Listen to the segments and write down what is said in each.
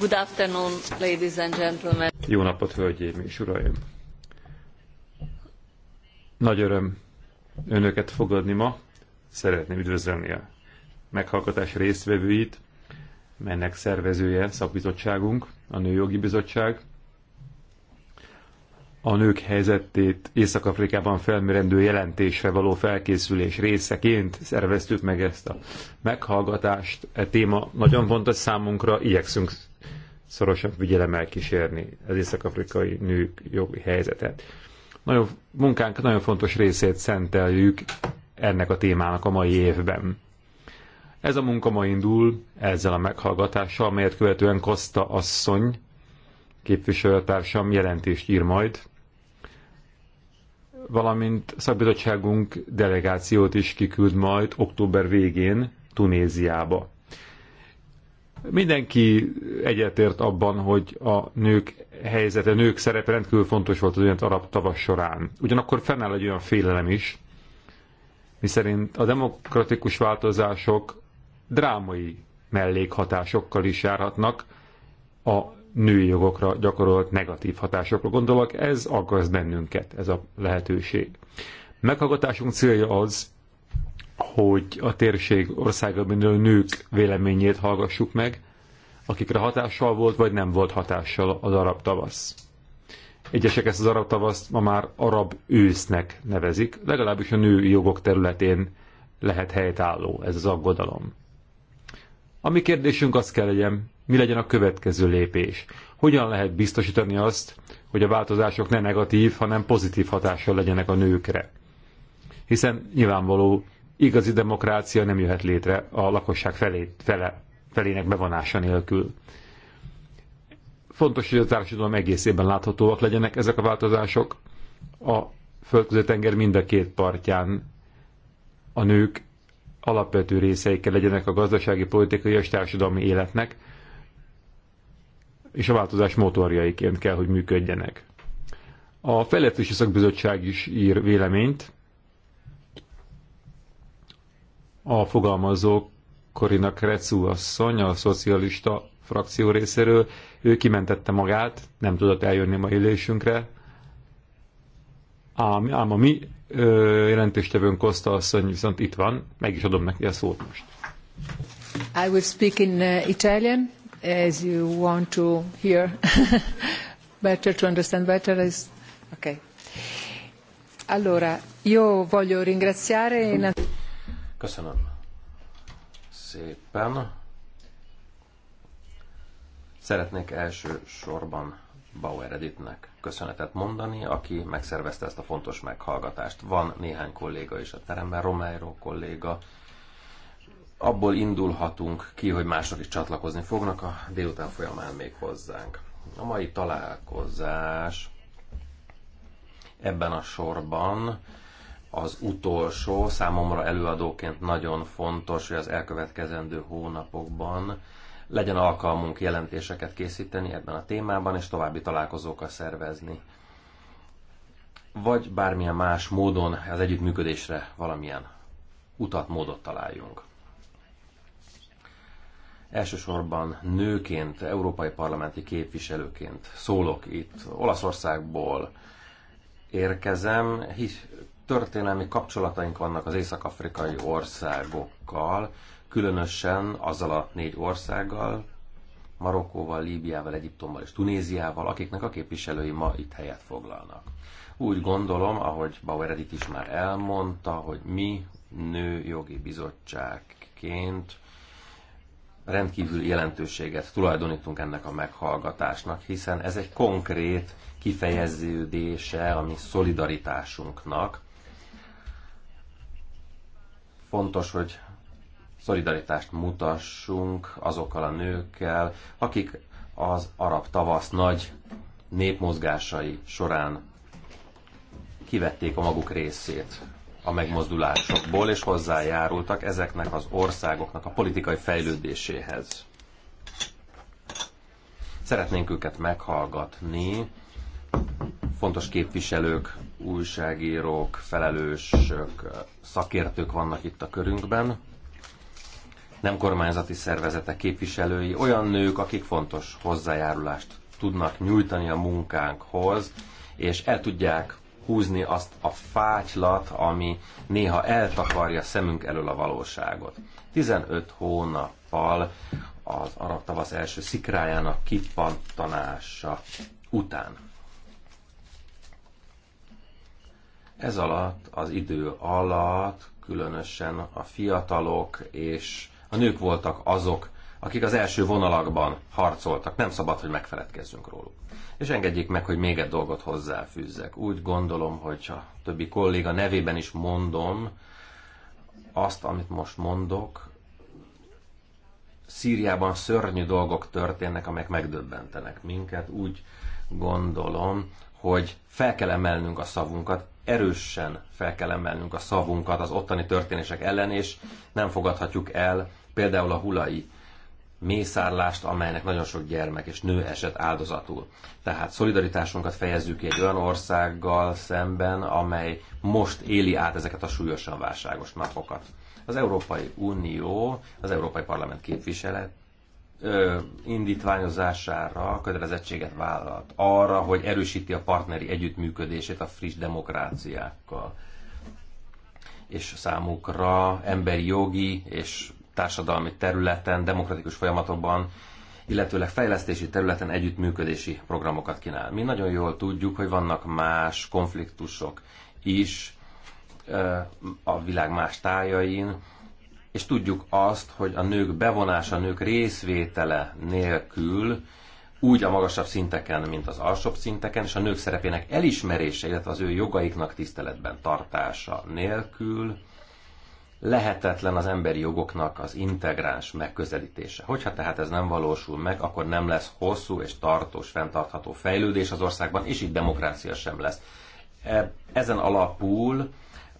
Good afternoon, ladies and gentlemen. Jó napot, hölgyeim és uraim! Nagy öröm önöket fogadni ma. Szeretném üdvözölni a meghallgatás résztvevőit, melynek szervezője szakbizottságunk, a Nőjogi Bizottság. A nők helyzetét Észak-Afrikában felmérendő jelentésre való felkészülés részeként szerveztük meg ezt a meghallgatást. E téma nagyon fontos számunkra, igyekszünk szorosabb vigyelemmel kísérni az észak-afrikai nők jogi helyzetet. Nagyon, munkánk nagyon fontos részét szenteljük ennek a témának a mai évben. Ez a munka ma indul ezzel a meghallgatással, amelyet követően Kosta asszony, képviselőtársam jelentést ír majd, valamint szakbizottságunk delegációt is kiküld majd október végén Tunéziába. Mindenki egyetért abban, hogy a nők helyzete, a nők szerepe rendkívül fontos volt az olyan arab tavasz során. Ugyanakkor fennáll egy olyan félelem is, miszerint a demokratikus változások drámai mellékhatásokkal is járhatnak a női jogokra gyakorolt negatív hatásokra. Gondolok, ez aggaszt bennünket, ez a lehetőség. Meghallgatásunk célja az, hogy a térség országában a nők véleményét hallgassuk meg, akikre hatással volt, vagy nem volt hatással az arab tavasz. Egyesek ezt az arab tavaszt ma már arab ősznek nevezik, legalábbis a női jogok területén lehet helytálló ez az aggodalom. A mi kérdésünk az kell legyen, mi legyen a következő lépés. Hogyan lehet biztosítani azt, hogy a változások ne negatív, hanem pozitív hatással legyenek a nőkre? Hiszen nyilvánvaló Igazi demokrácia nem jöhet létre a lakosság felé, fele, felének bevonása nélkül. Fontos, hogy a társadalom egészében láthatóak legyenek ezek a változások. A földközi-tenger mind a két partján a nők alapvető részeikkel legyenek a gazdasági, politikai és társadalmi életnek, és a változás motorjaiként kell, hogy működjenek. A Fejlesztési Szakbizottság is ír véleményt, a fogalmazó Korina Krecu asszony, a szocialista frakció részéről, ő kimentette magát, nem tudott eljönni ma ülésünkre, ám, ám a mi ö, jelentéstevőnk Kosta asszony viszont itt van, meg is adom neki a szót most. I will speak in uh, Italian, as you want to hear better, to understand better. Is... Okay. Allora, io voglio ringraziare... Köszönöm szépen. Szeretnék első sorban Bauer Editnek köszönetet mondani, aki megszervezte ezt a fontos meghallgatást. Van néhány kolléga is a teremben, Romero kolléga. Abból indulhatunk ki, hogy mások is csatlakozni fognak a délután folyamán még hozzánk. A mai találkozás ebben a sorban az utolsó, számomra előadóként nagyon fontos, hogy az elkövetkezendő hónapokban legyen alkalmunk jelentéseket készíteni ebben a témában, és további találkozókat szervezni. Vagy bármilyen más módon az együttműködésre valamilyen utat, módot találjunk. Elsősorban nőként, európai parlamenti képviselőként szólok itt. Olaszországból érkezem, hisz, történelmi kapcsolataink vannak az észak-afrikai országokkal, különösen azzal a négy országgal, Marokkóval, Líbiával, Egyiptommal és Tunéziával, akiknek a képviselői ma itt helyet foglalnak. Úgy gondolom, ahogy Bauer Edith is már elmondta, hogy mi nőjogi bizottságként rendkívül jelentőséget tulajdonítunk ennek a meghallgatásnak, hiszen ez egy konkrét kifejeződése a mi szolidaritásunknak, fontos, hogy szolidaritást mutassunk azokkal a nőkkel, akik az arab tavasz nagy népmozgásai során kivették a maguk részét a megmozdulásokból, és hozzájárultak ezeknek az országoknak a politikai fejlődéséhez. Szeretnénk őket meghallgatni, fontos képviselők újságírók, felelősök, szakértők vannak itt a körünkben, nem kormányzati szervezetek képviselői, olyan nők, akik fontos hozzájárulást tudnak nyújtani a munkánkhoz, és el tudják húzni azt a fátylat, ami néha eltakarja szemünk elől a valóságot. 15 hónappal az arab tavasz első szikrájának kippantanása után. Ez alatt, az idő alatt különösen a fiatalok és a nők voltak azok, akik az első vonalakban harcoltak. Nem szabad, hogy megfeledkezzünk róluk. És engedjék meg, hogy még egy dolgot hozzáfűzzek. Úgy gondolom, hogy a többi kolléga nevében is mondom, azt, amit most mondok, Szíriában szörnyű dolgok történnek, amelyek megdöbbentenek minket. Úgy gondolom, hogy fel kell emelnünk a szavunkat, erősen fel kell emelnünk a szavunkat az ottani történések ellen, és nem fogadhatjuk el például a hulai mészárlást, amelynek nagyon sok gyermek és nő esett áldozatul. Tehát szolidaritásunkat fejezzük ki egy olyan országgal szemben, amely most éli át ezeket a súlyosan válságos napokat. Az Európai Unió, az Európai Parlament képviselet indítványozására kötelezettséget vállalt arra, hogy erősíti a partneri együttműködését a friss demokráciákkal. És számukra emberi jogi és társadalmi területen, demokratikus folyamatokban, illetőleg fejlesztési területen együttműködési programokat kínál. Mi nagyon jól tudjuk, hogy vannak más konfliktusok is a világ más tájain, és tudjuk azt, hogy a nők bevonása, a nők részvétele nélkül úgy a magasabb szinteken, mint az alsóbb szinteken, és a nők szerepének elismerése, illetve az ő jogaiknak tiszteletben tartása nélkül lehetetlen az emberi jogoknak az integráns megközelítése. Hogyha tehát ez nem valósul meg, akkor nem lesz hosszú és tartós, fenntartható fejlődés az országban, és így demokrácia sem lesz. E- ezen alapul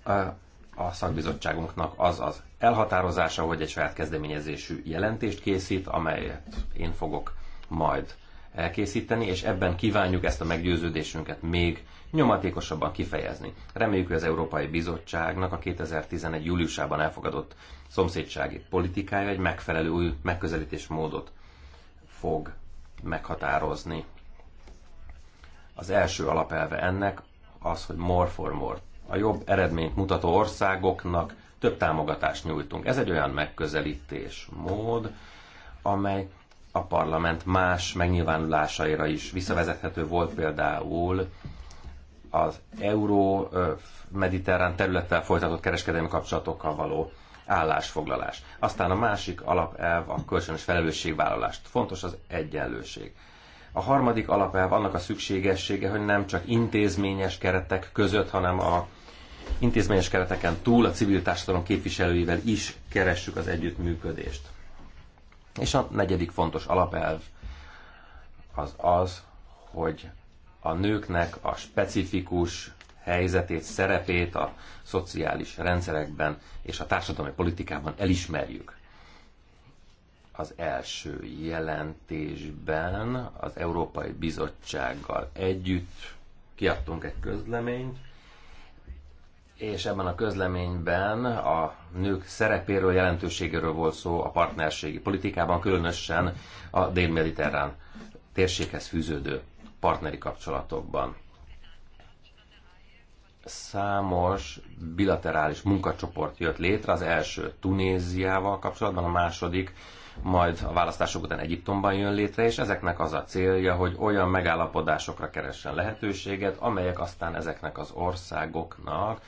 e- a szakbizottságunknak az az elhatározása, hogy egy saját kezdeményezésű jelentést készít, amelyet én fogok majd elkészíteni, és ebben kívánjuk ezt a meggyőződésünket még nyomatékosabban kifejezni. Reméljük, hogy az Európai Bizottságnak a 2011. júliusában elfogadott szomszédsági politikája egy megfelelő új megközelítésmódot fog meghatározni. Az első alapelve ennek az, hogy more for more, a jobb eredményt mutató országoknak több támogatást nyújtunk. Ez egy olyan megközelítés mód, amely a parlament más megnyilvánulásaira is visszavezethető volt például az euró-mediterrán területtel folytatott kereskedelmi kapcsolatokkal való állásfoglalás. Aztán a másik alapelv a kölcsönös felelősségvállalást. Fontos az egyenlőség. A harmadik alapelv annak a szükségessége, hogy nem csak intézményes keretek között, hanem a intézményes kereteken túl a civil társadalom képviselőivel is keressük az együttműködést. És a negyedik fontos alapelv az az, hogy a nőknek a specifikus helyzetét, szerepét a szociális rendszerekben és a társadalmi politikában elismerjük. Az első jelentésben az Európai Bizottsággal együtt kiadtunk egy közleményt, és ebben a közleményben a nők szerepéről, jelentőségéről volt szó a partnerségi politikában, különösen a dél-mediterrán térséghez fűződő partneri kapcsolatokban. Számos bilaterális munkacsoport jött létre, az első Tunéziával kapcsolatban, a második majd a választások után Egyiptomban jön létre, és ezeknek az a célja, hogy olyan megállapodásokra keressen lehetőséget, amelyek aztán ezeknek az országoknak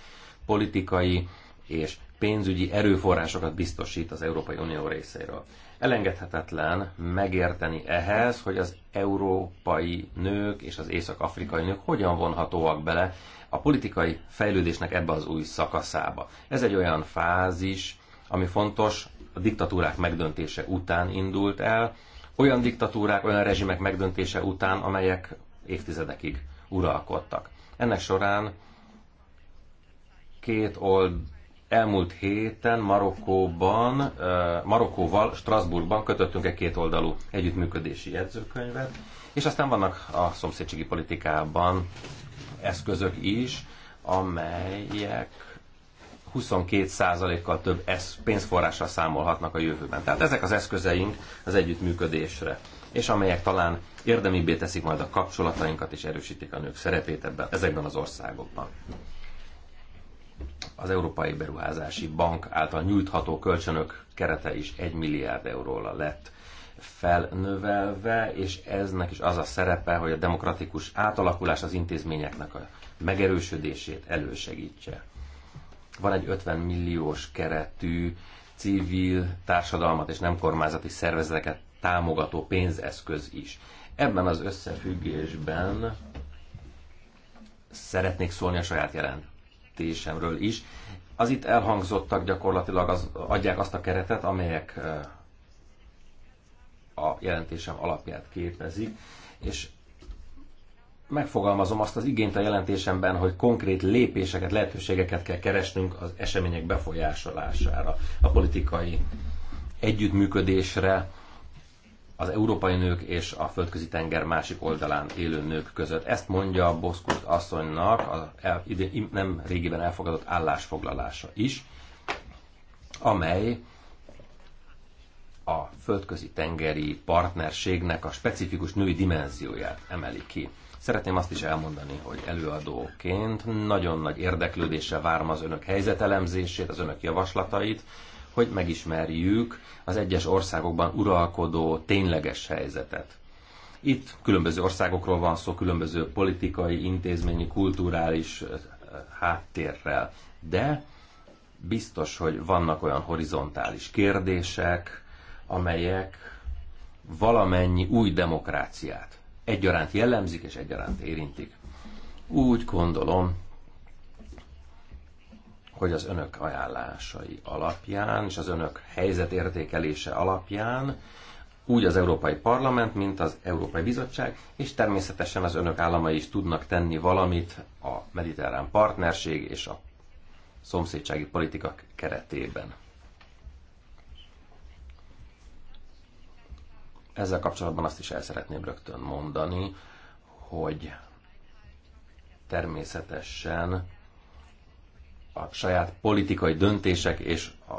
politikai és pénzügyi erőforrásokat biztosít az Európai Unió részéről. Elengedhetetlen megérteni ehhez, hogy az európai nők és az észak-afrikai nők hogyan vonhatóak bele a politikai fejlődésnek ebbe az új szakaszába. Ez egy olyan fázis, ami fontos, a diktatúrák megdöntése után indult el, olyan diktatúrák, olyan rezsimek megdöntése után, amelyek évtizedekig uralkodtak. Ennek során két old, elmúlt héten Marokkóban, Marokkóval, Strasbourgban kötöttünk egy kétoldalú együttműködési jegyzőkönyvet, és aztán vannak a szomszédségi politikában eszközök is, amelyek 22%-kal több pénzforrással számolhatnak a jövőben. Tehát ezek az eszközeink az együttműködésre, és amelyek talán érdemibbé teszik majd a kapcsolatainkat, és erősítik a nők szerepét ebben, ezekben az országokban az Európai Beruházási Bank által nyújtható kölcsönök kerete is 1 milliárd euróra lett felnövelve, és eznek is az a szerepe, hogy a demokratikus átalakulás az intézményeknek a megerősödését elősegítse. Van egy 50 milliós keretű civil társadalmat és nem kormányzati szervezeteket támogató pénzeszköz is. Ebben az összefüggésben szeretnék szólni a saját jelent jelentésemről is. Az itt elhangzottak gyakorlatilag az, adják azt a keretet, amelyek eh, a jelentésem alapját képezik, és megfogalmazom azt az igényt a jelentésemben, hogy konkrét lépéseket, lehetőségeket kell keresnünk az események befolyásolására, a politikai együttműködésre, az európai nők és a földközi tenger másik oldalán élő nők között. Ezt mondja Boszkurt asszonynak az el, ide, nem régiben elfogadott állásfoglalása is, amely a földközi tengeri partnerségnek a specifikus női dimenzióját emeli ki. Szeretném azt is elmondani, hogy előadóként nagyon nagy érdeklődéssel várom az önök helyzetelemzését, az önök javaslatait, hogy megismerjük az egyes országokban uralkodó tényleges helyzetet. Itt különböző országokról van szó, különböző politikai, intézményi, kulturális háttérrel, de biztos, hogy vannak olyan horizontális kérdések, amelyek valamennyi új demokráciát egyaránt jellemzik és egyaránt érintik. Úgy gondolom, hogy az önök ajánlásai alapján és az önök helyzetértékelése alapján úgy az Európai Parlament, mint az Európai Bizottság, és természetesen az önök államai is tudnak tenni valamit a mediterrán partnerség és a szomszédsági politika keretében. Ezzel kapcsolatban azt is el szeretném rögtön mondani, hogy természetesen a saját politikai döntések és a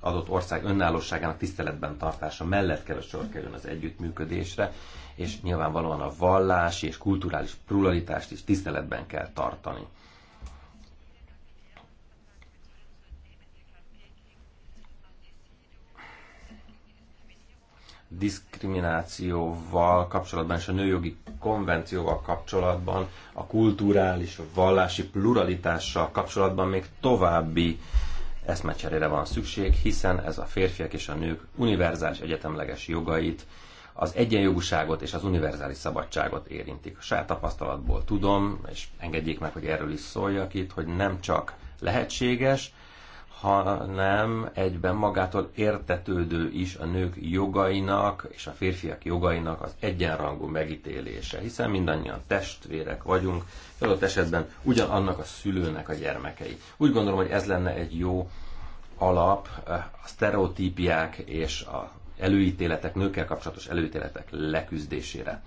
adott ország önállóságának tiszteletben tartása mellett kell, hogy sor kerüljön az együttműködésre, és nyilvánvalóan a vallási és kulturális pluralitást is tiszteletben kell tartani. diszkriminációval kapcsolatban és a nőjogi konvencióval kapcsolatban, a kulturális, a vallási pluralitással kapcsolatban még további eszmecserére van szükség, hiszen ez a férfiak és a nők univerzális egyetemleges jogait, az egyenjogúságot és az univerzális szabadságot érintik. A saját tapasztalatból tudom, és engedjék meg, hogy erről is szóljak itt, hogy nem csak lehetséges, hanem egyben magától értetődő is a nők jogainak és a férfiak jogainak az egyenrangú megítélése, hiszen mindannyian testvérek vagyunk, adott esetben ugyanannak a szülőnek a gyermekei. Úgy gondolom, hogy ez lenne egy jó alap eh, a sztereotípiák és a előítéletek, nőkkel kapcsolatos előítéletek leküzdésére.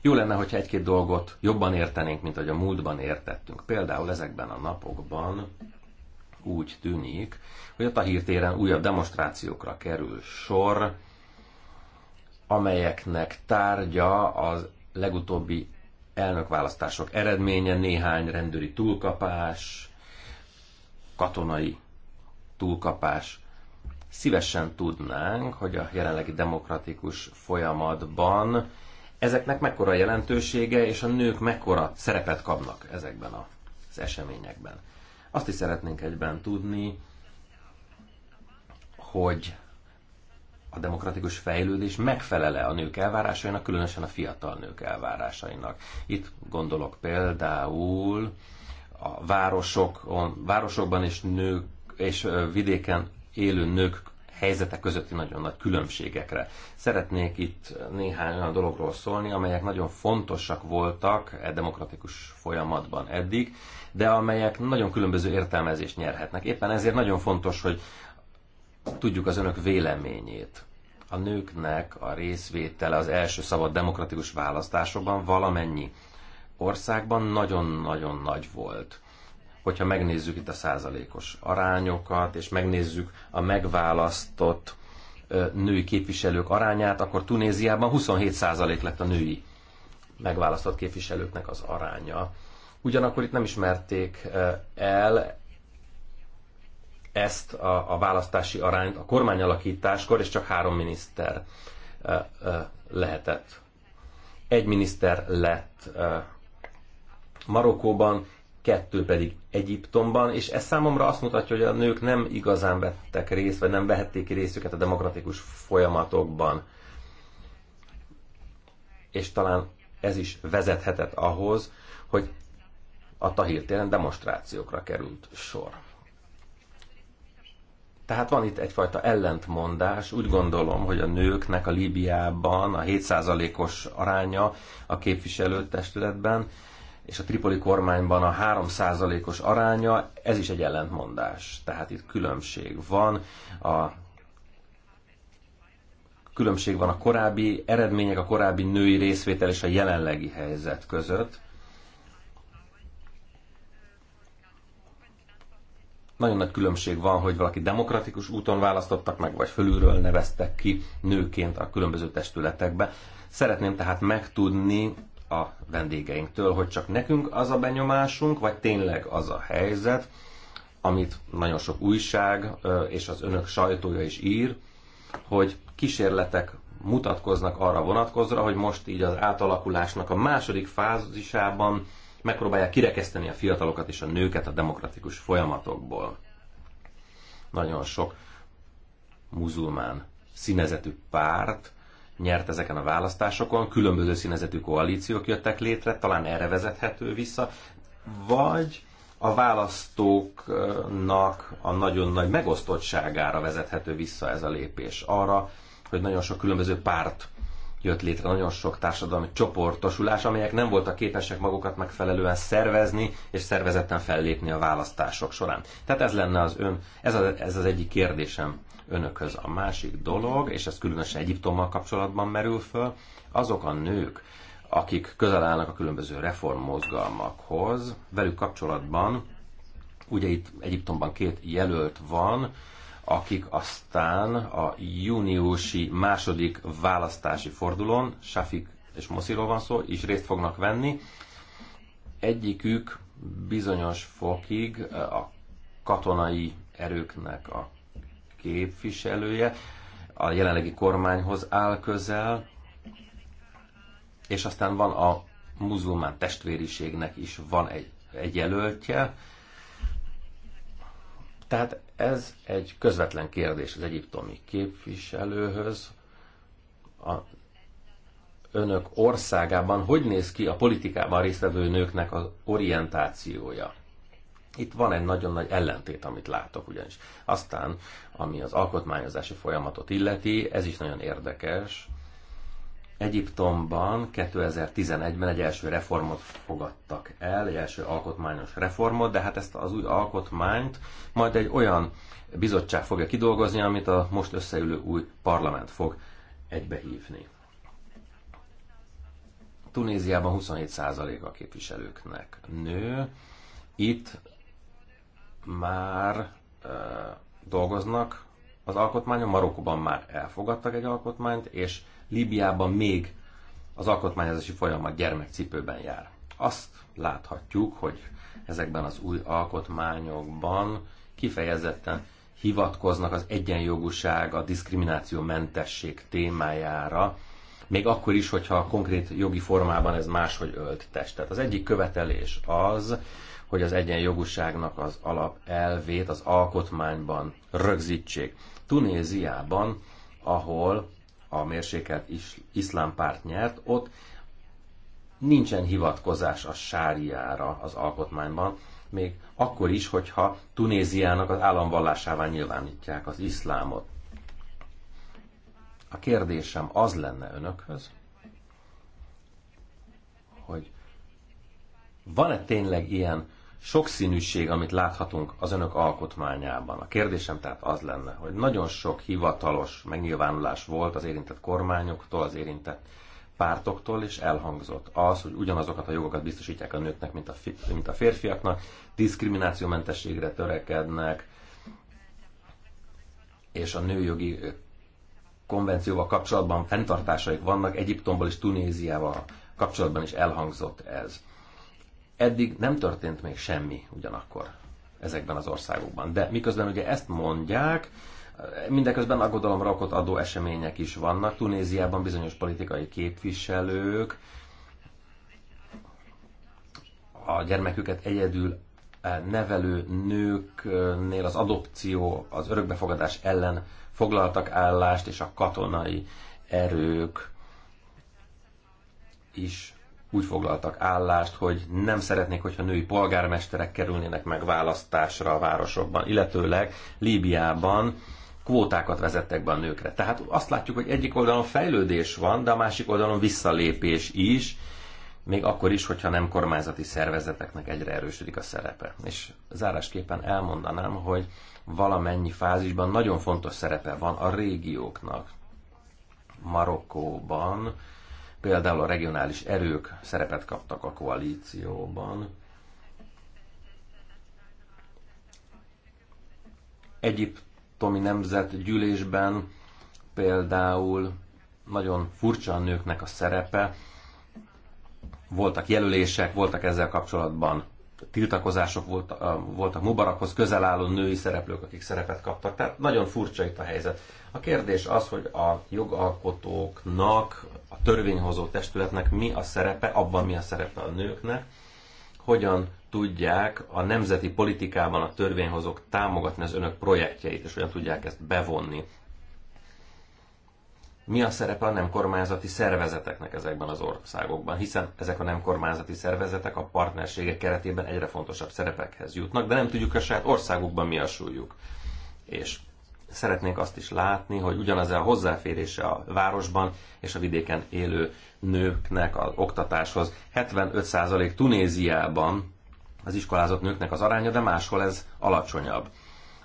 Jó lenne, hogyha egy-két dolgot jobban értenénk, mint ahogy a múltban értettünk. Például ezekben a napokban úgy tűnik, hogy a Tahir téren újabb demonstrációkra kerül sor, amelyeknek tárgya az legutóbbi elnökválasztások eredménye, néhány rendőri túlkapás, katonai túlkapás. Szívesen tudnánk, hogy a jelenlegi demokratikus folyamatban ezeknek mekkora jelentősége, és a nők mekkora szerepet kapnak ezekben az eseményekben. Azt is szeretnénk egyben tudni, hogy a demokratikus fejlődés megfelele a nők elvárásainak, különösen a fiatal nők elvárásainak. Itt gondolok például a városok, városokban és nők és vidéken élő nők helyzetek közötti nagyon nagy különbségekre. Szeretnék itt néhány olyan dologról szólni, amelyek nagyon fontosak voltak e demokratikus folyamatban eddig, de amelyek nagyon különböző értelmezést nyerhetnek. Éppen ezért nagyon fontos, hogy tudjuk az önök véleményét. A nőknek a részvétele az első szabad demokratikus választásokban valamennyi országban nagyon-nagyon nagy volt hogyha megnézzük itt a százalékos arányokat, és megnézzük a megválasztott női képviselők arányát, akkor Tunéziában 27% százalék lett a női megválasztott képviselőknek az aránya. Ugyanakkor itt nem ismerték el ezt a, a választási arányt a kormányalakításkor, és csak három miniszter lehetett. Egy miniszter lett Marokkóban, kettő pedig Egyiptomban, és ez számomra azt mutatja, hogy a nők nem igazán vettek részt, vagy nem vehették ki részüket a demokratikus folyamatokban. És talán ez is vezethetett ahhoz, hogy a Tahir téren demonstrációkra került sor. Tehát van itt egyfajta ellentmondás. Úgy gondolom, hogy a nőknek a Líbiában a 7%-os aránya a képviselőtestületben és a tripoli kormányban a 3%-os aránya, ez is egy ellentmondás. Tehát itt különbség van. A különbség van a korábbi eredmények, a korábbi női részvétel és a jelenlegi helyzet között. Nagyon nagy különbség van, hogy valaki demokratikus úton választottak meg, vagy fölülről neveztek ki nőként a különböző testületekbe. Szeretném tehát megtudni, a vendégeinktől, hogy csak nekünk az a benyomásunk, vagy tényleg az a helyzet, amit nagyon sok újság és az önök sajtója is ír, hogy kísérletek mutatkoznak arra vonatkozra, hogy most így az átalakulásnak a második fázisában megpróbálják kirekeszteni a fiatalokat és a nőket a demokratikus folyamatokból. Nagyon sok muzulmán színezetű párt nyert ezeken a választásokon, különböző színezetű koalíciók jöttek létre, talán erre vezethető vissza, vagy a választóknak a nagyon nagy megosztottságára vezethető vissza ez a lépés. Arra, hogy nagyon sok különböző párt jött létre, nagyon sok társadalmi csoportosulás, amelyek nem voltak képesek magukat megfelelően szervezni és szervezetten fellépni a választások során. Tehát ez lenne az ön, ez az, ez az egyik kérdésem önökhöz. A másik dolog, és ez különösen Egyiptommal kapcsolatban merül föl, azok a nők, akik közel állnak a különböző reformmozgalmakhoz, velük kapcsolatban, ugye itt Egyiptomban két jelölt van, akik aztán a júniusi második választási fordulón, Safik és Mosziról van szó, is részt fognak venni. Egyikük bizonyos fokig a katonai erőknek a képviselője, a jelenlegi kormányhoz áll közel, és aztán van a muzulmán testvériségnek is van egy, egy jelöltje. Tehát ez egy közvetlen kérdés az egyiptomi képviselőhöz. A önök országában hogy néz ki a politikában résztvevő nőknek az orientációja? Itt van egy nagyon nagy ellentét, amit látok ugyanis. Aztán, ami az alkotmányozási folyamatot illeti, ez is nagyon érdekes. Egyiptomban 2011-ben egy első reformot fogadtak el, egy első alkotmányos reformot, de hát ezt az új alkotmányt majd egy olyan bizottság fogja kidolgozni, amit a most összeülő új parlament fog egybehívni. Tunéziában 27% a képviselőknek nő, itt már dolgoznak az alkotmányon, Marokkóban már elfogadtak egy alkotmányt, és Líbiában még az alkotmányozási folyamat gyermekcipőben jár. Azt láthatjuk, hogy ezekben az új alkotmányokban kifejezetten hivatkoznak az egyenjogúság, a diszkrimináció mentesség témájára, még akkor is, hogyha a konkrét jogi formában ez máshogy ölt testet. Az egyik követelés az, hogy az egyenjogúságnak az alapelvét az alkotmányban rögzítsék. Tunéziában, ahol a mérsékelt is, iszlám párt nyert, ott nincsen hivatkozás a sáriára az alkotmányban, még akkor is, hogyha Tunéziának az államvallásává nyilvánítják az iszlámot. A kérdésem az lenne önökhöz, hogy van-e tényleg ilyen sokszínűség, amit láthatunk az önök alkotmányában. A kérdésem tehát az lenne, hogy nagyon sok hivatalos megnyilvánulás volt az érintett kormányoktól, az érintett pártoktól, és elhangzott az, hogy ugyanazokat a jogokat biztosítják a nőknek, mint a, fi- mint a férfiaknak, diszkriminációmentességre törekednek, és a nőjogi konvencióval kapcsolatban fenntartásaik vannak, Egyiptomból és Tunéziával kapcsolatban is elhangzott ez eddig nem történt még semmi ugyanakkor ezekben az országokban. De miközben ugye ezt mondják, mindeközben aggodalomra okot adó események is vannak. Tunéziában bizonyos politikai képviselők a gyermeküket egyedül eh, nevelő nőknél az adopció, az örökbefogadás ellen foglaltak állást, és a katonai erők is úgy foglaltak állást, hogy nem szeretnék, hogyha női polgármesterek kerülnének meg választásra a városokban, illetőleg Líbiában kvótákat vezettek be a nőkre. Tehát azt látjuk, hogy egyik oldalon fejlődés van, de a másik oldalon visszalépés is, még akkor is, hogyha nem kormányzati szervezeteknek egyre erősödik a szerepe. És zárásképpen elmondanám, hogy valamennyi fázisban nagyon fontos szerepe van a régióknak. Marokkóban Például a regionális erők szerepet kaptak a koalícióban. Egyiptomi nemzetgyűlésben például nagyon furcsa a nőknek a szerepe. Voltak jelölések, voltak ezzel kapcsolatban tiltakozások volt, voltak Mubarakhoz közel álló női szereplők, akik szerepet kaptak. Tehát nagyon furcsa itt a helyzet. A kérdés az, hogy a jogalkotóknak, a törvényhozó testületnek mi a szerepe, abban mi a szerepe a nőknek, hogyan tudják a nemzeti politikában a törvényhozók támogatni az önök projektjeit, és hogyan tudják ezt bevonni mi a szerepe a nem kormányzati szervezeteknek ezekben az országokban, hiszen ezek a nem kormányzati szervezetek a partnerségek keretében egyre fontosabb szerepekhez jutnak, de nem tudjuk a saját országukban mi a súlyuk. És szeretnénk azt is látni, hogy ugyanaz a hozzáférése a városban és a vidéken élő nőknek az oktatáshoz 75% Tunéziában az iskolázott nőknek az aránya, de máshol ez alacsonyabb.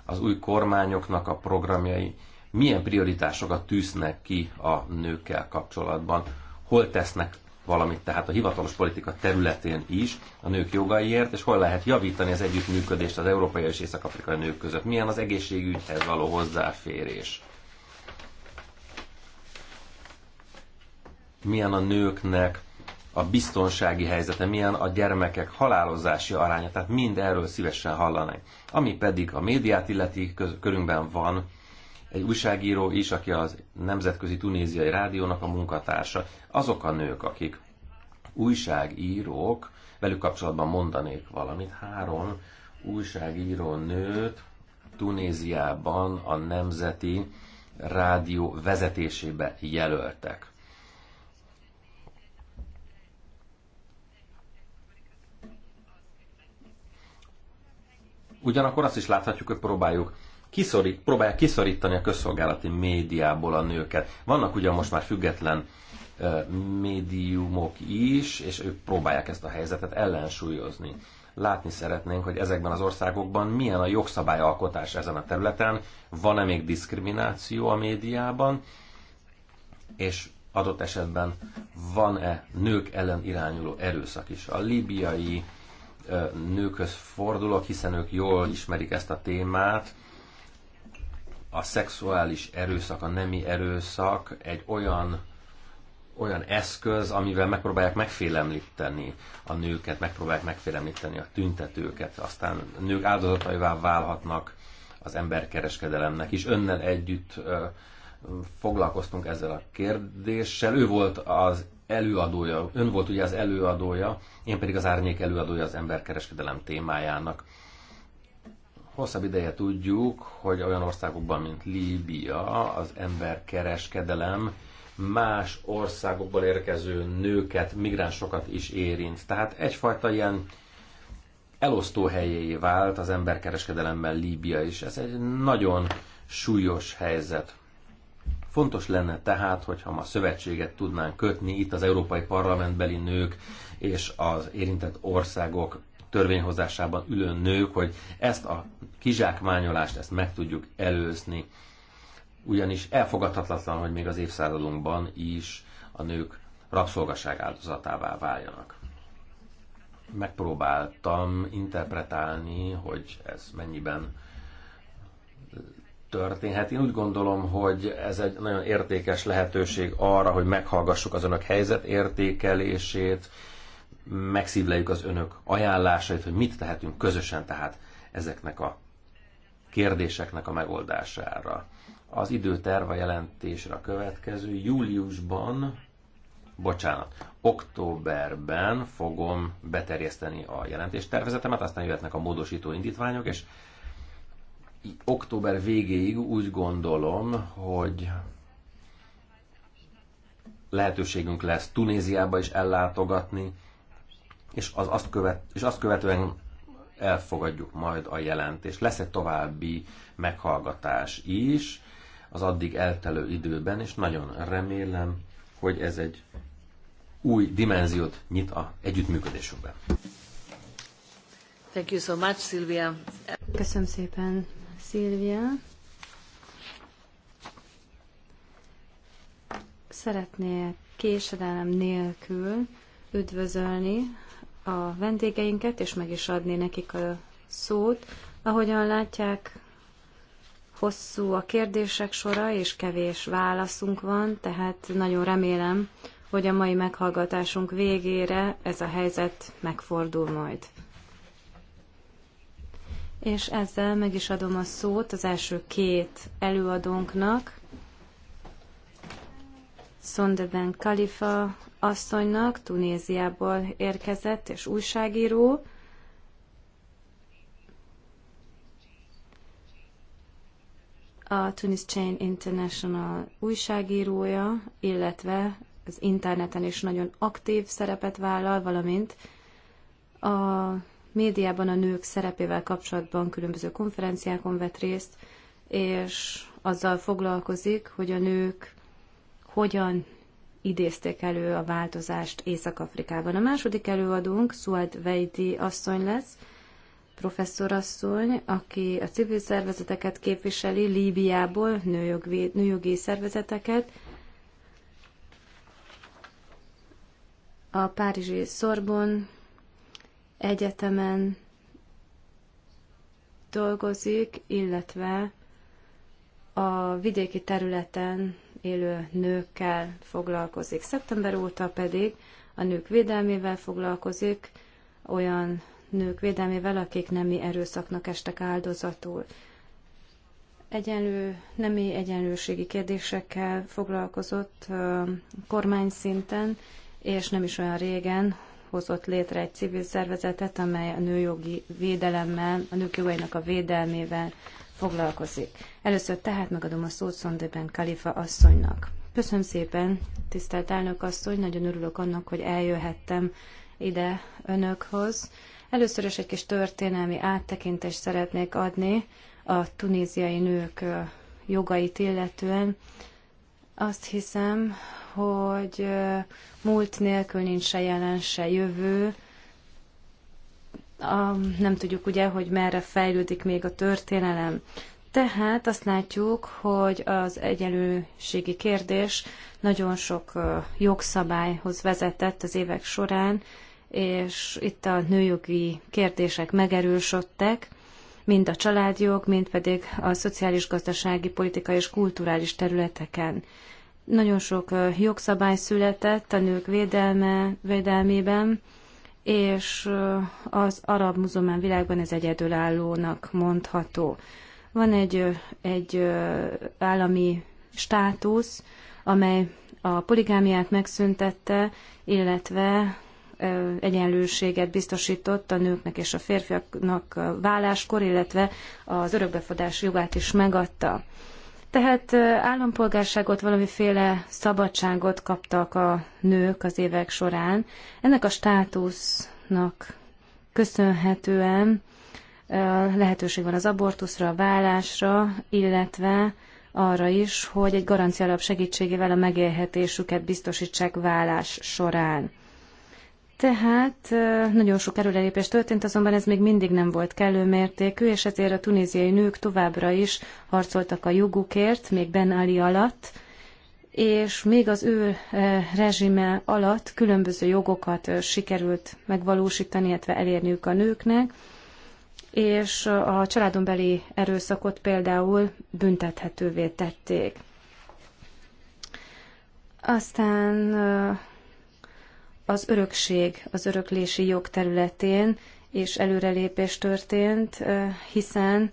Az új kormányoknak a programjai milyen prioritásokat tűznek ki a nőkkel kapcsolatban, hol tesznek valamit, tehát a hivatalos politika területén is a nők jogaiért, és hol lehet javítani az együttműködést az európai és észak-afrikai nők között. Milyen az egészségügyhez való hozzáférés? Milyen a nőknek a biztonsági helyzete, milyen a gyermekek halálozási aránya, tehát mind erről szívesen hallanánk. Ami pedig a médiát illeti, körünkben van egy újságíró is, aki az Nemzetközi Tunéziai Rádiónak a munkatársa. Azok a nők, akik újságírók, velük kapcsolatban mondanék valamit. Három újságíró nőt Tunéziában a Nemzeti Rádió vezetésébe jelöltek. Ugyanakkor azt is láthatjuk, hogy próbáljuk kiszorít, próbálják kiszorítani a közszolgálati médiából a nőket. Vannak ugyan most már független médiumok is, és ők próbálják ezt a helyzetet ellensúlyozni. Látni szeretnénk, hogy ezekben az országokban milyen a jogszabályalkotás ezen a területen, van-e még diszkrimináció a médiában, és adott esetben van-e nők ellen irányuló erőszak is. A libiai nőkhöz fordulok, hiszen ők jól ismerik ezt a témát, a szexuális erőszak, a nemi erőszak egy olyan olyan eszköz, amivel megpróbálják megfélemlíteni a nőket, megpróbálják megfélemlíteni a tüntetőket, aztán a nők áldozataivá válhatnak az emberkereskedelemnek is. Önnel együtt foglalkoztunk ezzel a kérdéssel. Ő volt az előadója, ön volt ugye az előadója, én pedig az árnyék előadója az emberkereskedelem témájának hosszabb ideje tudjuk, hogy olyan országokban, mint Líbia, az emberkereskedelem más országokból érkező nőket, migránsokat is érint. Tehát egyfajta ilyen elosztó helyéé vált az emberkereskedelemben Líbia is. Ez egy nagyon súlyos helyzet. Fontos lenne tehát, hogyha ma szövetséget tudnánk kötni itt az Európai Parlamentbeli nők és az érintett országok törvényhozásában ülő nők, hogy ezt a kizsákmányolást, ezt meg tudjuk előzni. Ugyanis elfogadhatatlan, hogy még az évszázadunkban is a nők rabszolgaság áldozatává váljanak. Megpróbáltam interpretálni, hogy ez mennyiben történhet. Én úgy gondolom, hogy ez egy nagyon értékes lehetőség arra, hogy meghallgassuk az önök helyzetértékelését, megszívleljük az önök ajánlásait, hogy mit tehetünk közösen tehát ezeknek a kérdéseknek a megoldására. Az időterve jelentésre a következő. Júliusban, bocsánat, októberben fogom beterjeszteni a jelentéstervezetemet, aztán jöhetnek a módosító indítványok, és október végéig úgy gondolom, hogy lehetőségünk lesz Tunéziába is ellátogatni, és, az azt követ, és azt követően elfogadjuk majd a jelentést. Lesz egy további meghallgatás is az addig eltelő időben, és nagyon remélem, hogy ez egy új dimenziót nyit a együttműködésünkben. Thank you so much, Silvia. Köszönöm szépen, Silvia. Szeretnék késedelem nélkül üdvözölni a vendégeinket, és meg is adni nekik a szót. Ahogyan látják, hosszú a kérdések sora, és kevés válaszunk van, tehát nagyon remélem, hogy a mai meghallgatásunk végére ez a helyzet megfordul majd. És ezzel meg is adom a szót az első két előadónknak. Sonderben Kalifa asszonynak, Tunéziából érkezett, és újságíró. A Tunis Chain International újságírója, illetve az interneten is nagyon aktív szerepet vállal, valamint a médiában a nők szerepével kapcsolatban különböző konferenciákon vett részt, és azzal foglalkozik, hogy a nők hogyan idézték elő a változást Észak-Afrikában. A második előadónk Suad Veidi asszony lesz, professzorasszony, aki a civil szervezeteket képviseli Líbiából, nőjogvéd nőjogi szervezeteket, a Párizsi Szorbon Egyetemen dolgozik, illetve a vidéki területen élő nőkkel foglalkozik. Szeptember óta pedig a nők védelmével foglalkozik, olyan nők védelmével, akik nemi erőszaknak estek áldozatul. Egyenlő, nemi egyenlőségi kérdésekkel foglalkozott kormány szinten, és nem is olyan régen hozott létre egy civil szervezetet, amely a nőjogi védelemmel, a nők jogainak a védelmével foglalkozik. Először tehát megadom a szót Szondében Kalifa asszonynak. Köszönöm szépen, tisztelt elnök asszony, nagyon örülök annak, hogy eljöhettem ide önökhoz. Először is egy kis történelmi áttekintést szeretnék adni a tunéziai nők jogait illetően. Azt hiszem, hogy múlt nélkül nincs se jelen, se jövő, a, nem tudjuk ugye, hogy merre fejlődik még a történelem. Tehát azt látjuk, hogy az egyenlőségi kérdés nagyon sok jogszabályhoz vezetett az évek során, és itt a nőjogi kérdések megerősödtek, mind a családjog, mind pedig a szociális, gazdasági, politikai és kulturális területeken. Nagyon sok jogszabály született a nők védelme, védelmében, és az arab muzulmán világban ez egyedülállónak mondható. Van egy, egy állami státusz, amely a poligámiát megszüntette, illetve egyenlőséget biztosított a nőknek és a férfiaknak válláskor, illetve az örökbefogadás jogát is megadta. Tehát állampolgárságot, valamiféle szabadságot kaptak a nők az évek során. Ennek a státusznak köszönhetően lehetőség van az abortuszra, a vállásra, illetve arra is, hogy egy alap segítségével a megélhetésüket biztosítsák vállás során. Tehát nagyon sok erőrelépés történt, azonban ez még mindig nem volt kellő mértékű, és ezért a tunéziai nők továbbra is harcoltak a jogukért, még Ben Ali alatt, és még az ő rezsime alatt különböző jogokat sikerült megvalósítani, illetve elérniük a nőknek, és a családon beli erőszakot például büntethetővé tették. Aztán az örökség, az öröklési jog területén és előrelépés történt, hiszen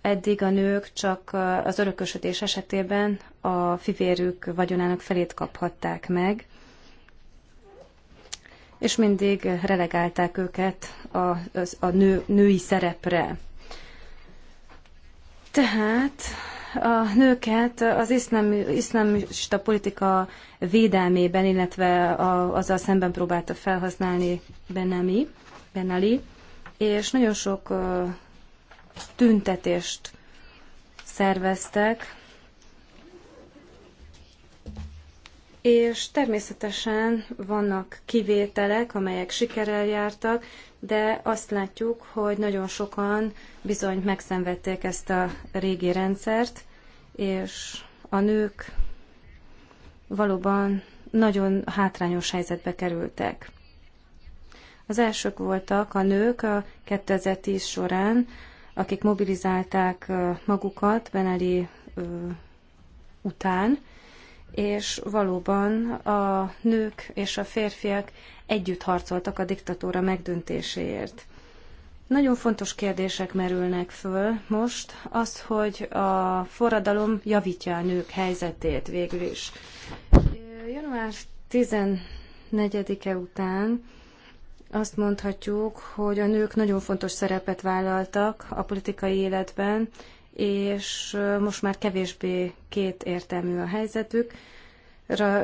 eddig a nők csak az örökösödés esetében a fivérük vagyonának felét kaphatták meg, és mindig relegálták őket a, a nő, női szerepre. Tehát a nőket az iszlám, iszlámista politika védelmében, illetve a, azzal szemben próbálta felhasználni Benami, Benali, és nagyon sok tüntetést szerveztek és természetesen vannak kivételek, amelyek sikerrel jártak, de azt látjuk, hogy nagyon sokan bizony megszenvedték ezt a régi rendszert, és a nők valóban nagyon hátrányos helyzetbe kerültek. Az elsők voltak a nők a 2010 során, akik mobilizálták magukat Beneli után, és valóban a nők és a férfiak együtt harcoltak a diktatúra megdöntéséért. Nagyon fontos kérdések merülnek föl most, az, hogy a forradalom javítja a nők helyzetét végül is. Január 14-e után azt mondhatjuk, hogy a nők nagyon fontos szerepet vállaltak a politikai életben, és most már kevésbé két értelmű a helyzetük,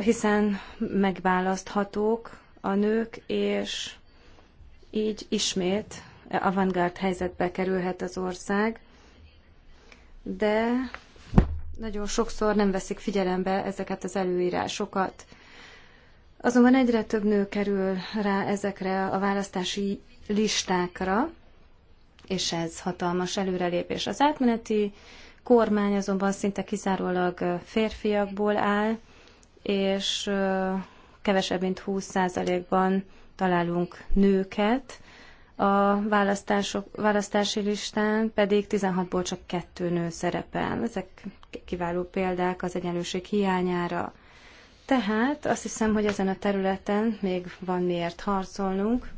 hiszen megválaszthatók a nők, és így ismét avantgárd helyzetbe kerülhet az ország, de nagyon sokszor nem veszik figyelembe ezeket az előírásokat. Azonban egyre több nő kerül rá ezekre a választási listákra, és ez hatalmas előrelépés. Az átmeneti kormány azonban szinte kizárólag férfiakból áll, és kevesebb mint 20%-ban találunk nőket, a választások, választási listán pedig 16-ból csak kettő nő szerepel. Ezek kiváló példák az egyenlőség hiányára. Tehát azt hiszem, hogy ezen a területen még van miért harcolnunk,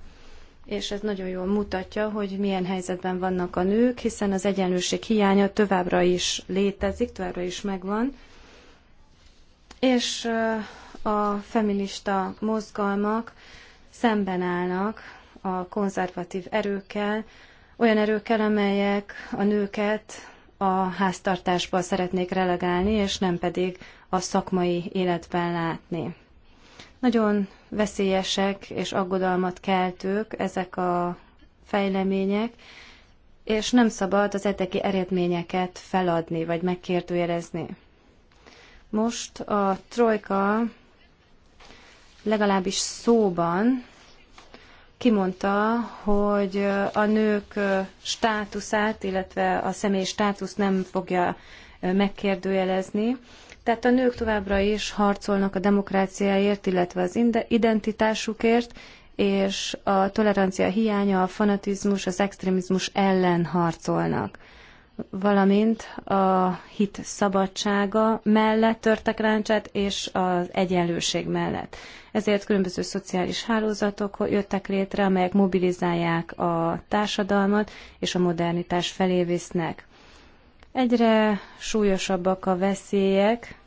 és ez nagyon jól mutatja, hogy milyen helyzetben vannak a nők, hiszen az egyenlőség hiánya továbbra is létezik, továbbra is megvan, és a feminista mozgalmak szemben állnak a konzervatív erőkkel, olyan erőkkel, amelyek a nőket a háztartásba szeretnék relegálni, és nem pedig a szakmai életben látni. Nagyon veszélyesek és aggodalmat keltők ezek a fejlemények, és nem szabad az eteki eredményeket feladni vagy megkérdőjelezni. Most a trojka legalábbis szóban kimondta, hogy a nők státuszát, illetve a személy státuszt nem fogja megkérdőjelezni, tehát a nők továbbra is harcolnak a demokráciáért, illetve az identitásukért, és a tolerancia hiánya, a fanatizmus, az extrémizmus ellen harcolnak valamint a hit szabadsága mellett törtek ráncsát, és az egyenlőség mellett. Ezért különböző szociális hálózatok jöttek létre, amelyek mobilizálják a társadalmat, és a modernitás felé visznek. Egyre súlyosabbak a veszélyek,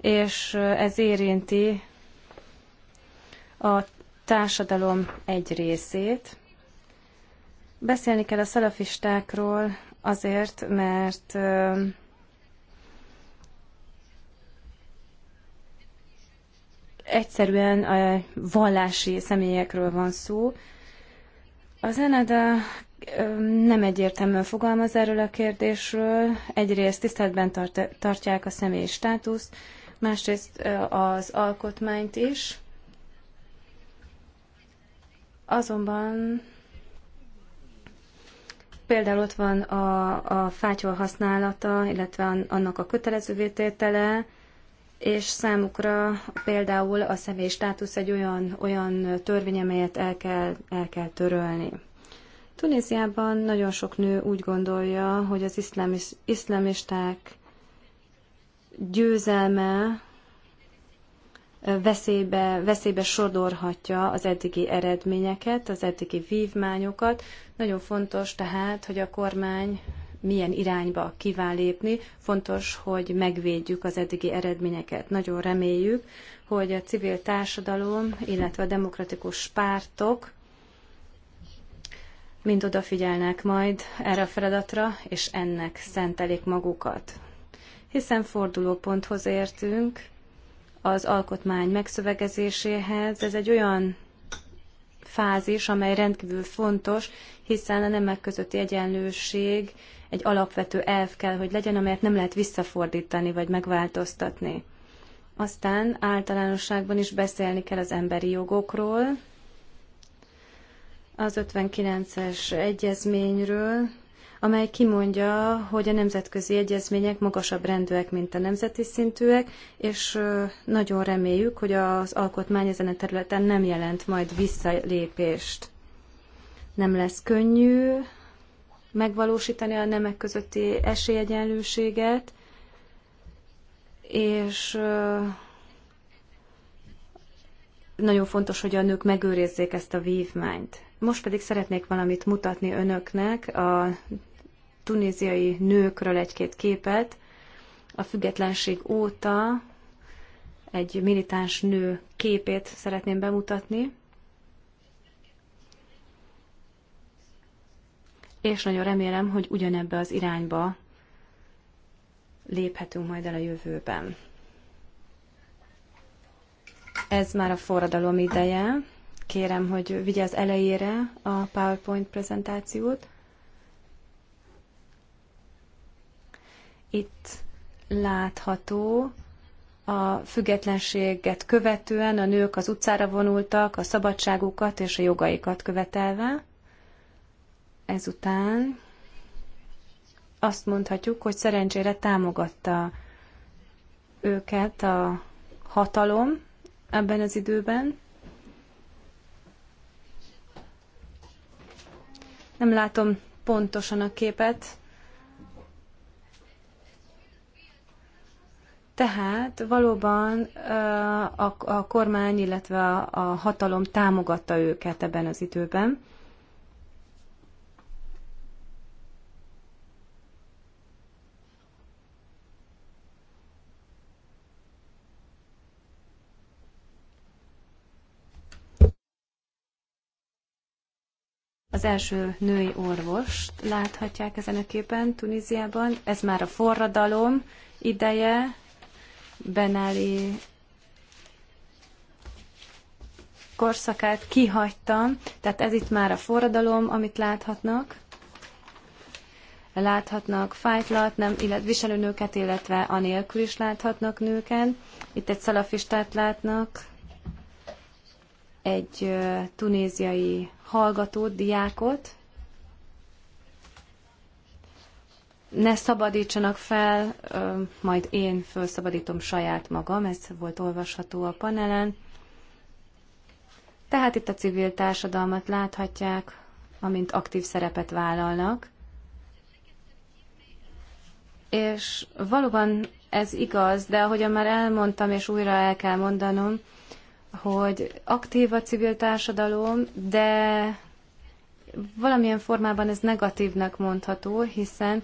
és ez érinti a társadalom egy részét. Beszélni kell a szalafistákról azért, mert egyszerűen a vallási személyekről van szó. Az Enada nem egyértelműen fogalmaz erről a kérdésről. Egyrészt tiszteletben tart, tartják a személyi státuszt, másrészt az alkotmányt is. Azonban például ott van a, a fátyol használata, illetve annak a kötelezővé tétele, és számukra például a személyi státusz egy olyan, olyan törvény, amelyet el kell, el kell törölni. Tunéziában nagyon sok nő úgy gondolja, hogy az iszlamis, iszlamisták győzelme veszélybe, veszélybe sodorhatja az eddigi eredményeket, az eddigi vívmányokat. Nagyon fontos tehát, hogy a kormány milyen irányba kíván lépni. Fontos, hogy megvédjük az eddigi eredményeket. Nagyon reméljük, hogy a civil társadalom, illetve a demokratikus pártok mind odafigyelnek majd erre a feladatra, és ennek szentelik magukat. Hiszen fordulóponthoz értünk az alkotmány megszövegezéséhez. Ez egy olyan fázis, amely rendkívül fontos, hiszen a nemek közötti egyenlőség egy alapvető elv kell, hogy legyen, amelyet nem lehet visszafordítani vagy megváltoztatni. Aztán általánosságban is beszélni kell az emberi jogokról, az 59-es egyezményről, amely kimondja, hogy a nemzetközi egyezmények magasabb rendűek, mint a nemzeti szintűek, és nagyon reméljük, hogy az alkotmány ezen a területen nem jelent majd visszalépést. Nem lesz könnyű megvalósítani a nemek közötti esélyegyenlőséget, és nagyon fontos, hogy a nők megőrizzék ezt a vívmányt. Most pedig szeretnék valamit mutatni önöknek a tunéziai nőkről egy-két képet. A függetlenség óta egy militáns nő képét szeretném bemutatni. És nagyon remélem, hogy ugyanebbe az irányba léphetünk majd el a jövőben. Ez már a forradalom ideje kérem, hogy vigye az elejére a PowerPoint prezentációt. Itt látható a függetlenséget követően a nők az utcára vonultak, a szabadságukat és a jogaikat követelve. Ezután azt mondhatjuk, hogy szerencsére támogatta őket a hatalom ebben az időben. Nem látom pontosan a képet. Tehát valóban a, a kormány, illetve a hatalom támogatta őket ebben az időben. Az első női orvost láthatják ezen a képen Tunéziában. Ez már a forradalom ideje. Benali korszakát kihagytam, tehát ez itt már a forradalom, amit láthatnak. Láthatnak fájtlat, nem, illetve viselőnőket, illetve anélkül is láthatnak nőken. Itt egy szalafistát látnak, egy tunéziai hallgatót, diákot, ne szabadítsanak fel, majd én felszabadítom saját magam, ez volt olvasható a panelen. Tehát itt a civil társadalmat láthatják, amint aktív szerepet vállalnak. És valóban ez igaz, de ahogyan már elmondtam, és újra el kell mondanom, hogy aktív a civil társadalom, de valamilyen formában ez negatívnak mondható, hiszen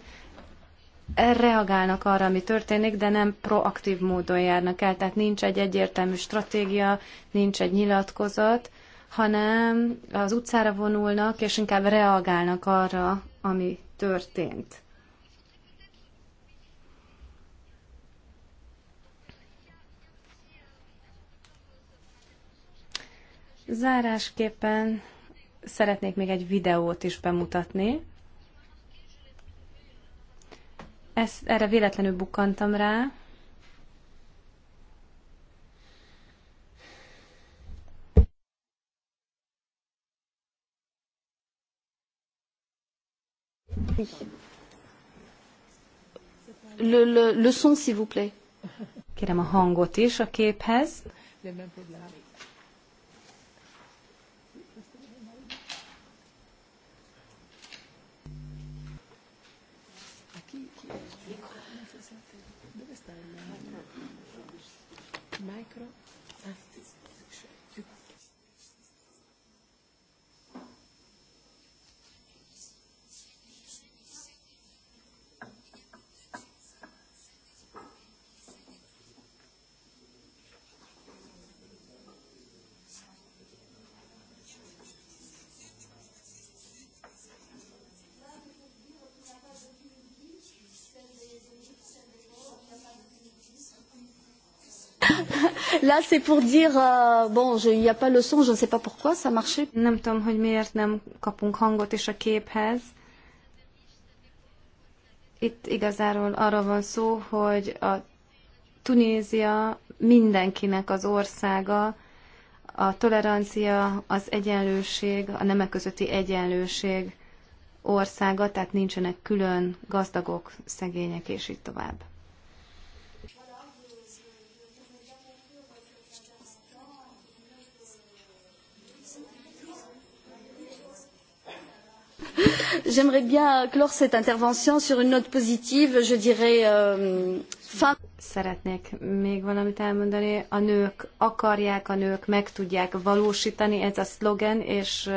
reagálnak arra, ami történik, de nem proaktív módon járnak el. Tehát nincs egy egyértelmű stratégia, nincs egy nyilatkozat, hanem az utcára vonulnak, és inkább reagálnak arra, ami történt. Zárásképpen szeretnék még egy videót is bemutatni. Ezt, erre véletlenül bukkantam rá. Le, le, le son, s'il vous plaît. Kérem a hangot is a képhez. micro. Là, c'est pour dire, euh, bon, il n'y a pas le son, je ne sais pas pourquoi, ça marchait. Nem tudom, hogy miért nem kapunk hangot és a képhez. Itt igazáról arra van szó, hogy a Tunézia mindenkinek az országa, a tolerancia, az egyenlőség, a nemek közötti egyenlőség országa, tehát nincsenek külön gazdagok, szegények és így tovább. J'aimerais bien clore cette intervention sur une note positive, je dirais euh, femme. Szeretnék még valamit elmondani. A nők akarják, a nők meg tudják valósítani, ez a szlogen, és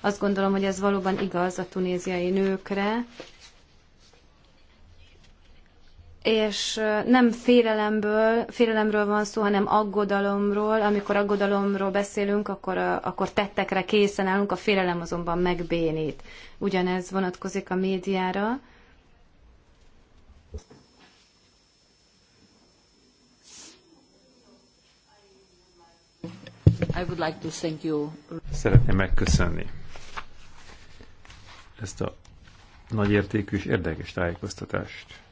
azt gondolom, hogy ez valóban igaz a tunéziai nőkre és nem félelemből, félelemről van szó, hanem aggodalomról. Amikor aggodalomról beszélünk, akkor, akkor tettekre készen állunk, a félelem azonban megbénít. Ugyanez vonatkozik a médiára. I would like to thank you. Szeretném megköszönni ezt a értékű és érdekes tájékoztatást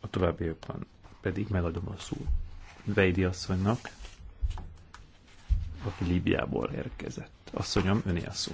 a továbbiakban pedig megadom a szót Veidi asszonynak, aki Líbiából érkezett. Asszonyom, öné a szó.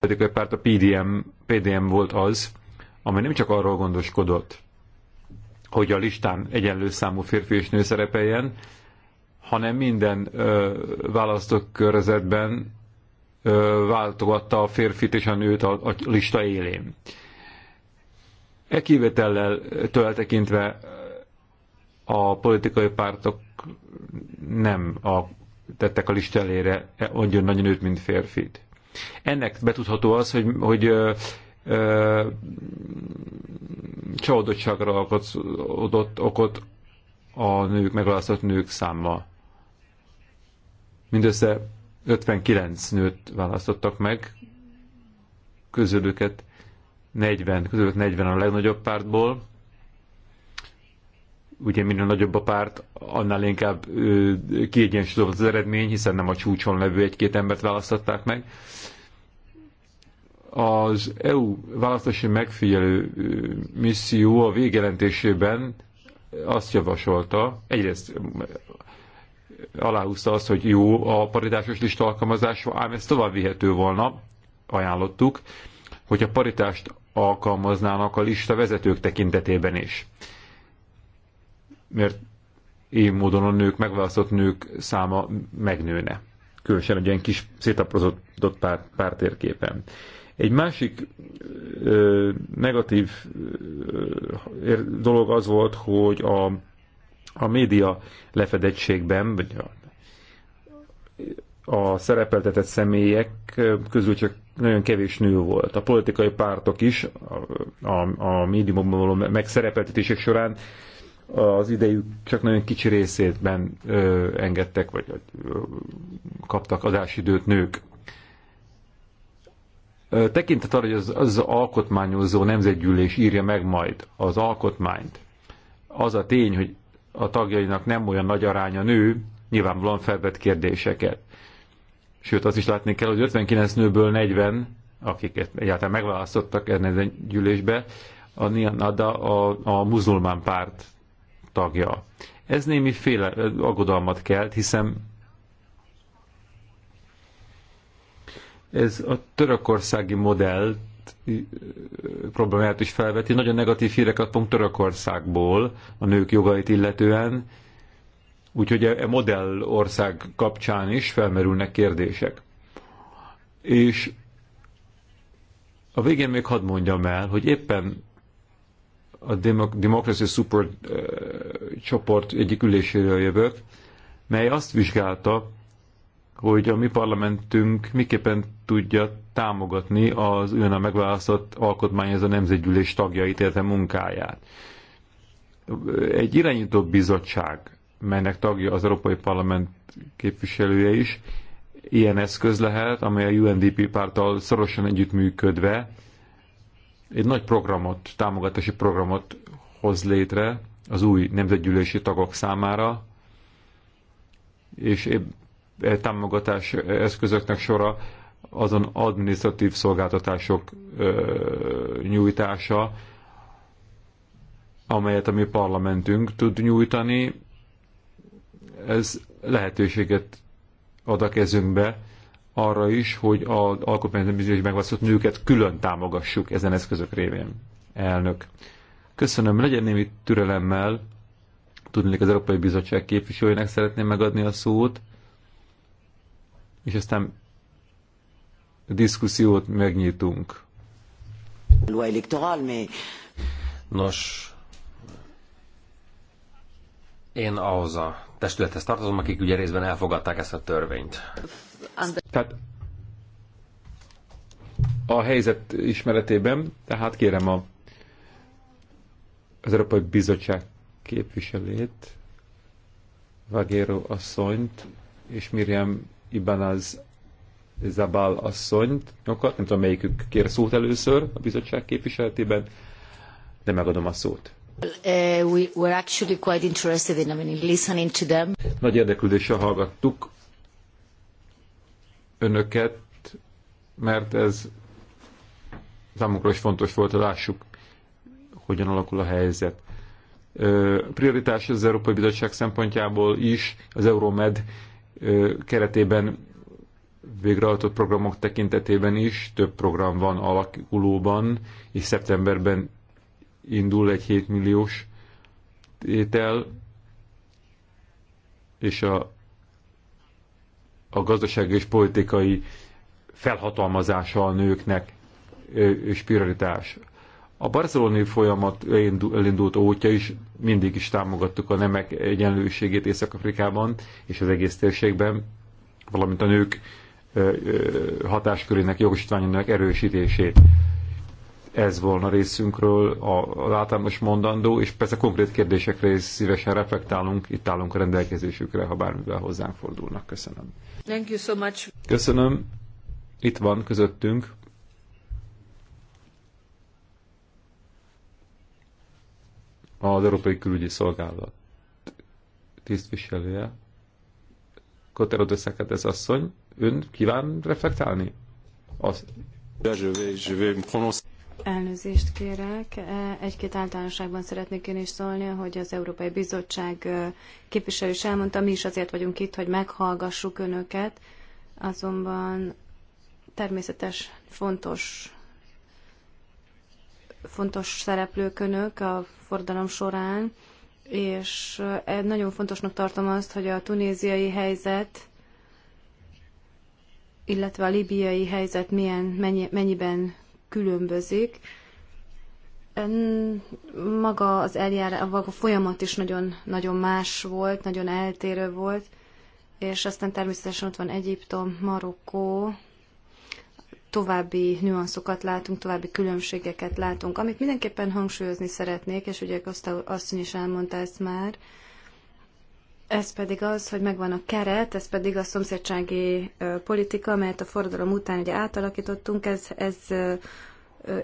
politikai párt, a PDM, PDM volt az, amely nem csak arról gondoskodott, hogy a listán egyenlő számú férfi és nő szerepeljen, hanem minden ö, választókörzetben ö, váltogatta a férfit és a nőt a, a lista élén. E kivétellel tekintve a politikai pártok nem a, tettek a lista elére nagyon e- nagy nőt, mint férfit. Ennek betudható az, hogy, hogy ö, ö, csalódottságra adott okot a nők, megválasztott nők száma. Mindössze 59 nőt választottak meg, közülüket 40, közülük 40 a legnagyobb pártból, ugye minél nagyobb a párt, annál inkább kiegyensúlyozott az eredmény, hiszen nem a csúcson levő egy-két embert választották meg. Az EU választási megfigyelő misszió a végjelentésében azt javasolta, egyrészt aláhúzta azt, hogy jó a paritásos lista alkalmazása, ám ez tovább vihető volna, ajánlottuk, hogy a paritást alkalmaznának a lista vezetők tekintetében is mert így módon a nők, megválasztott nők száma megnőne. Különösen egy ilyen kis szétaprozott pár, pár térképen. Egy másik ö, negatív ö, dolog az volt, hogy a, a média lefedettségben, vagy a, a szerepeltetett személyek közül csak nagyon kevés nő volt. A politikai pártok is a, a, a médiumokban való megszerepeltetések során az idejük csak nagyon kicsi részétben ö, engedtek, vagy ö, kaptak adásidőt nők. Ö, tekintet arra, hogy az, az alkotmányozó nemzetgyűlés írja meg majd az alkotmányt, az a tény, hogy a tagjainak nem olyan nagy aránya nő, nyilvánvalóan felvett kérdéseket. Sőt, azt is látni kell, hogy 59 nőből 40, akiket egyáltalán megválasztottak ennek a gyűlésbe, a Nianada a, a muzulmán párt tagja. Ez némi féle aggodalmat kelt, hiszen ez a törökországi modellt problémát is felveti. Nagyon negatív hírek adtunk Törökországból a nők jogait illetően, úgyhogy a e, e modell ország kapcsán is felmerülnek kérdések. És a végén még hadd mondjam el, hogy éppen a Democracy Support uh, csoport egyik üléséről jövök, mely azt vizsgálta, hogy a mi parlamentünk miképpen tudja támogatni az ön a megválasztott alkotmány ez a nemzetgyűlés tagjait, illetve munkáját. Egy irányító bizottság, melynek tagja az Európai Parlament képviselője is, ilyen eszköz lehet, amely a UNDP pártal szorosan együttműködve egy nagy programot, támogatási programot hoz létre az új nemzetgyűlési tagok számára, és e támogatás eszközöknek sora azon administratív szolgáltatások nyújtása, amelyet a mi parlamentünk tud nyújtani, ez lehetőséget ad a kezünkbe arra is, hogy az alkotmányozó bizonyos megválasztott nőket külön támogassuk ezen eszközök révén. Elnök. Köszönöm, legyen némi türelemmel. Tudnék az Európai Bizottság képviselőjének szeretném megadni a szót, és aztán a diszkusziót megnyitunk. Nos, én ahhoz a testülethez tartozom, akik ugye részben elfogadták ezt a törvényt. Tehát a helyzet ismeretében, tehát kérem a, az Európai Bizottság képviselét, Vagero asszonyt és Miriam Ibanaz Zabal asszonyt, nyokat, nem tudom melyikük kér szót először a bizottság képviseletében, de megadom a szót. uh, we were actually quite interested in, I mean, listening to them. Nagy érdeklődéssel hallgattuk önöket, mert ez számunkra is fontos volt, hogy lássuk, hogyan alakul a helyzet. Prioritás az Európai Bizottság szempontjából is az Euromed keretében végrehajtott programok tekintetében is több program van alakulóban, és szeptemberben indul egy 7 milliós étel, és a a gazdasági és politikai felhatalmazása a nőknek és prioritás. A barcelonai folyamat elindult ótja is mindig is támogattuk a nemek egyenlőségét Észak-Afrikában és az egész térségben, valamint a nők hatáskörének, jogosítványának erősítését. Ez volna részünkről a általános mondandó, és persze konkrét kérdésekre is szívesen reflektálunk, itt állunk a rendelkezésükre, ha bármivel hozzánk fordulnak. Köszönöm. Thank you so much. Köszönöm. Itt van közöttünk. Az Európai Külügyi Szolgálat tisztviselője. Kotero de Szekadez asszony, ön kíván reflektálni? Az... Elnőzést kérek. E, egy-két általánosságban szeretnék én is szólni, hogy az Európai Bizottság e, képviselő is elmondta, mi is azért vagyunk itt, hogy meghallgassuk önöket, azonban természetes, fontos fontos szereplők önök a fordalom során, és e, nagyon fontosnak tartom azt, hogy a tunéziai helyzet, illetve a libiai helyzet milyen, mennyi, mennyiben különbözik. Maga az eljárás, a folyamat is nagyon, nagyon más volt, nagyon eltérő volt, és aztán természetesen ott van Egyiptom, Marokkó, további nüanszokat látunk, további különbségeket látunk. Amit mindenképpen hangsúlyozni szeretnék, és ugye azt is elmondta ezt már, ez pedig az, hogy megvan a keret, ez pedig a szomszédsági politika, amelyet a forradalom után ugye átalakítottunk, ez, ez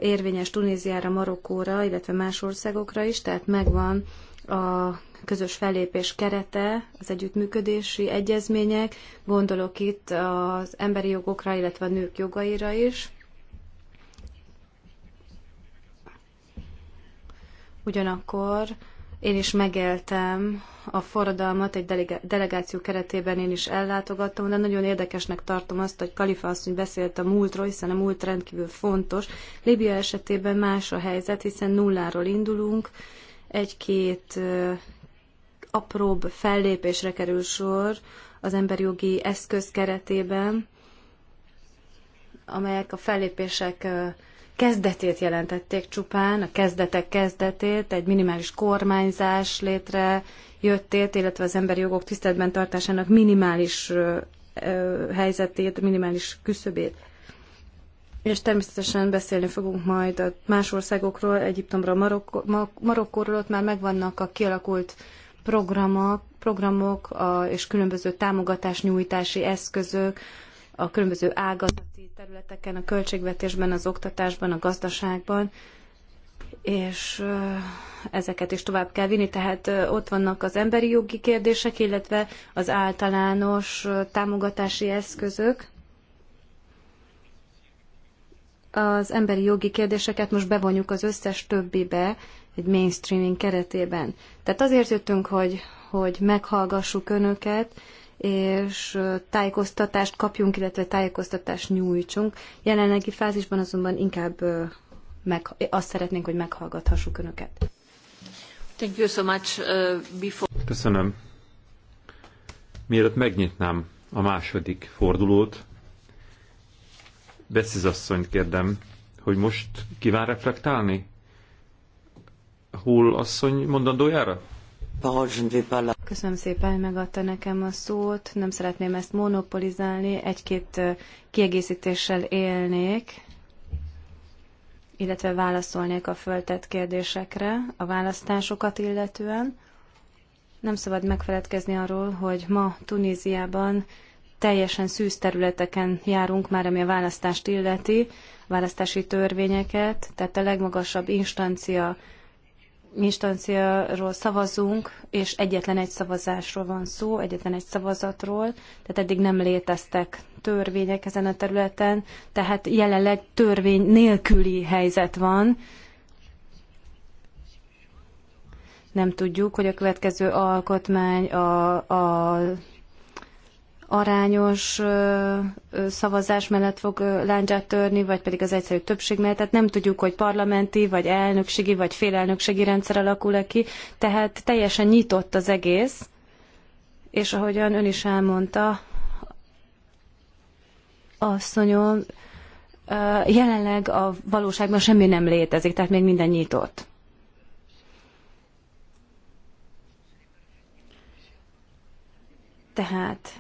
érvényes Tunéziára, Marokkóra, illetve más országokra is, tehát megvan a közös fellépés kerete, az együttműködési egyezmények, gondolok itt az emberi jogokra, illetve a nők jogaira is. Ugyanakkor én is megéltem a forradalmat, egy delegáció keretében én is ellátogattam, de nagyon érdekesnek tartom azt, hogy Kalifa asszony beszélt a múltról, hiszen a múlt rendkívül fontos. Libia esetében más a helyzet, hiszen nulláról indulunk, egy-két apróbb fellépésre kerül sor az emberi jogi eszköz keretében, amelyek a fellépések kezdetét jelentették csupán, a kezdetek kezdetét, egy minimális kormányzás létre jöttét, illetve az emberi jogok tiszteletben tartásának minimális helyzetét, minimális küszöbét. És természetesen beszélni fogunk majd a más országokról, Egyiptomról, Marokko, Marokkóról, ott már megvannak a kialakult programok, programok a, és különböző támogatásnyújtási eszközök, a különböző ágazati területeken, a költségvetésben, az oktatásban, a gazdaságban, és ezeket is tovább kell vinni. Tehát ott vannak az emberi jogi kérdések, illetve az általános támogatási eszközök. Az emberi jogi kérdéseket most bevonjuk az összes többibe egy mainstreaming keretében. Tehát azért jöttünk, hogy, hogy meghallgassuk önöket, és tájékoztatást kapjunk, illetve tájékoztatást nyújtsunk. Jelenlegi fázisban azonban inkább meg, azt szeretnénk, hogy meghallgathassuk Önöket. Thank you so much, uh, before... Köszönöm. Mielőtt megnyitnám a második fordulót, Beszéz asszonyt kérdem, hogy most kíván reflektálni? Hull asszony mondandójára? Köszönöm szépen, hogy megadta nekem a szót. Nem szeretném ezt monopolizálni. Egy-két kiegészítéssel élnék, illetve válaszolnék a föltett kérdésekre a választásokat illetően. Nem szabad megfeledkezni arról, hogy ma Tunéziában teljesen szűz területeken járunk már, ami a választást illeti, választási törvényeket, tehát a legmagasabb instancia instanciáról szavazunk, és egyetlen egy szavazásról van szó, egyetlen egy szavazatról, tehát eddig nem léteztek törvények ezen a területen, tehát jelenleg törvény nélküli helyzet van. Nem tudjuk, hogy a következő alkotmány a, a arányos szavazás mellett fog láncsát törni, vagy pedig az egyszerű többség mellett. Tehát nem tudjuk, hogy parlamenti, vagy elnökségi, vagy félelnökségi rendszer alakul-e ki. Tehát teljesen nyitott az egész, és ahogyan ön is elmondta, asszonyom, jelenleg a valóságban semmi nem létezik, tehát még minden nyitott. Tehát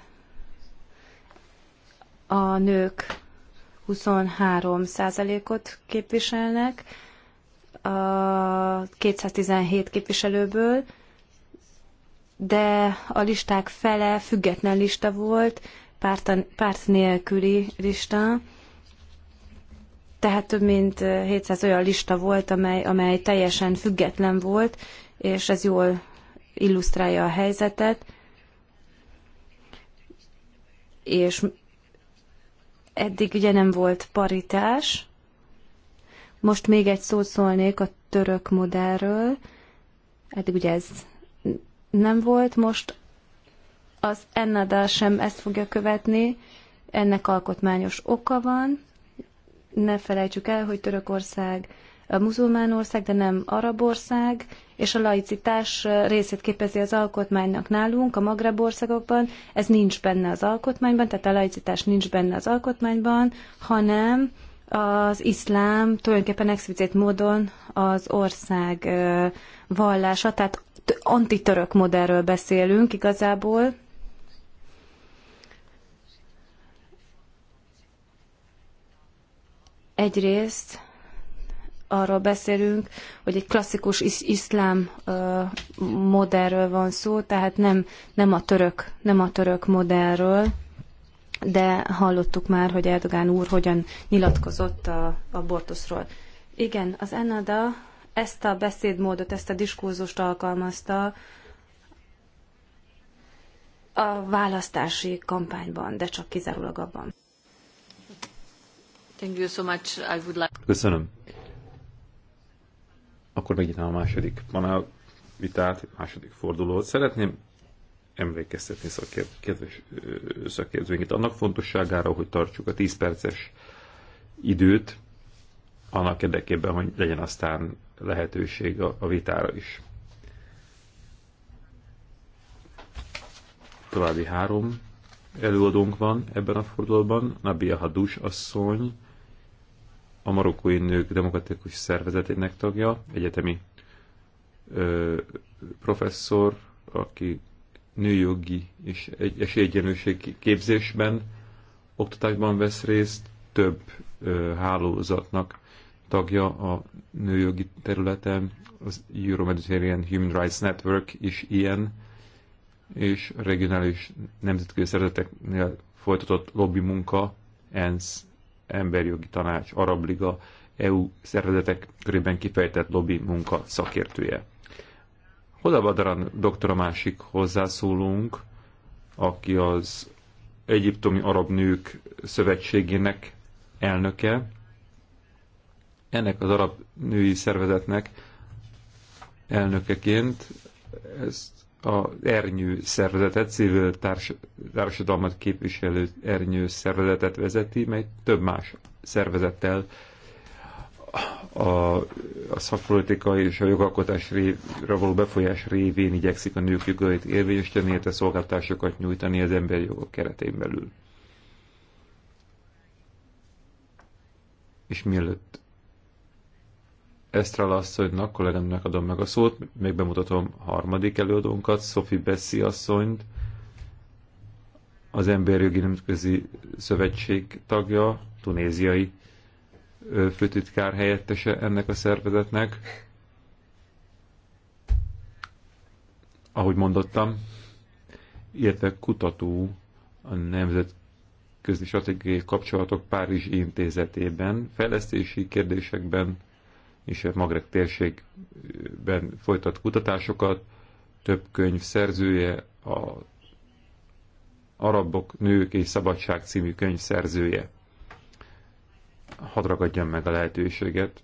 a nők 23%-ot képviselnek a 217 képviselőből, de a listák fele független lista volt, párt, párt nélküli lista, tehát több mint 700 olyan lista volt, amely, amely teljesen független volt, és ez jól illusztrálja a helyzetet, és Eddig ugye nem volt paritás. Most még egy szót szólnék a török modellről. Eddig ugye ez nem volt, most az Ennada sem ezt fogja követni. Ennek alkotmányos oka van. Ne felejtsük el, hogy Törökország a muzulmán ország, de nem arab ország, és a laicitás részét képezi az alkotmánynak nálunk, a Magreb országokban. Ez nincs benne az alkotmányban, tehát a laicitás nincs benne az alkotmányban, hanem az iszlám tulajdonképpen explicit módon az ország vallása, tehát antitörök modellről beszélünk igazából, egyrészt arról beszélünk, hogy egy klasszikus iszlám modellről van szó, tehát nem, nem, a török, nem a török modellről, de hallottuk már, hogy Erdogán úr hogyan nyilatkozott a, a Bortuszról. Igen, az Enada ezt a beszédmódot, ezt a diskurzust alkalmazta a választási kampányban, de csak kizárólag abban. Thank you so much. I would like... Köszönöm. Akkor megnyitnám a második panel vitát, második fordulót. Szeretném emlékeztetni szakért, kedves szakértőinket annak fontosságára, hogy tartsuk a 10 perces időt, annak érdekében, hogy legyen aztán lehetőség a, a vitára is. További három előadónk van ebben a fordulóban, Nabia Hadus asszony, a marokkói nők demokratikus szervezetének tagja, egyetemi ö, professzor, aki nőjogi és esélyegyenlőség képzésben, oktatásban vesz részt, több ö, hálózatnak tagja a nőjogi területen, az Euro-Mediterranean Human Rights Network is ilyen, és regionális nemzetközi szervezeteknél folytatott lobby munka, ENSZ emberjogi tanács, Arab Liga, EU szervezetek körében kifejtett lobby munka szakértője. Hodabadaran doktora másik hozzászólunk, aki az Egyiptomi Arab Nők Szövetségének elnöke. Ennek az arab női szervezetnek elnökeként ezt a ernyő szervezetet, civil társ, társadalmat képviselő ernyő szervezetet vezeti, mely több más szervezettel a, a szakpolitikai és a jogalkotás révra való befolyás révén igyekszik a nők jogait érvényesíteni, illetve szolgáltásokat nyújtani az emberi jogok keretén belül. És mielőtt Esztrál asszonynak, kolléganőnek adom meg a szót, még bemutatom harmadik előadónkat, Sophie Bessi asszonyt, az Emberjogi Nemzetközi Szövetség tagja, tunéziai főtitkár helyettese ennek a szervezetnek. Ahogy mondottam, illetve kutató a Nemzetközi Stratégiai Kapcsolatok Párizsi Intézetében, fejlesztési kérdésekben, és a Magreb térségben folytat kutatásokat. Több könyv szerzője, a Arabok, Nők és Szabadság című könyv szerzője. Hadd ragadjam meg a lehetőséget,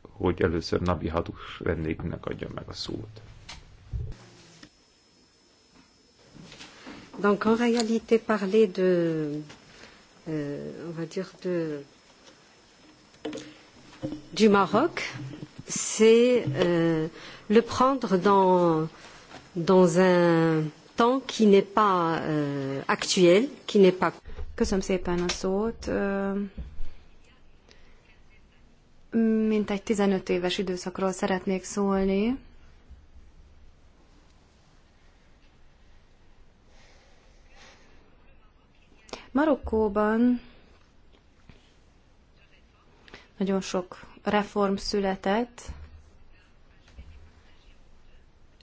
hogy először Nabi Hadus vendégnek adjam meg a szót. Donc en réalité parler de, euh, on va dire de du Maroc, c'est euh, le prendre dans, dans un temps qui n'est pas euh, actuel, qui n'est pas. Köszönöm szépen a szót. Mint egy 15 éves időszakról szeretnék szólni. Marokkóban nagyon sok reform született.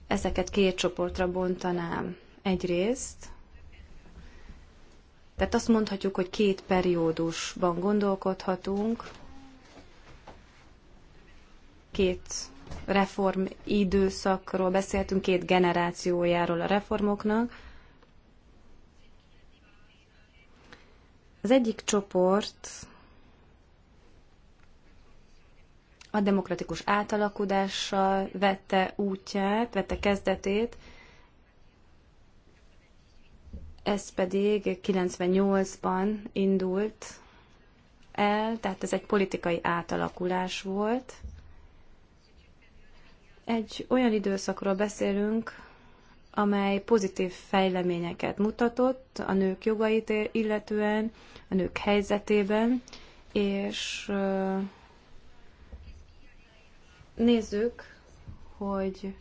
Ezeket két csoportra bontanám. Egyrészt, tehát azt mondhatjuk, hogy két periódusban gondolkodhatunk, két reform időszakról beszéltünk, két generációjáról a reformoknak. Az egyik csoport a demokratikus átalakodással vette útját, vette kezdetét, ez pedig 98-ban indult el, tehát ez egy politikai átalakulás volt. Egy olyan időszakról beszélünk, amely pozitív fejleményeket mutatott a nők jogait illetően, a nők helyzetében, és nézzük, hogy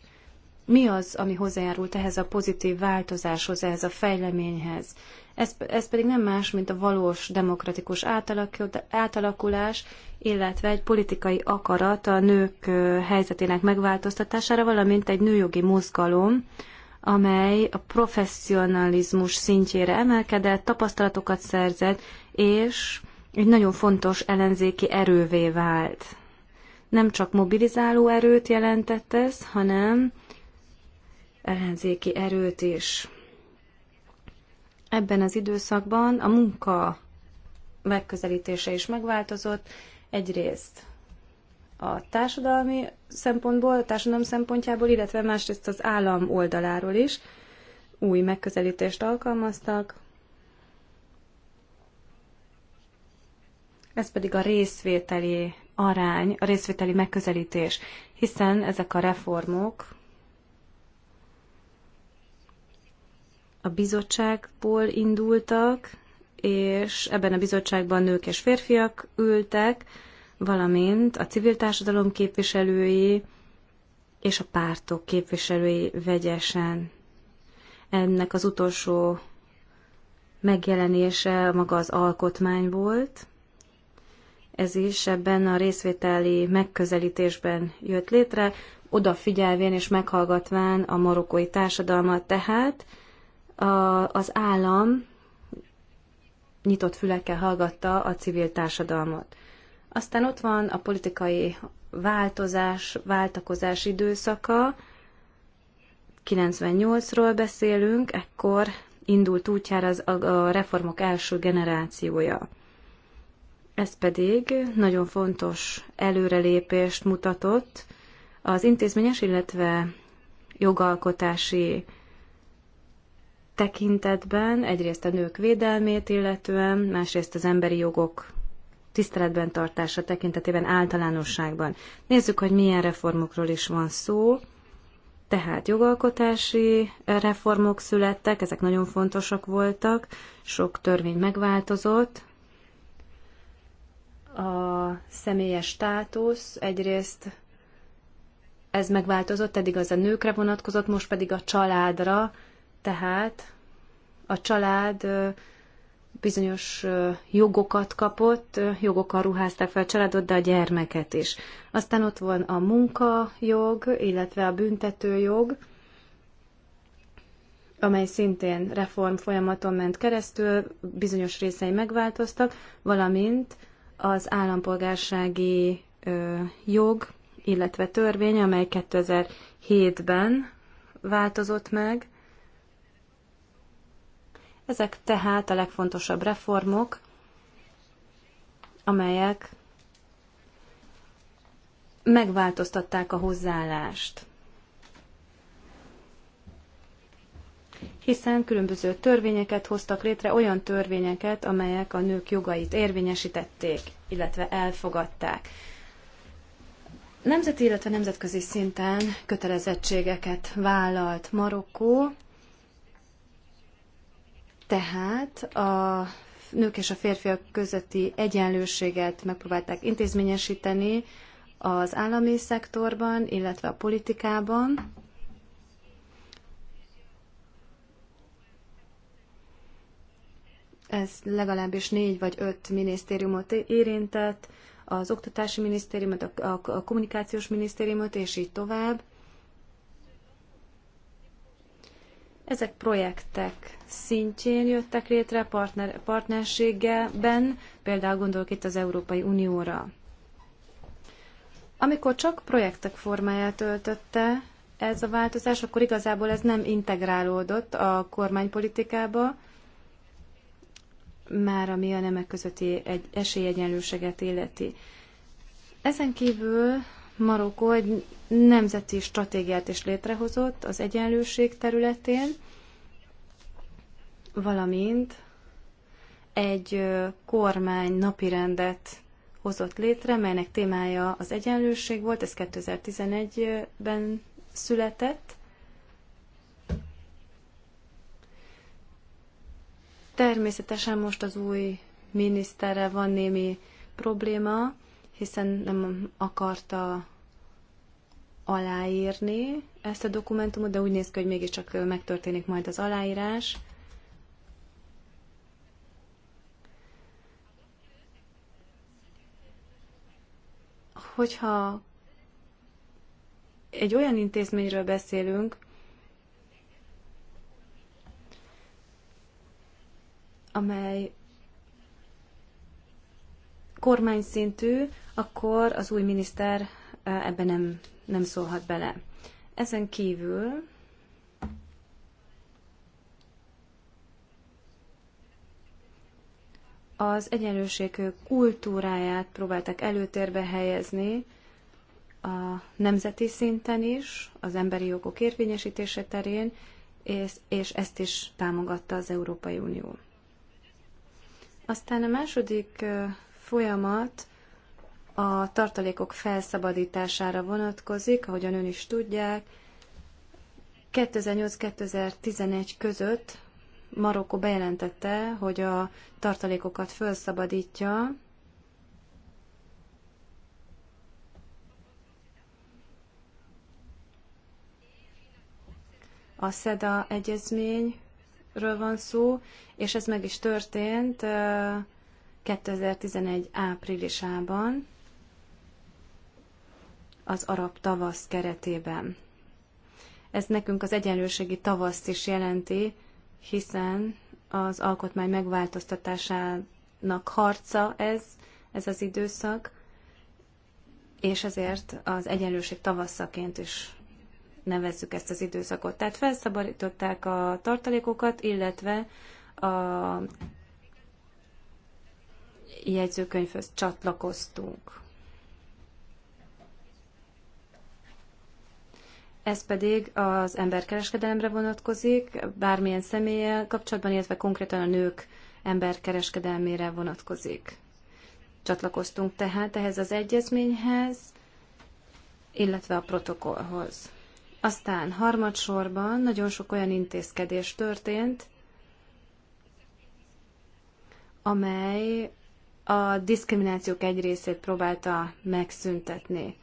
mi az, ami hozzájárult ehhez a pozitív változáshoz, ehhez a fejleményhez. Ez, ez pedig nem más, mint a valós demokratikus átalakulás, illetve egy politikai akarat a nők helyzetének megváltoztatására, valamint egy nőjogi mozgalom, amely a professzionalizmus szintjére emelkedett, tapasztalatokat szerzett, és egy nagyon fontos ellenzéki erővé vált nem csak mobilizáló erőt jelentett ez, hanem ellenzéki erőt is. Ebben az időszakban a munka megközelítése is megváltozott. Egyrészt a társadalmi szempontból, a társadalom szempontjából, illetve másrészt az állam oldaláról is új megközelítést alkalmaztak. Ez pedig a részvételi arány, a részvételi megközelítés, hiszen ezek a reformok a bizottságból indultak, és ebben a bizottságban nők és férfiak ültek, valamint a civil társadalom képviselői és a pártok képviselői vegyesen. Ennek az utolsó megjelenése maga az alkotmány volt, ez is ebben a részvételi megközelítésben jött létre, odafigyelvén és meghallgatván a marokkói társadalmat. Tehát a, az állam nyitott fülekkel hallgatta a civil társadalmat. Aztán ott van a politikai változás, váltakozás időszaka, 98-ról beszélünk, ekkor indult útjára az, a, a reformok első generációja. Ez pedig nagyon fontos előrelépést mutatott az intézményes, illetve jogalkotási tekintetben, egyrészt a nők védelmét illetően, másrészt az emberi jogok tiszteletben tartása tekintetében általánosságban. Nézzük, hogy milyen reformokról is van szó. Tehát jogalkotási reformok születtek, ezek nagyon fontosak voltak, sok törvény megváltozott, a személyes státusz, egyrészt ez megváltozott, eddig az a nőkre vonatkozott, most pedig a családra, tehát a család bizonyos jogokat kapott, jogokkal ruházták fel a családot, de a gyermeket is. Aztán ott van a munkajog, illetve a büntetőjog, amely szintén reform folyamaton ment keresztül, bizonyos részei megváltoztak, valamint az állampolgársági jog, illetve törvény, amely 2007-ben változott meg. Ezek tehát a legfontosabb reformok, amelyek megváltoztatták a hozzáállást hiszen különböző törvényeket hoztak létre, olyan törvényeket, amelyek a nők jogait érvényesítették, illetve elfogadták. Nemzeti, illetve nemzetközi szinten kötelezettségeket vállalt Marokkó, tehát a nők és a férfiak közötti egyenlőséget megpróbálták intézményesíteni az állami szektorban, illetve a politikában. Ez legalábbis négy vagy öt minisztériumot érintett, az oktatási minisztériumot, a, kommunikációs minisztériumot, és így tovább. Ezek projektek szintjén jöttek létre partner, partnerségeben, például gondolok itt az Európai Unióra. Amikor csak projektek formáját öltötte ez a változás, akkor igazából ez nem integrálódott a kormánypolitikába, már ami a nemek közötti egy esélyegyenlőséget illeti. Ezen kívül Marokkó egy nemzeti stratégiát is létrehozott az egyenlőség területén, valamint egy kormány napirendet hozott létre, melynek témája az egyenlőség volt, ez 2011-ben született, Természetesen most az új miniszterre van némi probléma, hiszen nem akarta aláírni ezt a dokumentumot, de úgy néz ki, hogy mégiscsak megtörténik majd az aláírás. Hogyha egy olyan intézményről beszélünk, amely kormány szintű, akkor az új miniszter ebben nem, nem szólhat bele. Ezen kívül az egyenlőség kultúráját próbáltak előtérbe helyezni a nemzeti szinten is, az emberi jogok érvényesítése terén, és, és ezt is támogatta az Európai Unió. Aztán a második folyamat a tartalékok felszabadítására vonatkozik, ahogyan ön is tudják. 2008-2011 között Marokko bejelentette, hogy a tartalékokat felszabadítja, a SZEDA egyezmény ről van szó, és ez meg is történt 2011 áprilisában az arab tavasz keretében. Ez nekünk az egyenlőségi tavaszt is jelenti, hiszen az alkotmány megváltoztatásának harca ez, ez az időszak, és ezért az egyenlőség tavaszaként is nevezzük ezt az időszakot. Tehát felszabadították a tartalékokat, illetve a jegyzőkönyvhöz csatlakoztunk. Ez pedig az emberkereskedelemre vonatkozik, bármilyen személlyel kapcsolatban, illetve konkrétan a nők emberkereskedelmére vonatkozik. Csatlakoztunk tehát ehhez az egyezményhez, illetve a protokollhoz. Aztán harmadsorban nagyon sok olyan intézkedés történt, amely a diszkriminációk egy részét próbálta megszüntetni.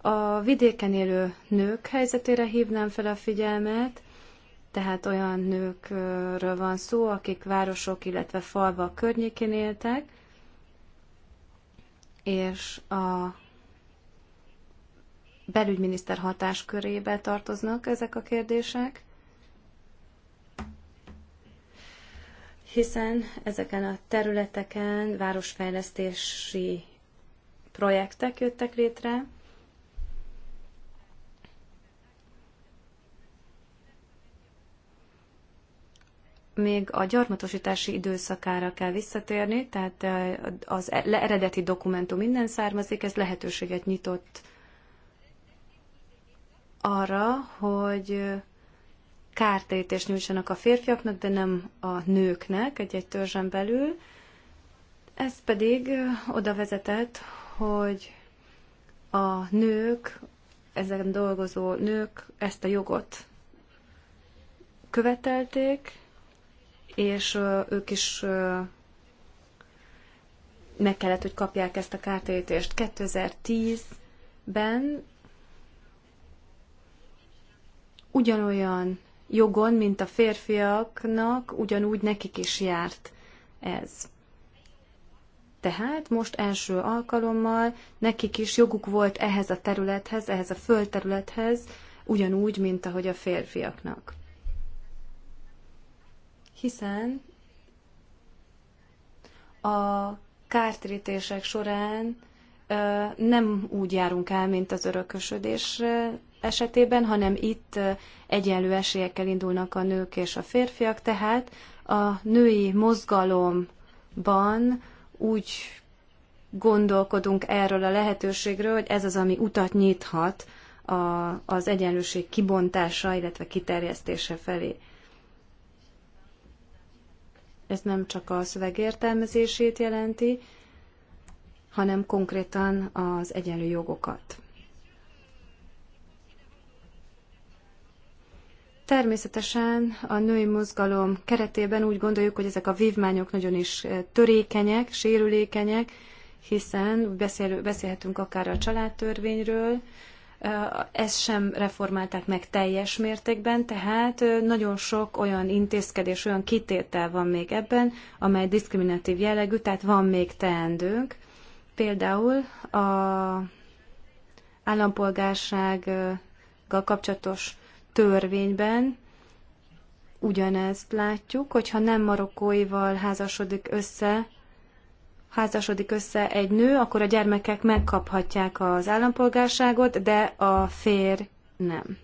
A vidéken élő nők helyzetére hívnám fel a figyelmet, tehát olyan nőkről van szó, akik városok, illetve falvak környékén éltek, és a belügyminiszter hatáskörébe tartoznak ezek a kérdések, hiszen ezeken a területeken városfejlesztési projektek jöttek létre, még a gyarmatosítási időszakára kell visszatérni, tehát az e-, eredeti dokumentum minden származik, ez lehetőséget nyitott arra, hogy kártétés nyújtsanak a férfiaknak, de nem a nőknek egy-egy törzsen belül. Ez pedig oda vezetett, hogy a nők, ezen dolgozó nők ezt a jogot követelték, és ők is meg kellett, hogy kapják ezt a kártérítést. 2010-ben ugyanolyan jogon, mint a férfiaknak, ugyanúgy nekik is járt ez. Tehát most első alkalommal nekik is joguk volt ehhez a területhez, ehhez a földterülethez, ugyanúgy, mint ahogy a férfiaknak hiszen a kártérítések során nem úgy járunk el, mint az örökösödés esetében, hanem itt egyenlő esélyekkel indulnak a nők és a férfiak, tehát a női mozgalomban úgy gondolkodunk erről a lehetőségről, hogy ez az, ami utat nyithat a, az egyenlőség kibontása, illetve kiterjesztése felé ez nem csak a szöveg értelmezését jelenti, hanem konkrétan az egyenlő jogokat. Természetesen a női mozgalom keretében úgy gondoljuk, hogy ezek a vívmányok nagyon is eh, törékenyek, sérülékenyek, hiszen beszél, beszélhetünk akár a családtörvényről, ezt sem reformálták meg teljes mértékben, tehát nagyon sok olyan intézkedés, olyan kitétel van még ebben, amely diszkriminatív jellegű, tehát van még teendőnk. Például a állampolgársággal kapcsolatos törvényben ugyanezt látjuk, hogyha nem marokkóival házasodik össze házasodik össze egy nő, akkor a gyermekek megkaphatják az állampolgárságot, de a férj nem.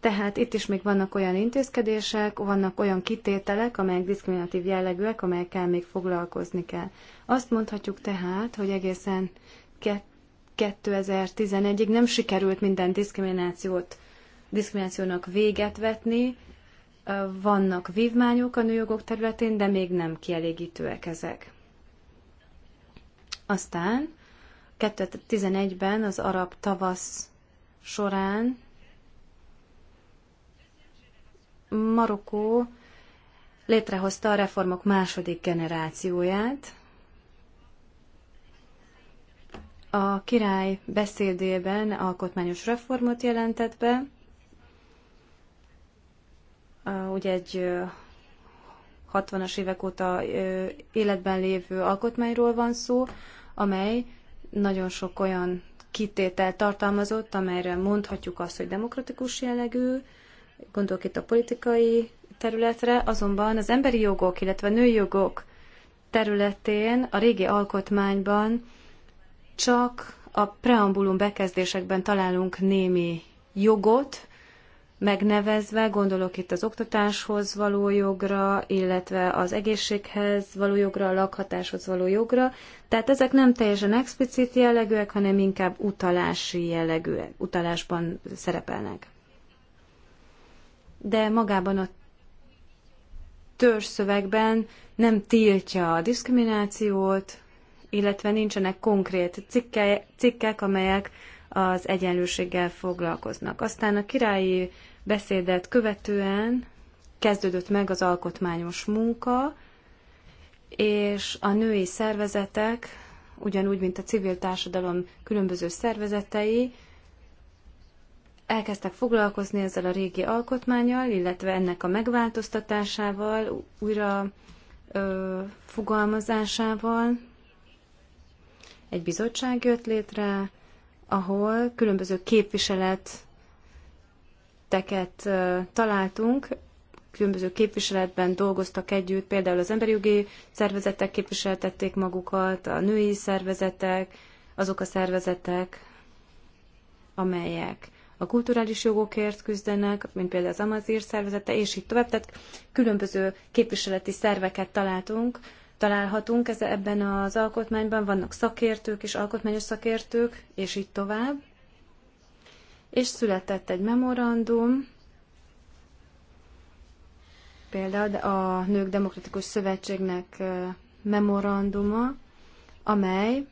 Tehát itt is még vannak olyan intézkedések, vannak olyan kitételek, amelyek diszkriminatív jellegűek, amelyekkel még foglalkozni kell. Azt mondhatjuk tehát, hogy egészen 2011-ig nem sikerült minden diszkriminációt, diszkriminációnak véget vetni, vannak vívmányok a nőjogok területén, de még nem kielégítőek ezek. Aztán 2011-ben az arab tavasz során Marokkó létrehozta a reformok második generációját. A király beszédében alkotmányos reformot jelentett be, ugye egy 60-as évek óta életben lévő alkotmányról van szó, amely nagyon sok olyan kitétel tartalmazott, amelyre mondhatjuk azt, hogy demokratikus jellegű, gondolok itt a politikai területre, azonban az emberi jogok, illetve női jogok területén a régi alkotmányban csak a preambulum bekezdésekben találunk némi jogot, megnevezve, gondolok itt az oktatáshoz való jogra, illetve az egészséghez való jogra, a lakhatáshoz való jogra. Tehát ezek nem teljesen explicit jellegűek, hanem inkább utalási jellegűek, utalásban szerepelnek. De magában a törzszövegben nem tiltja a diszkriminációt, illetve nincsenek konkrét cikke, cikkek, amelyek az egyenlőséggel foglalkoznak. Aztán a királyi beszédet követően kezdődött meg az alkotmányos munka, és a női szervezetek, ugyanúgy, mint a civil társadalom különböző szervezetei, elkezdtek foglalkozni ezzel a régi alkotmányal, illetve ennek a megváltoztatásával, újra ö, fogalmazásával. Egy bizottság jött létre, ahol különböző képviseleteket találtunk, különböző képviseletben dolgoztak együtt, például az emberi jogi szervezetek képviseltették magukat, a női szervezetek, azok a szervezetek, amelyek a kulturális jogokért küzdenek, mint például az Amazír szervezete, és így tovább. Tehát különböző képviseleti szerveket találtunk, találhatunk ez, ebben az alkotmányban, vannak szakértők és alkotmányos szakértők, és így tovább. És született egy memorandum, például a Nők Demokratikus Szövetségnek memoranduma, amely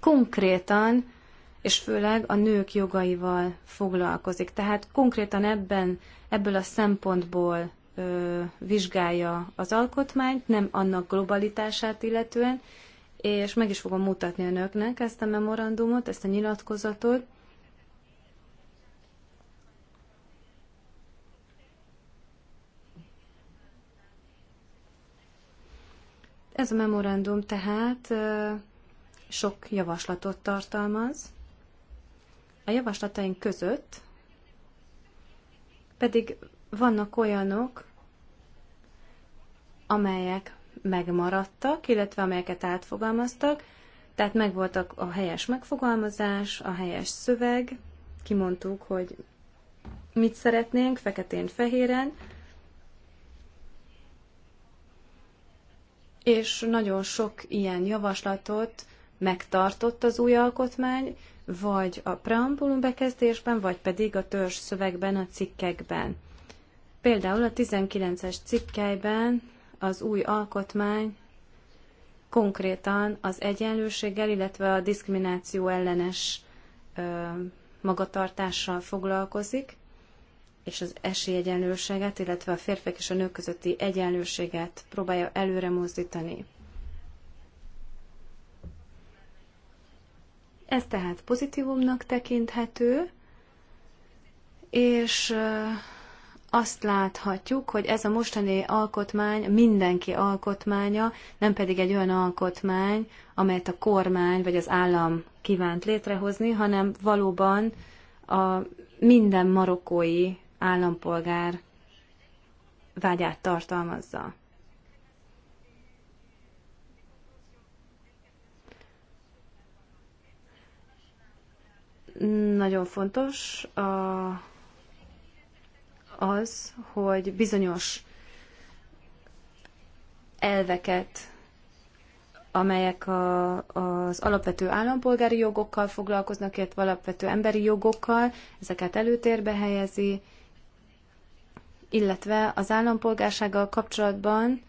konkrétan és főleg a nők jogaival foglalkozik. Tehát konkrétan ebben, ebből a szempontból vizsgálja az alkotmányt, nem annak globalitását illetően, és meg is fogom mutatni önöknek ezt a memorandumot, ezt a nyilatkozatot. Ez a memorandum tehát sok javaslatot tartalmaz. A javaslataink között pedig vannak olyanok, amelyek megmaradtak, illetve amelyeket átfogalmaztak, tehát megvoltak a helyes megfogalmazás, a helyes szöveg, kimondtuk, hogy mit szeretnénk, feketén-fehéren, és nagyon sok ilyen javaslatot megtartott az új alkotmány, vagy a preambulum bekezdésben, vagy pedig a törzs szövegben, a cikkekben. Például a 19-es cikkelyben az új alkotmány konkrétan az egyenlőséggel, illetve a diszkrimináció ellenes magatartással foglalkozik, és az esélyegyenlőséget, illetve a férfek és a nők közötti egyenlőséget próbálja előre mozdítani. Ez tehát pozitívumnak tekinthető, és azt láthatjuk, hogy ez a mostani alkotmány mindenki alkotmánya, nem pedig egy olyan alkotmány, amelyet a kormány vagy az állam kívánt létrehozni, hanem valóban a minden marokkói állampolgár vágyát tartalmazza. Nagyon fontos a az, hogy bizonyos elveket, amelyek a, az alapvető állampolgári jogokkal foglalkoznak, illetve alapvető emberi jogokkal, ezeket előtérbe helyezi, illetve az állampolgársággal kapcsolatban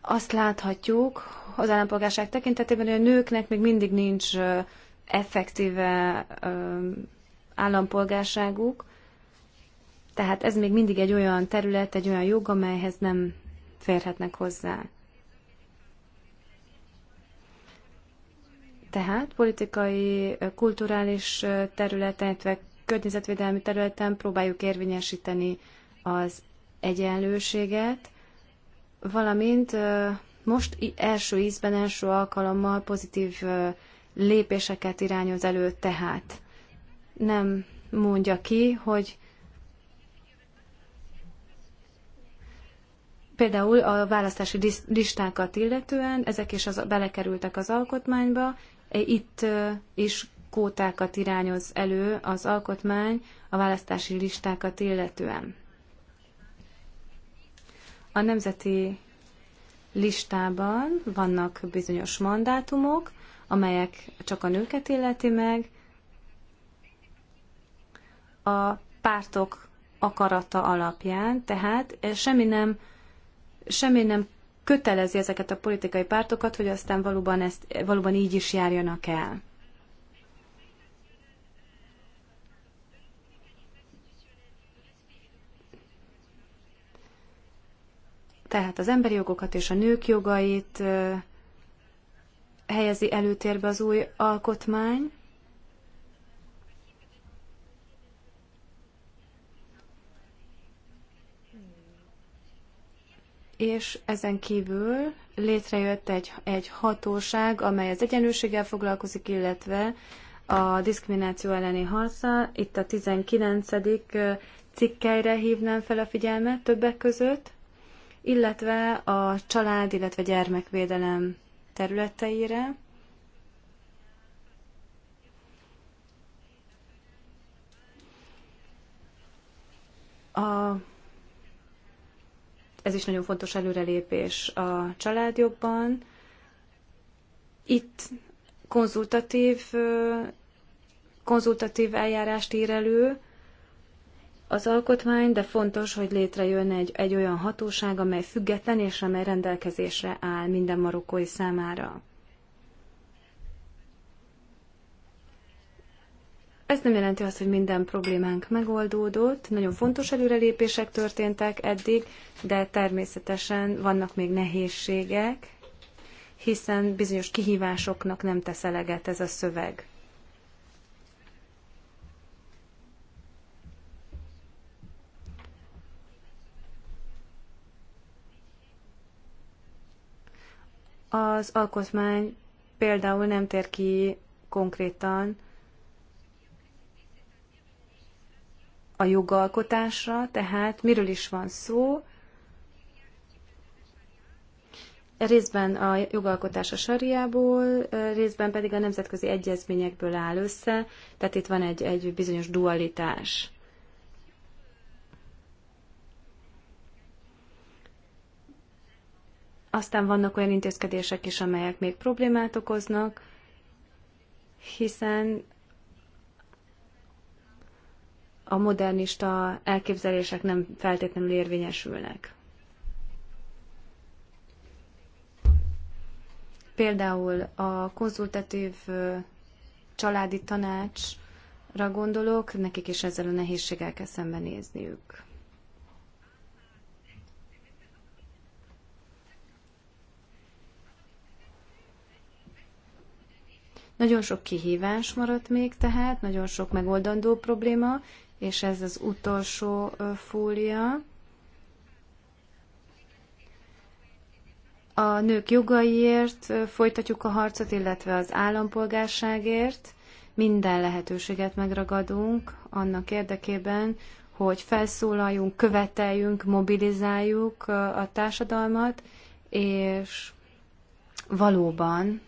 azt láthatjuk az állampolgárság tekintetében, hogy a nőknek még mindig nincs effektíve állampolgárságuk, tehát ez még mindig egy olyan terület, egy olyan jog, amelyhez nem férhetnek hozzá. Tehát politikai, kulturális területen, illetve környezetvédelmi területen próbáljuk érvényesíteni az egyenlőséget, valamint most első ízben, első alkalommal pozitív lépéseket irányoz elő tehát nem mondja ki, hogy például a választási listákat illetően, ezek is az, belekerültek az alkotmányba, e, itt is kótákat irányoz elő az alkotmány a választási listákat illetően. A nemzeti listában vannak bizonyos mandátumok, amelyek csak a nőket illeti meg, a pártok akarata alapján, tehát eh, semmi nem, semmi nem kötelezi ezeket a politikai pártokat, hogy aztán valóban, ezt, valóban így is járjanak el. Tehát az emberi jogokat és a nők jogait eh, helyezi előtérbe az új alkotmány, és ezen kívül létrejött egy, egy hatóság, amely az egyenlőséggel foglalkozik, illetve a diszkrimináció elleni harca. Itt a 19. cikkeire hívnám fel a figyelmet többek között, illetve a család, illetve gyermekvédelem területeire. A ez is nagyon fontos előrelépés a családjogban. Itt konzultatív, konzultatív eljárást ír elő az alkotmány, de fontos, hogy létrejön egy, egy olyan hatóság, amely független és amely rendelkezésre áll minden marokkói számára. Ez nem jelenti azt, hogy minden problémánk megoldódott, nagyon fontos előrelépések történtek eddig, de természetesen vannak még nehézségek, hiszen bizonyos kihívásoknak nem tesz eleget ez a szöveg. Az alkotmány például nem tér ki konkrétan a jogalkotásra, tehát miről is van szó. Részben a jogalkotás a sariából, részben pedig a nemzetközi egyezményekből áll össze, tehát itt van egy, egy bizonyos dualitás. Aztán vannak olyan intézkedések is, amelyek még problémát okoznak, hiszen a modernista elképzelések nem feltétlenül érvényesülnek. Például a konzultatív családi tanácsra gondolok, nekik is ezzel a nehézséggel kell szembenézniük. Nagyon sok kihívás maradt még tehát, nagyon sok megoldandó probléma, és ez az utolsó fólia. A nők jogaiért folytatjuk a harcot, illetve az állampolgárságért. Minden lehetőséget megragadunk annak érdekében, hogy felszólaljunk, követeljünk, mobilizáljuk a társadalmat, és valóban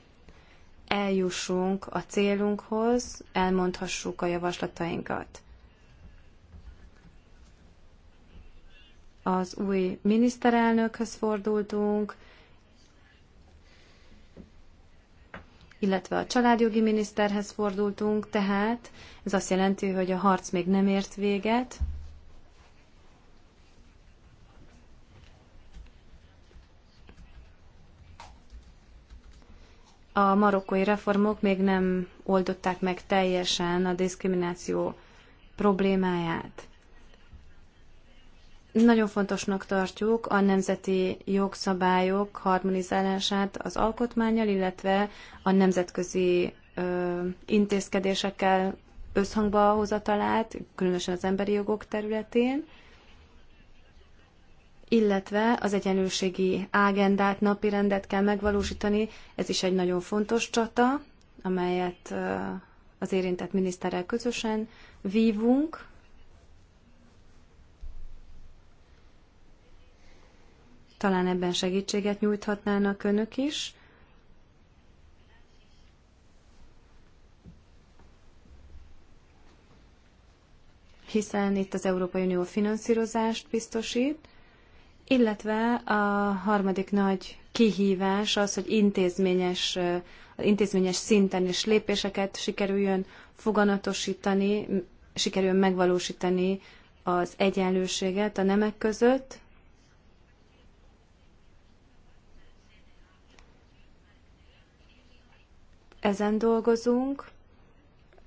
eljussunk a célunkhoz, elmondhassuk a javaslatainkat. az új miniszterelnökhöz fordultunk, illetve a családjogi miniszterhez fordultunk, tehát ez azt jelenti, hogy a harc még nem ért véget. A marokkói reformok még nem oldották meg teljesen a diszkrimináció problémáját. Nagyon fontosnak tartjuk a nemzeti jogszabályok harmonizálását az alkotmányjal, illetve a nemzetközi ö, intézkedésekkel összhangba hozatalát, különösen az emberi jogok területén, illetve az egyenlőségi ágendát, napi rendet kell megvalósítani. Ez is egy nagyon fontos csata, amelyet az érintett miniszterrel közösen vívunk. Talán ebben segítséget nyújthatnának önök is. hiszen itt az Európai Unió finanszírozást biztosít, illetve a harmadik nagy kihívás az, hogy intézményes, intézményes szinten is lépéseket sikerüljön foganatosítani, sikerüljön megvalósítani az egyenlőséget a nemek között, ezen dolgozunk,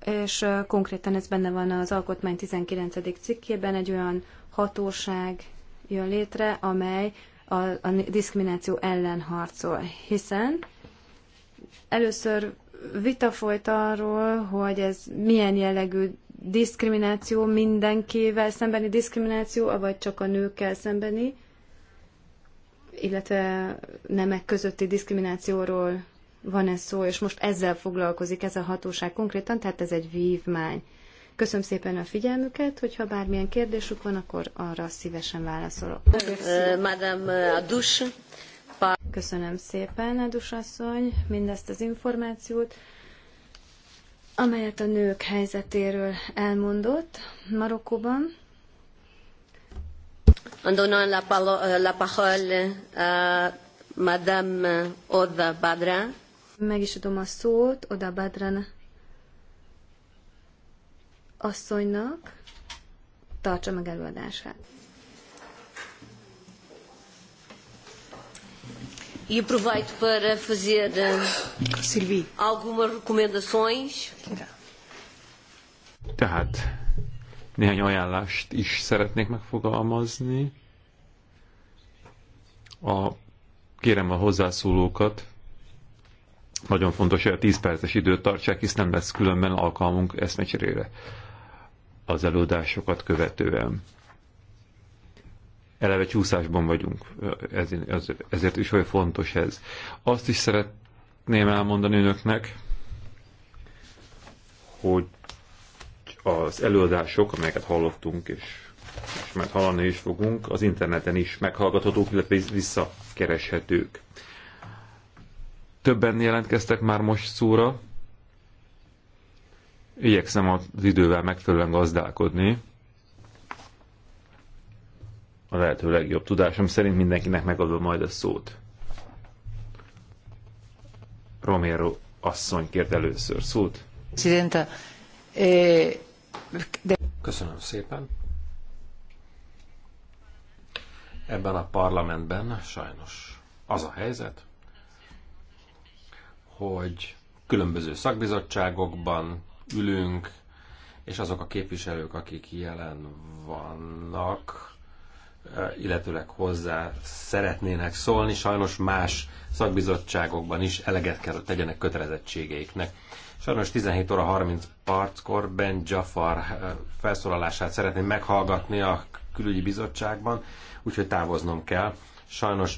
és konkrétan ez benne van az alkotmány 19. cikkében, egy olyan hatóság jön létre, amely a, a diszkrimináció ellen harcol. Hiszen először vita folyt arról, hogy ez milyen jellegű diszkrimináció, mindenkivel szembeni diszkrimináció, vagy csak a nőkkel szembeni, illetve nemek közötti diszkriminációról van-e szó, és most ezzel foglalkozik ez a hatóság konkrétan, tehát ez egy vívmány. Köszönöm szépen a figyelmüket, hogyha bármilyen kérdésük van, akkor arra szívesen válaszolok. Euh, euh, Köszönöm szépen, Adus asszony, mindezt az információt, amelyet a nők helyzetéről elmondott Marokkóban. En euh, la parole à Madame Oda Badra, meg is adom a szót Oda Badran asszonynak. Tartsa meg előadását. E aproveito para fazer eh, Silvi. algumas recomendações. Tehát néhány ajánlást is szeretnék megfogalmazni. A, kérem a hozzászólókat, nagyon fontos, hogy a 10 perces időt tartsák, hisz nem lesz különben alkalmunk eszmecserére az előadásokat követően. Eleve csúszásban vagyunk, ezért, is olyan fontos ez. Azt is szeretném elmondani önöknek, hogy az előadások, amelyeket hallottunk, és, és már hallani is fogunk, az interneten is meghallgathatók, illetve visszakereshetők. Többen jelentkeztek már most szóra. Igyekszem az idővel megfelelően gazdálkodni. A lehető legjobb tudásom szerint mindenkinek megadom majd a szót. Romero asszony kért először szót. Eh, Köszönöm szépen. Ebben a parlamentben sajnos az a helyzet, hogy különböző szakbizottságokban ülünk, és azok a képviselők, akik jelen vannak, eh, illetőleg hozzá szeretnének szólni, sajnos más szakbizottságokban is eleget kell tegyenek kötelezettségeiknek. Sajnos 17 óra 30 perckor Ben Jafar eh, felszólalását szeretném meghallgatni a külügyi bizottságban, úgyhogy távoznom kell. Sajnos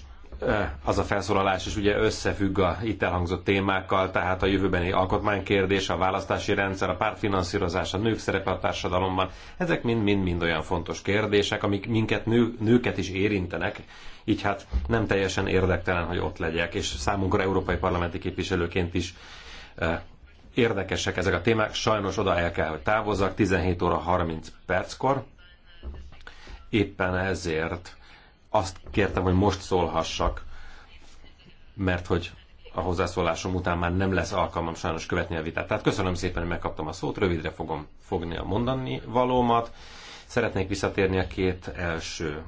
az a felszólalás is ugye összefügg a itt elhangzott témákkal, tehát a jövőbeni alkotmánykérdés, a választási rendszer, a pártfinanszírozás, a nők szerepe a társadalomban, ezek mind-mind-mind olyan fontos kérdések, amik minket nő, nőket is érintenek, így hát nem teljesen érdektelen, hogy ott legyek, és számunkra európai parlamenti képviselőként is érdekesek ezek a témák, sajnos oda el kell, hogy távozzak 17 óra 30 perckor, éppen ezért azt kértem, hogy most szólhassak, mert hogy a hozzászólásom után már nem lesz alkalmam sajnos követni a vitát. Tehát köszönöm szépen, hogy megkaptam a szót, rövidre fogom fogni a mondani valómat. Szeretnék visszatérni a két első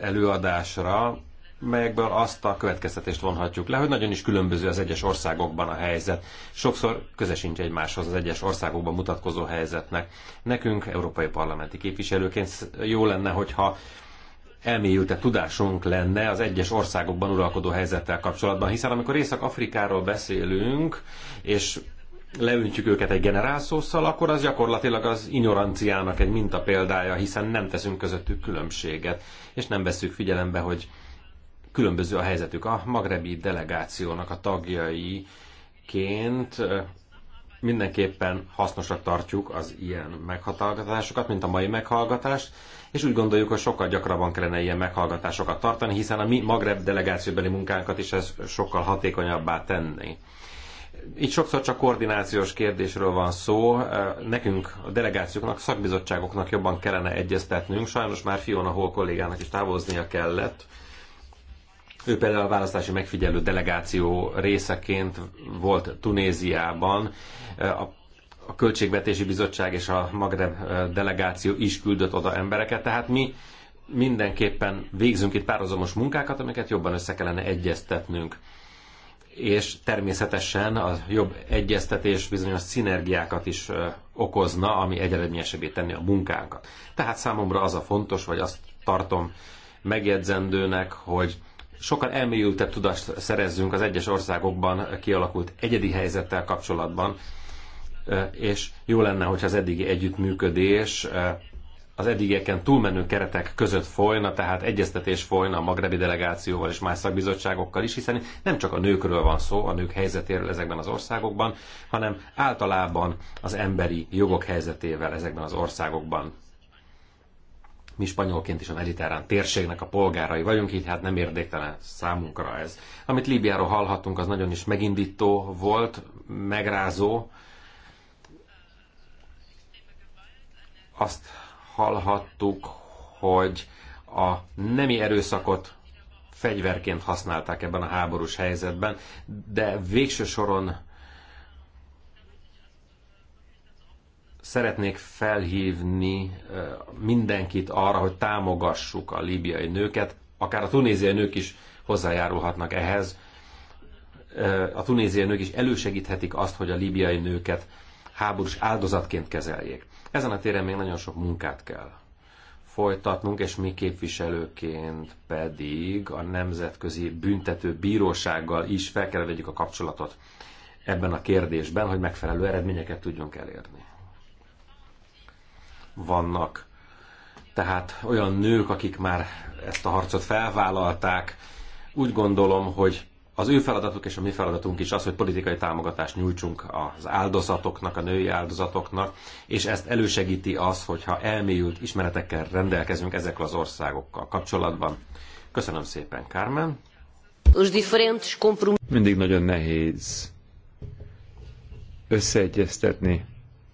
előadásra, melyekből azt a következtetést vonhatjuk le, hogy nagyon is különböző az egyes országokban a helyzet. Sokszor köze sincs egymáshoz az egyes országokban mutatkozó helyzetnek. Nekünk, európai parlamenti képviselőként jó lenne, hogyha elmélyülte tudásunk lenne az egyes országokban uralkodó helyzettel kapcsolatban, hiszen amikor Észak-Afrikáról beszélünk, és leüntjük őket egy generálszószal, akkor az gyakorlatilag az ignoranciának egy minta példája, hiszen nem teszünk közöttük különbséget, és nem veszük figyelembe, hogy különböző a helyzetük. A magrebi delegációnak a tagjaiként mindenképpen hasznosak tartjuk az ilyen meghallgatásokat, mint a mai meghallgatást, és úgy gondoljuk, hogy sokkal gyakrabban kellene ilyen meghallgatásokat tartani, hiszen a mi Magreb delegációbeli munkánkat is ez sokkal hatékonyabbá tenni. Itt sokszor csak koordinációs kérdésről van szó. Nekünk, a delegációknak, szakbizottságoknak jobban kellene egyeztetnünk. Sajnos már Fiona Hall kollégának is távoznia kellett ő például a választási megfigyelő delegáció részeként volt Tunéziában, a a Költségvetési Bizottság és a Magreb delegáció is küldött oda embereket, tehát mi mindenképpen végzünk itt párhuzamos munkákat, amiket jobban össze kellene egyeztetnünk. És természetesen a jobb egyeztetés bizonyos szinergiákat is okozna, ami eredményesebbé tenni a munkánkat. Tehát számomra az a fontos, vagy azt tartom megjegyzendőnek, hogy sokkal elmélyültebb tudást szerezzünk az egyes országokban kialakult egyedi helyzettel kapcsolatban, és jó lenne, hogyha az eddigi együttműködés az eddigeken túlmenő keretek között folyna, tehát egyeztetés folyna a magrebi delegációval és más szakbizottságokkal is, hiszen nem csak a nőkről van szó, a nők helyzetéről ezekben az országokban, hanem általában az emberi jogok helyzetével ezekben az országokban mi spanyolként is a mediterrán térségnek a polgárai vagyunk, így hát nem érdéktelen számunkra ez. Amit Líbiáról hallhattunk, az nagyon is megindító volt, megrázó. Azt hallhattuk, hogy a nemi erőszakot fegyverként használták ebben a háborús helyzetben, de végső soron szeretnék felhívni mindenkit arra, hogy támogassuk a líbiai nőket, akár a tunéziai nők is hozzájárulhatnak ehhez. A tunéziai nők is elősegíthetik azt, hogy a líbiai nőket háborús áldozatként kezeljék. Ezen a téren még nagyon sok munkát kell folytatnunk, és mi képviselőként pedig a Nemzetközi Büntető Bírósággal is fel kell vegyük a kapcsolatot ebben a kérdésben, hogy megfelelő eredményeket tudjunk elérni vannak. Tehát olyan nők, akik már ezt a harcot felvállalták, úgy gondolom, hogy az ő feladatuk és a mi feladatunk is az, hogy politikai támogatást nyújtsunk az áldozatoknak, a női áldozatoknak, és ezt elősegíti az, hogyha elmélyült ismeretekkel rendelkezünk ezekkel az országokkal kapcsolatban. Köszönöm szépen, Carmen. Mindig nagyon nehéz összeegyeztetni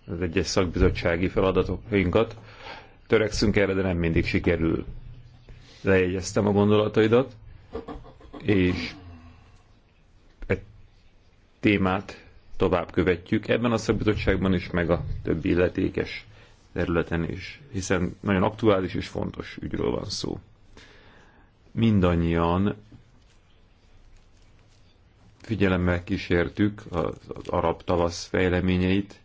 az egyes szakbizottsági feladatokinkat. Törekszünk erre, de nem mindig sikerül. Lejegyeztem a gondolataidat, és egy témát tovább követjük ebben a szakbizottságban is, meg a többi illetékes területen is, hiszen nagyon aktuális és fontos ügyről van szó. Mindannyian figyelemmel kísértük az arab tavasz fejleményeit,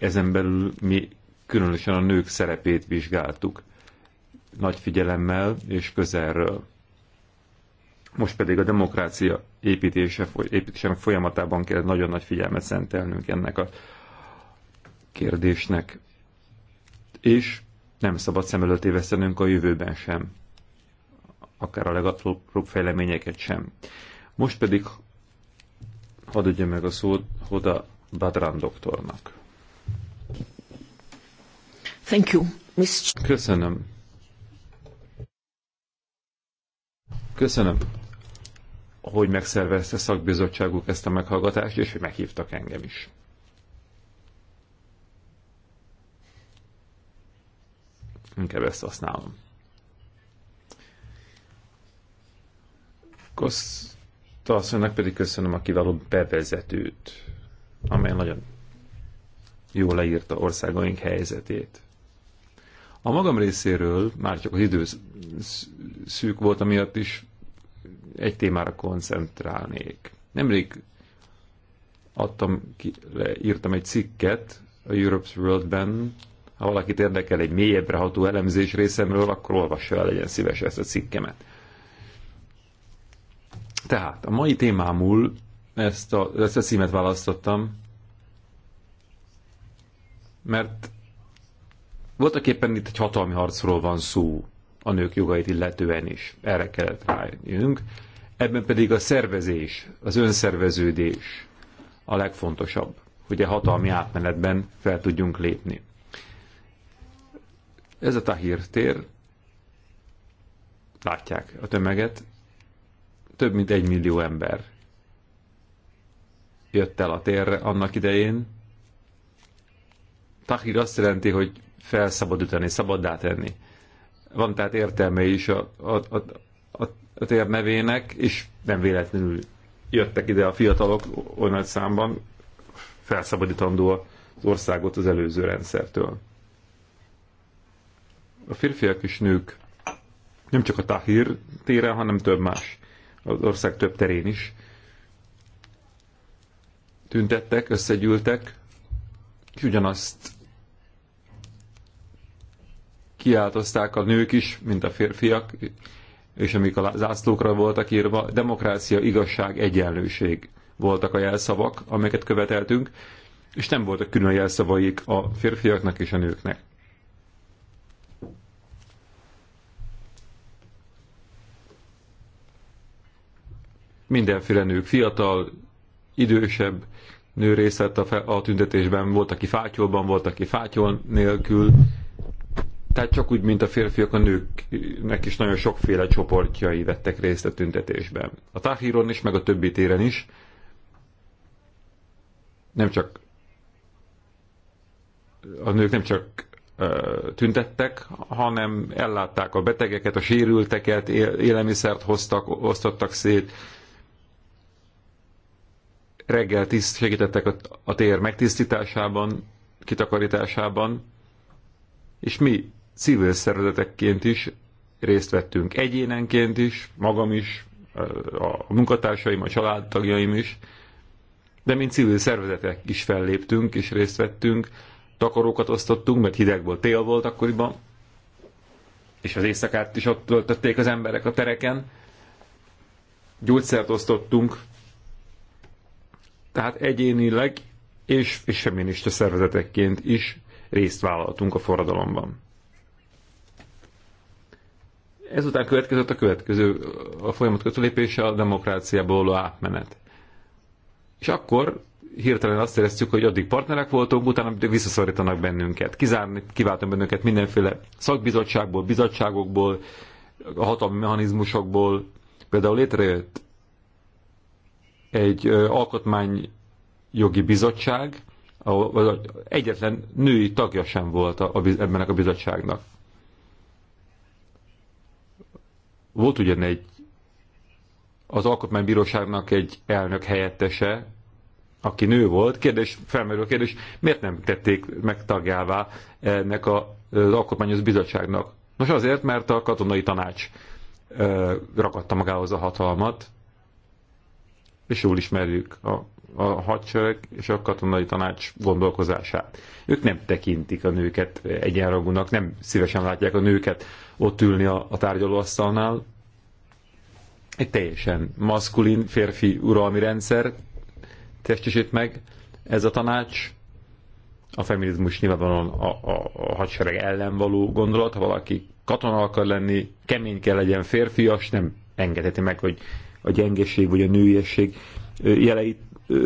ezen belül mi különösen a nők szerepét vizsgáltuk nagy figyelemmel és közelről. Most pedig a demokrácia építése, építése folyamatában kell nagyon nagy figyelmet szentelnünk ennek a kérdésnek. És nem szabad szem előtt a jövőben sem, akár a legapróbb fejleményeket sem. Most pedig hadd adja meg a szót Hoda Badran doktornak. Thank you. Ms. Köszönöm. Köszönöm, hogy megszervezte szakbizottságuk ezt a meghallgatást, és hogy meghívtak engem is. Inkább ezt használom. Koszta asszonynak pedig köszönöm a kiváló bevezetőt, amely nagyon jól leírta országaink helyzetét. A magam részéről már csak az idő szűk volt, amiatt is egy témára koncentrálnék. Nemrég adtam ki, le, írtam egy cikket a Europe's World-ben, ha valakit érdekel egy mélyebbre ható elemzés részemről, akkor olvassa el, legyen szíves ezt a cikkemet. Tehát a mai témámul ezt a, ezt a címet választottam, mert voltak éppen itt egy hatalmi harcról van szó a nők jogait illetően is. Erre kellett rájönnünk. Ebben pedig a szervezés, az önszerveződés a legfontosabb, hogy a hatalmi átmenetben fel tudjunk lépni. Ez a Tahir tér, látják a tömeget, több mint egy millió ember jött el a térre annak idején. Tahir azt jelenti, hogy felszabadítani, szabaddá tenni. Van tehát értelme is a, a, a, a, a tér nevének, és nem véletlenül jöttek ide a fiatalok olyan nagy számban, felszabadítandó az országot az előző rendszertől. A férfiak és nők nem csak a Tahir téren, hanem több más, az ország több terén is tüntettek, összegyűltek, és ugyanazt kiáltozták a nők is, mint a férfiak, és amik a zászlókra voltak írva, demokrácia, igazság, egyenlőség voltak a jelszavak, amelyeket követeltünk, és nem voltak külön jelszavaik a férfiaknak és a nőknek. Mindenféle nők, fiatal, idősebb nő részt vett a, a tüntetésben, volt, aki fátyolban, volt, aki fátyol nélkül, tehát csak úgy, mint a férfiak, a nőknek is nagyon sokféle csoportjai vettek részt a tüntetésben. A Táhíron is, meg a többi téren is. Nem csak a nők nem csak tüntettek, hanem ellátták a betegeket, a sérülteket, élelmiszert hoztak, osztottak szét, reggel tiszt, segítettek a, a tér megtisztításában, kitakarításában, és mi civil szervezetekként is részt vettünk, egyénenként is, magam is, a munkatársaim, a családtagjaim is, de mint civil szervezetek is felléptünk és részt vettünk, takarókat osztottunk, mert hideg volt, tél volt akkoriban, és az éjszakát is ott töltötték az emberek a tereken, gyógyszert osztottunk, tehát egyénileg és, és feminista szervezetekként is részt vállaltunk a forradalomban. Ezután következett a következő, a folyamat kötőlépése lépése a demokráciából való átmenet. És akkor hirtelen azt éreztük, hogy addig partnerek voltunk, utána pedig visszaszorítanak bennünket. Kizárni, kiváltanak bennünket mindenféle szakbizottságból, bizottságokból, a hatalmi mechanizmusokból. Például létrejött egy alkotmányjogi bizottság, ahol egyetlen női tagja sem volt a, a, ebben a bizottságnak. Volt ugyan egy az alkotmánybíróságnak egy elnök helyettese, aki nő volt, kérdés, felmerül a kérdés, miért nem tették meg tagjává ennek a, az alkotmányos bizottságnak? Nos azért, mert a katonai tanács ö, ragadta magához a hatalmat, és jól ismerjük a, a hadsereg és a katonai tanács gondolkozását. Ők nem tekintik a nőket egyenrangúnak, nem szívesen látják a nőket ott ülni a, a tárgyalóasztalnál. Egy teljesen maszkulin férfi uralmi rendszer testesít meg ez a tanács. A feminizmus nyilvánvalóan a, a, a hadsereg ellen való gondolat, ha valaki katona akar lenni, kemény kell legyen férfias, nem engedheti meg, hogy a gyengeség vagy a nőiesség jeleit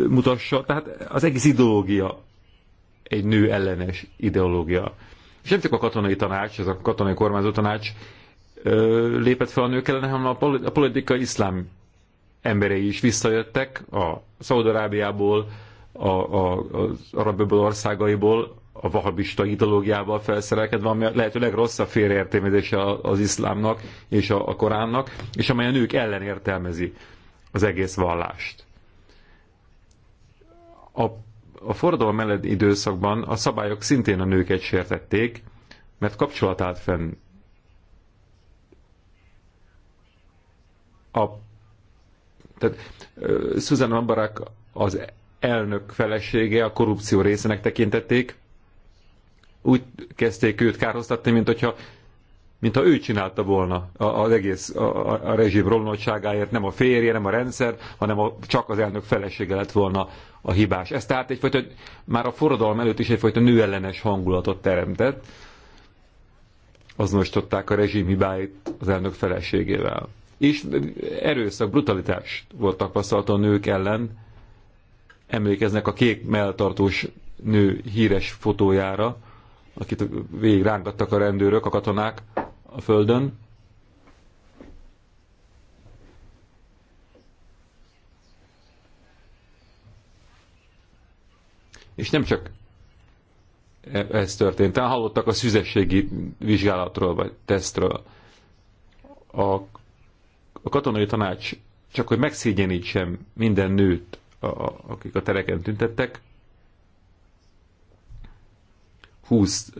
mutassa. Tehát az egész ideológia egy nő ellenes ideológia. És nem csak a katonai tanács, ez a katonai kormányzó tanács lépett fel a nők ellen, hanem a politikai iszlám emberei is visszajöttek a Szaudarábiából, a, a, az arab országaiból, a vahabista ideológiával felszerelkedve, ami lehető legrosszabb félreértelmezése az iszlámnak és a, a Koránnak, és amely a nők ellen értelmezi az egész vallást. A a forradalom mellett időszakban a szabályok szintén a nőket sértették, mert kapcsolat állt fenn a, tehát uh, Susanna Barak az elnök felesége a korrupció részének tekintették, úgy kezdték őt kárhoztatni, mint hogyha mintha ő csinálta volna az egész a, a, a rezsim rolnodságáért, nem a férje, nem a rendszer, hanem a, csak az elnök felesége lett volna a hibás. Ez tehát egyfajta, már a forradalom előtt is egyfajta nőellenes hangulatot teremtett, azonosították a rezsim hibáit az elnök feleségével. És erőszak, brutalitás volt tapasztalata a nők ellen, emlékeznek a kék melltartós nő híres fotójára, akit végig rángattak a rendőrök, a katonák, a Földön. És nem csak e- ez történt. Hallottak a szüzességi vizsgálatról, vagy tesztről. A, a katonai tanács csak hogy megszégyenítsem minden nőt, a, akik a tereken tüntettek, 20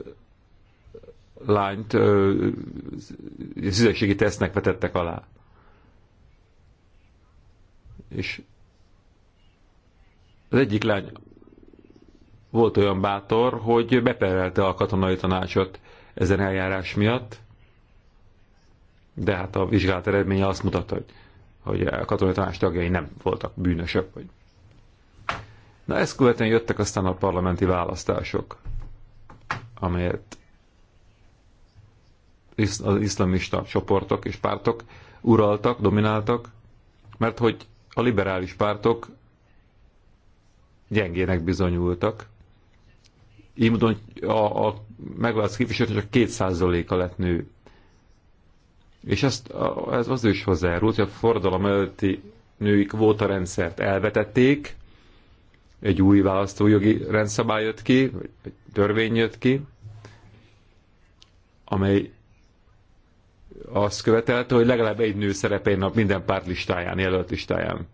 lányt szüzességi tesznek vetettek alá. És az egyik lány volt olyan bátor, hogy beperelte a katonai tanácsot ezen eljárás miatt, de hát a vizsgálat eredménye azt mutatta, hogy, hogy a katonai tanács tagjai nem voltak bűnösök. Vagy. Na ezt követően jöttek aztán a parlamenti választások, amelyet az iszlamista csoportok és pártok uraltak, domináltak, mert hogy a liberális pártok gyengének bizonyultak. Így módon a, a megválasztott képviselő csak 2%-a lett nő. És ezt, a, ez az is hozzájárult, hogy a forradalom előtti női rendszert elvetették, egy új választójogi rendszabály jött ki, egy törvény jött ki, amely azt követelte, hogy legalább egy nő szerepeljen minden párt listáján, jelölt listáján.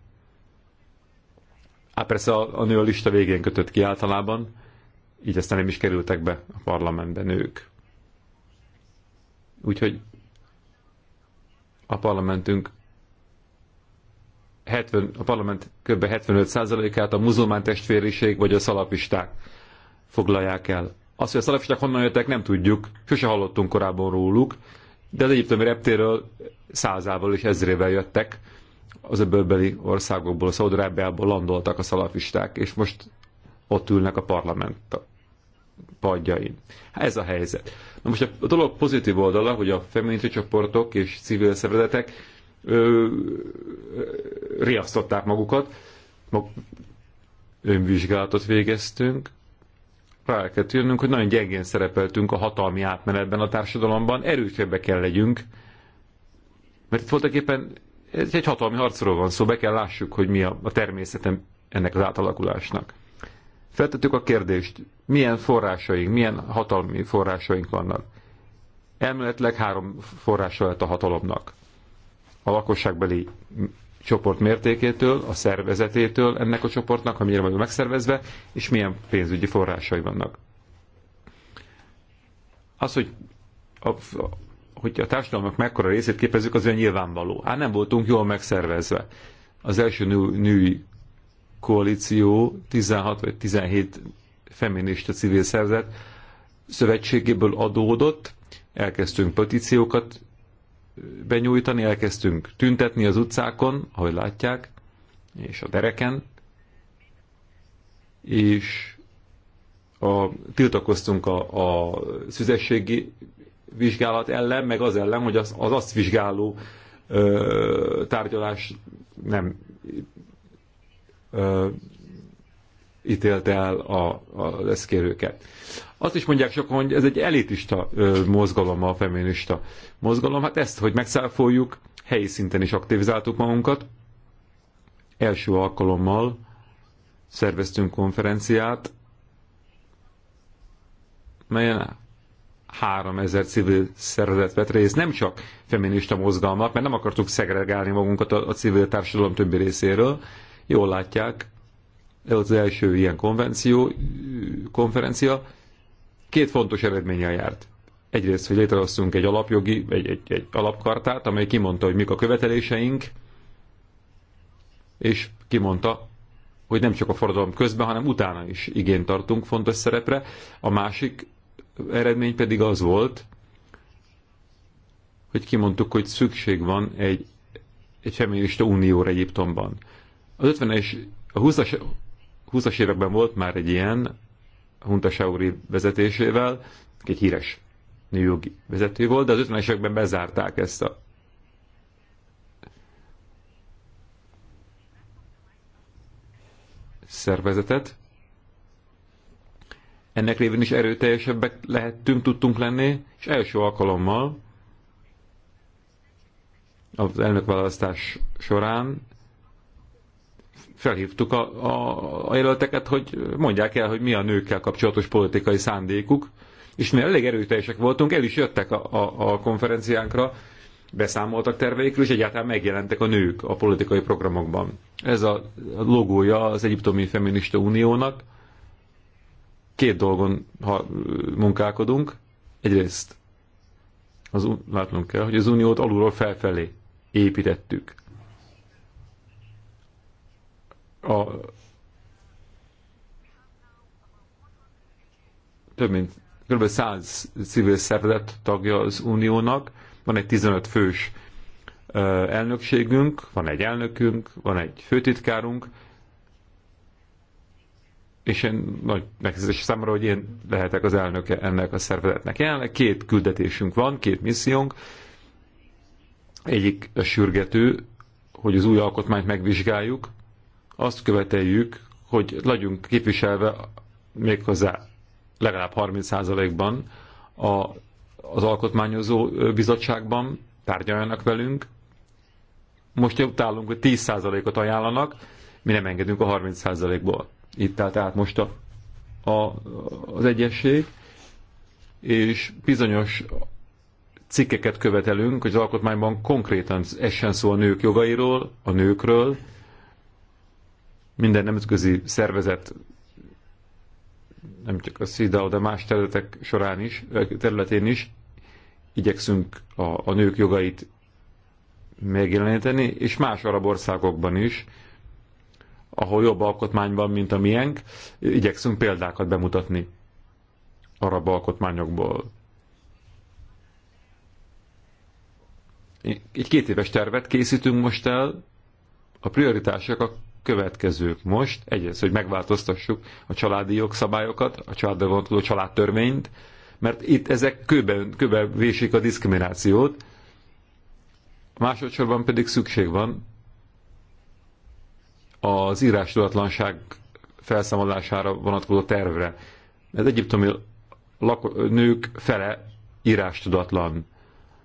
Á, persze a, a nő a lista végén kötött ki általában, így aztán nem is kerültek be a parlamentbe nők. Úgyhogy a parlamentünk 70, a parlament kb. 75%-át a muzulmán testvériség vagy a szalapisták foglalják el. Azt, hogy a szalapisták honnan jöttek, nem tudjuk, sose hallottunk korábban róluk, de az egyiptomi reptéről százával és ezrével jöttek, az öbölbeli országokból, a Szaudarábiából landoltak a szalafisták, és most ott ülnek a parlament padjain. Ez a helyzet. Na most a dolog pozitív oldala, hogy a feminista csoportok és civil szervezetek ö, riasztották magukat, mag, önvizsgálatot végeztünk, fel kell tűnünk, hogy nagyon gyengén szerepeltünk a hatalmi átmenetben a társadalomban, erősebbbe kell legyünk, mert itt voltak éppen ez egy hatalmi harcról van szó, szóval be kell lássuk, hogy mi a, a természetem ennek az átalakulásnak. Feltettük a kérdést, milyen forrásaink, milyen hatalmi forrásaink vannak. Elméletileg három forrása lehet a hatalomnak. A lakosságbeli csoport mértékétől, a szervezetétől ennek a csoportnak, ha mennyire vagyunk megszervezve, és milyen pénzügyi forrásai vannak. Az, hogy a, hogy a társadalomnak mekkora részét képezzük, az olyan nyilvánvaló. Hát nem voltunk jól megszervezve. Az első nő, női koalíció 16 vagy 17 feminista civil szervezet szövetségéből adódott, elkezdtünk petíciókat benyújtani, elkezdtünk tüntetni az utcákon, ahogy látják, és a dereken, és a, tiltakoztunk a, a szüzességi vizsgálat ellen, meg az ellen, hogy az, az azt vizsgáló ö, tárgyalás nem ö, ítélte el a, a leszkérőket. Azt is mondják sokan, hogy ez egy elitista ö, mozgalom a feminista mozgalom. Hát ezt, hogy megszáfoljuk, helyi szinten is aktivizáltuk magunkat. Első alkalommal szerveztünk konferenciát, melyen 3000 civil szervezet vett részt, nem csak feminista mozgalmak, mert nem akartuk szegregálni magunkat a, a civil társadalom többi részéről. Jól látják, ez az első ilyen konvenció, konferencia két fontos eredménnyel járt egyrészt, hogy létrehoztunk egy alapjogi, egy, egy, egy alapkartát, amely kimondta, hogy mik a követeléseink, és kimondta, hogy nem csak a forradalom közben, hanem utána is igényt tartunk fontos szerepre. A másik eredmény pedig az volt, hogy kimondtuk, hogy szükség van egy, egy feminista unióra Egyiptomban. Az 50-es, a 20-as, 20 években volt már egy ilyen, Hunta Sauri vezetésével, egy híres York vezető volt, de az 50 években bezárták ezt a szervezetet. Ennek révén is erőteljesebbek lehettünk, tudtunk lenni, és első alkalommal az elnökválasztás során felhívtuk a, a, a jelölteket, hogy mondják el, hogy mi a nőkkel kapcsolatos politikai szándékuk, és mi elég erőteljesek voltunk, el is jöttek a, a, a konferenciánkra, beszámoltak terveikről, és egyáltalán megjelentek a nők a politikai programokban. Ez a logója az Egyiptomi Feminista Uniónak. Két dolgon ha, munkálkodunk. Egyrészt az, látnunk kell, hogy az uniót alulról felfelé építettük. A több mint kb. 100 civil szervezet tagja az uniónak, van egy 15 fős elnökségünk, van egy elnökünk, van egy főtitkárunk, és én nagy megkérdezés számomra, hogy én lehetek az elnöke ennek a szervezetnek. Jelenleg két küldetésünk van, két missziónk. Egyik a sürgető, hogy az új alkotmányt megvizsgáljuk. Azt követeljük, hogy legyünk képviselve méghozzá legalább 30%-ban a, az alkotmányozó bizottságban tárgyaljanak velünk. Most ott állunk, hogy 10%-ot ajánlanak, mi nem engedünk a 30%-ból. Itt áll tehát most a, a, az egyesség, és bizonyos cikkeket követelünk, hogy az alkotmányban konkrétan essen szó a nők jogairól, a nőkről, minden nemzetközi szervezet nem csak a SZIDA, de más területek során is, eh, területén is igyekszünk a, a nők jogait megjeleníteni, és más arab országokban is, ahol jobb alkotmányban, mint a miénk, igyekszünk példákat bemutatni arab alkotmányokból. Egy két éves tervet készítünk most el, a prioritások a következők most, egyrészt, hogy megváltoztassuk a családi jogszabályokat, a családra vonatkozó családtörvényt, mert itt ezek kőbe, kőbe vésik a diszkriminációt, másodszorban pedig szükség van az írástudatlanság felszámolására vonatkozó tervre. Ez egyiptomi nők fele írástudatlan.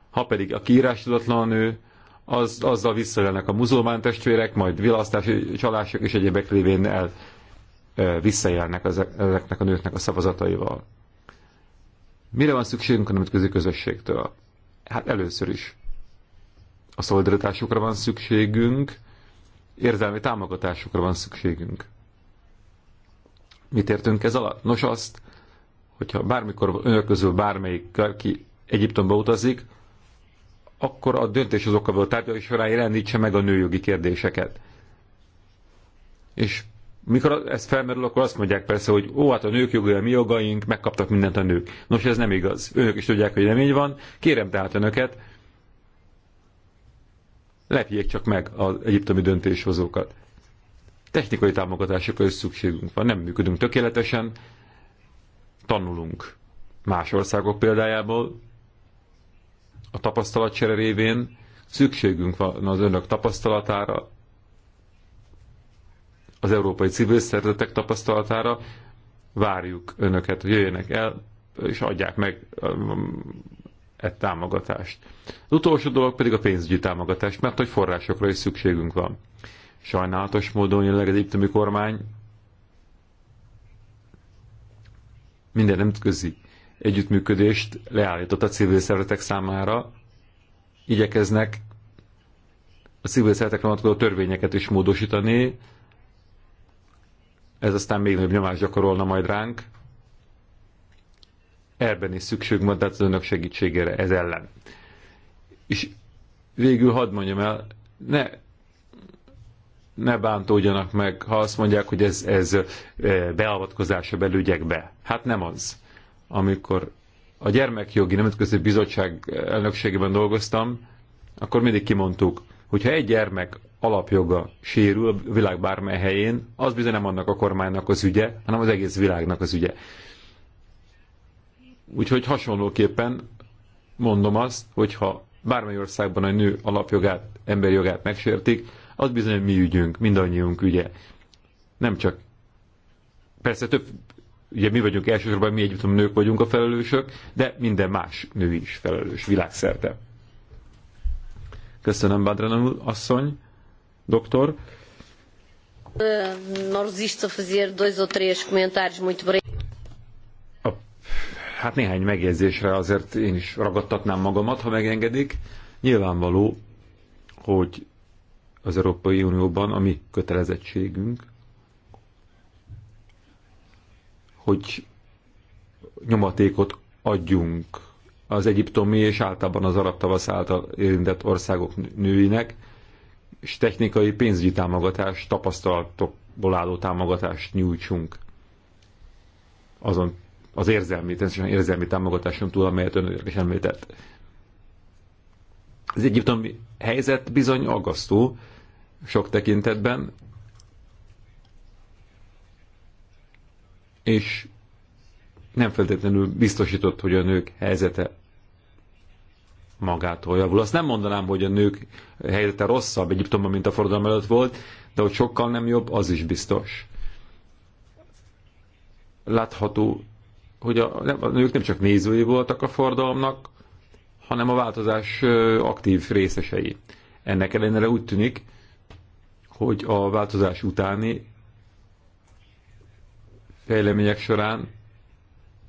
Ha pedig aki írástudatlan nő, az, azzal visszajönnek a muzulmán testvérek, majd vilasztási csalások és egyébek lévén el visszajelnek ezeknek a nőknek a szavazataival. Mire van szükségünk a nemzetközi közösségtől? Hát először is. A szolidaritásukra van szükségünk, érzelmi támogatásukra van szükségünk. Mit értünk ez alatt? Nos azt, hogyha bármikor önök közül bármelyik ki Egyiptomba utazik, akkor a döntés döntéshozókkal való tárgyalás során jelenítse meg a nőjogi kérdéseket. És mikor ez felmerül, akkor azt mondják persze, hogy ó, hát a nők jogai, mi jogaink, megkaptak mindent a nők. Nos, ez nem igaz. Önök is tudják, hogy nem így van. Kérem tehát önöket, lepjék csak meg az egyiptomi döntéshozókat. Technikai támogatásokra is szükségünk van. Nem működünk tökéletesen, tanulunk más országok példájából, a tapasztalatcsere révén szükségünk van az önök tapasztalatára, az európai civil szervezetek tapasztalatára, várjuk önöket, hogy jöjjenek el, és adják meg um, egy támogatást. Az utolsó dolog pedig a pénzügyi támogatás, mert hogy forrásokra is szükségünk van. Sajnálatos módon jelenleg az egyiptomi kormány minden nemzetközi együttműködést leállított a civil szervezetek számára, igyekeznek a civil szervezetekre vonatkozó törvényeket is módosítani, ez aztán még nagyobb nyomást gyakorolna majd ránk. Erben is szükség van, tehát az önök segítségére ez ellen. És végül hadd mondjam el, ne, ne bántódjanak meg, ha azt mondják, hogy ez, ez eh, beavatkozás a belügyekbe. Hát nem az amikor a gyermekjogi nemzetközi bizottság elnökségében dolgoztam, akkor mindig kimondtuk, hogyha egy gyermek alapjoga sérül a világ bármely helyén, az bizony nem annak a kormánynak az ügye, hanem az egész világnak az ügye. Úgyhogy hasonlóképpen mondom azt, hogyha bármely országban a nő alapjogát, emberi jogát megsértik, az bizony mi ügyünk, mindannyiunk ügye. Nem csak. Persze több ugye mi vagyunk elsősorban, mi együttem nők vagyunk a felelősök, de minden más nő is felelős világszerte. Köszönöm, Badranam asszony, doktor. Ehm, a Hát néhány megjegyzésre azért én is ragadtatnám magamat, ha megengedik. Nyilvánvaló, hogy az Európai Unióban a mi kötelezettségünk, hogy nyomatékot adjunk az egyiptomi és általában az arab tavasz által érintett országok nőinek, és technikai pénzügyi támogatást, tapasztalatokból álló támogatást nyújtsunk. Azon az érzelmi, természetesen érzelmi támogatáson túl, amelyet ön is említett. Az egyiptomi helyzet bizony aggasztó sok tekintetben, és nem feltétlenül biztosított, hogy a nők helyzete magától javul. Azt nem mondanám, hogy a nők helyzete rosszabb Egyiptomban, mint a forradalom előtt volt, de hogy sokkal nem jobb, az is biztos. Látható, hogy a, a nők nem csak nézői voltak a forradalomnak, hanem a változás aktív részesei. Ennek ellenére úgy tűnik, hogy a változás utáni fejlemények során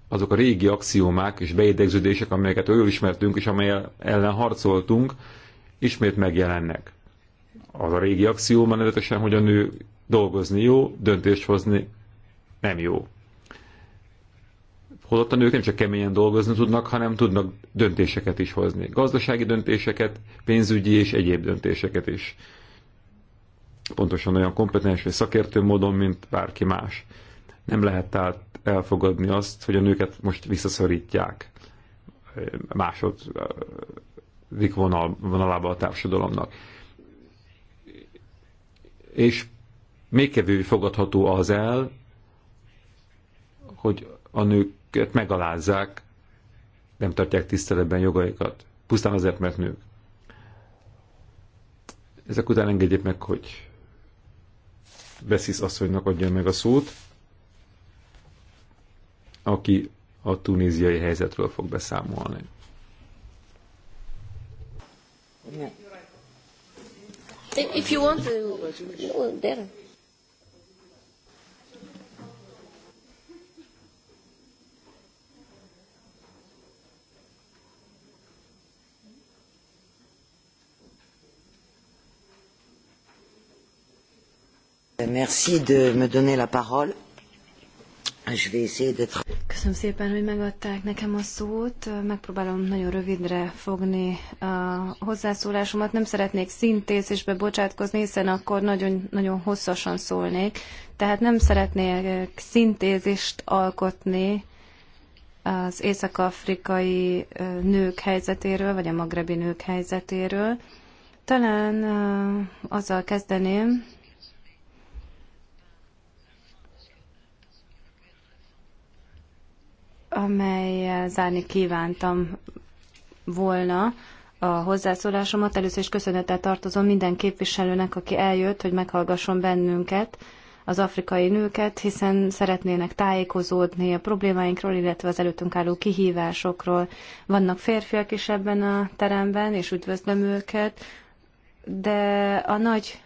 azok a régi axiómák és beidegződések, amelyeket jól ismertünk és amelyel ellen harcoltunk, ismét megjelennek. Az a régi axióma nevetesen, hogy a nő dolgozni jó, döntést hozni nem jó. Holott a nők nem csak keményen dolgozni tudnak, hanem tudnak döntéseket is hozni. Gazdasági döntéseket, pénzügyi és egyéb döntéseket is. Pontosan olyan kompetens vagy szakértő módon, mint bárki más. Nem lehet tehát elfogadni azt, hogy a nőket most visszaszorítják második vonal, vonalába a társadalomnak. És még kevésbé fogadható az el, hogy a nőket megalázzák, nem tartják tiszteletben jogaikat. Pusztán azért, mert nők. Ezek után engedjék meg, hogy Beszisz asszonynak adja meg a szót aki a tunéziai helyzetről fog beszámolni. If you want to, no, there. Merci de me donner la parole. Je vais essayer d'être. Köszönöm szépen, hogy megadták nekem a szót. Megpróbálom nagyon rövidre fogni a hozzászólásomat. Nem szeretnék szintézésbe bocsátkozni, hiszen akkor nagyon, nagyon hosszasan szólnék. Tehát nem szeretnék szintézést alkotni az észak-afrikai nők helyzetéről, vagy a magrebi nők helyzetéről. Talán azzal kezdeném, amelyel zárni kívántam volna a hozzászólásomat. Először is köszönettel tartozom minden képviselőnek, aki eljött, hogy meghallgasson bennünket, az afrikai nőket, hiszen szeretnének tájékozódni a problémáinkról, illetve az előttünk álló kihívásokról. Vannak férfiak is ebben a teremben, és üdvözlöm őket, de a nagy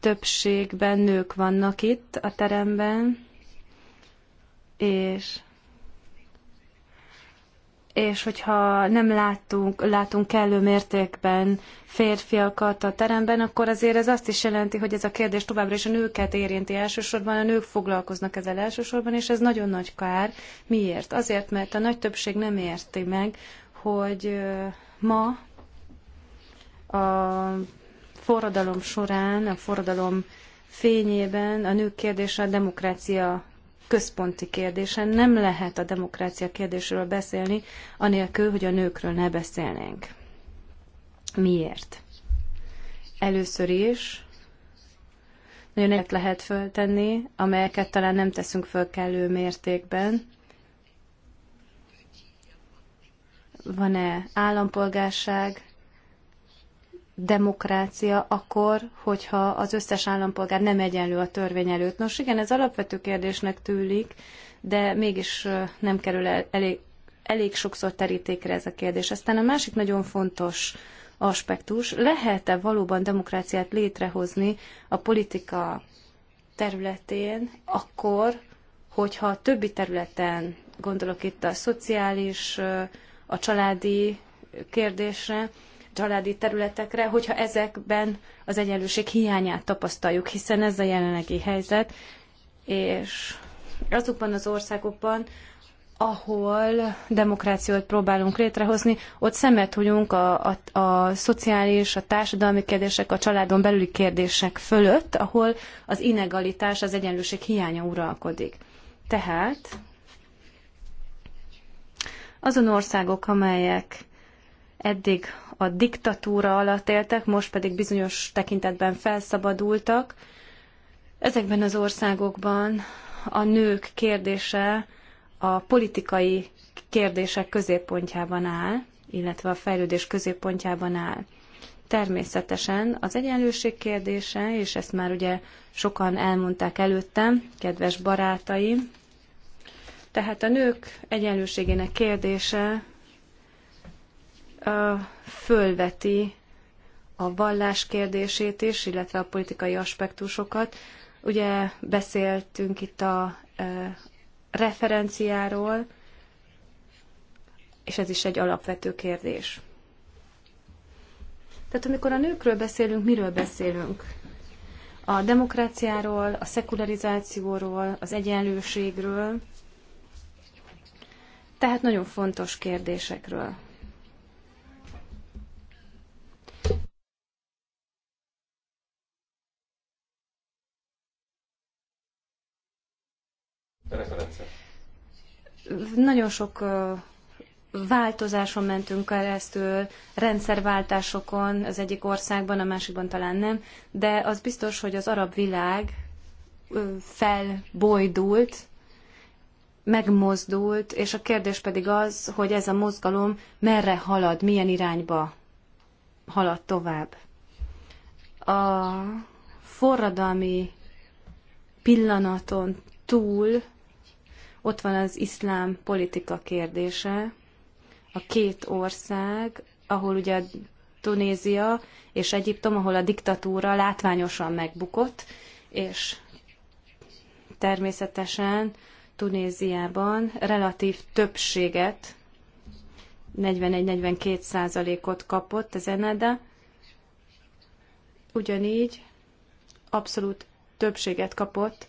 többségben nők vannak itt a teremben, és és hogyha nem látunk, látunk kellő mértékben férfiakat a teremben, akkor azért ez azt is jelenti, hogy ez a kérdés továbbra is a nőket érinti elsősorban, a nők foglalkoznak ezzel elsősorban, és ez nagyon nagy kár. Miért? Azért, mert a nagy többség nem érti meg, hogy ma a forradalom során, a forradalom fényében a nők kérdése a demokrácia központi kérdése. Nem lehet a demokrácia kérdésről beszélni, anélkül, hogy a nőkről ne beszélnénk. Miért? Először is nagyon egyet lehet föltenni, amelyeket talán nem teszünk föl kellő mértékben. Van-e állampolgárság, demokrácia akkor, hogyha az összes állampolgár nem egyenlő a törvény előtt. Nos igen, ez alapvető kérdésnek tűlik, de mégis nem kerül el, elég, elég sokszor terítékre ez a kérdés. Aztán a másik nagyon fontos aspektus, lehet-e valóban demokráciát létrehozni a politika területén akkor, hogyha a többi területen, gondolok itt a szociális, a családi kérdésre, családi területekre, hogyha ezekben az egyenlőség hiányát tapasztaljuk, hiszen ez a jelenlegi helyzet, és azokban az országokban, ahol demokrációt próbálunk létrehozni, ott szemet hunyunk a, a, a szociális, a társadalmi kérdések, a családon belüli kérdések fölött, ahol az inegalitás, az egyenlőség hiánya uralkodik. Tehát azon országok, amelyek eddig a diktatúra alatt éltek, most pedig bizonyos tekintetben felszabadultak. Ezekben az országokban a nők kérdése a politikai kérdések középpontjában áll, illetve a fejlődés középpontjában áll. Természetesen az egyenlőség kérdése, és ezt már ugye sokan elmondták előttem, kedves barátaim, tehát a nők egyenlőségének kérdése fölveti a vallás kérdését is, illetve a politikai aspektusokat. Ugye beszéltünk itt a referenciáról, és ez is egy alapvető kérdés. Tehát amikor a nőkről beszélünk, miről beszélünk? A demokráciáról, a szekularizációról, az egyenlőségről, tehát nagyon fontos kérdésekről. Nagyon sok változáson mentünk keresztül, rendszerváltásokon az egyik országban, a másikban talán nem, de az biztos, hogy az arab világ felbojdult, megmozdult, és a kérdés pedig az, hogy ez a mozgalom merre halad, milyen irányba halad tovább. A forradalmi pillanaton túl ott van az iszlám politika kérdése. A két ország, ahol ugye Tunézia és Egyiptom, ahol a diktatúra látványosan megbukott, és természetesen Tunéziában relatív többséget, 41-42 százalékot kapott az Eneda, ugyanígy abszolút többséget kapott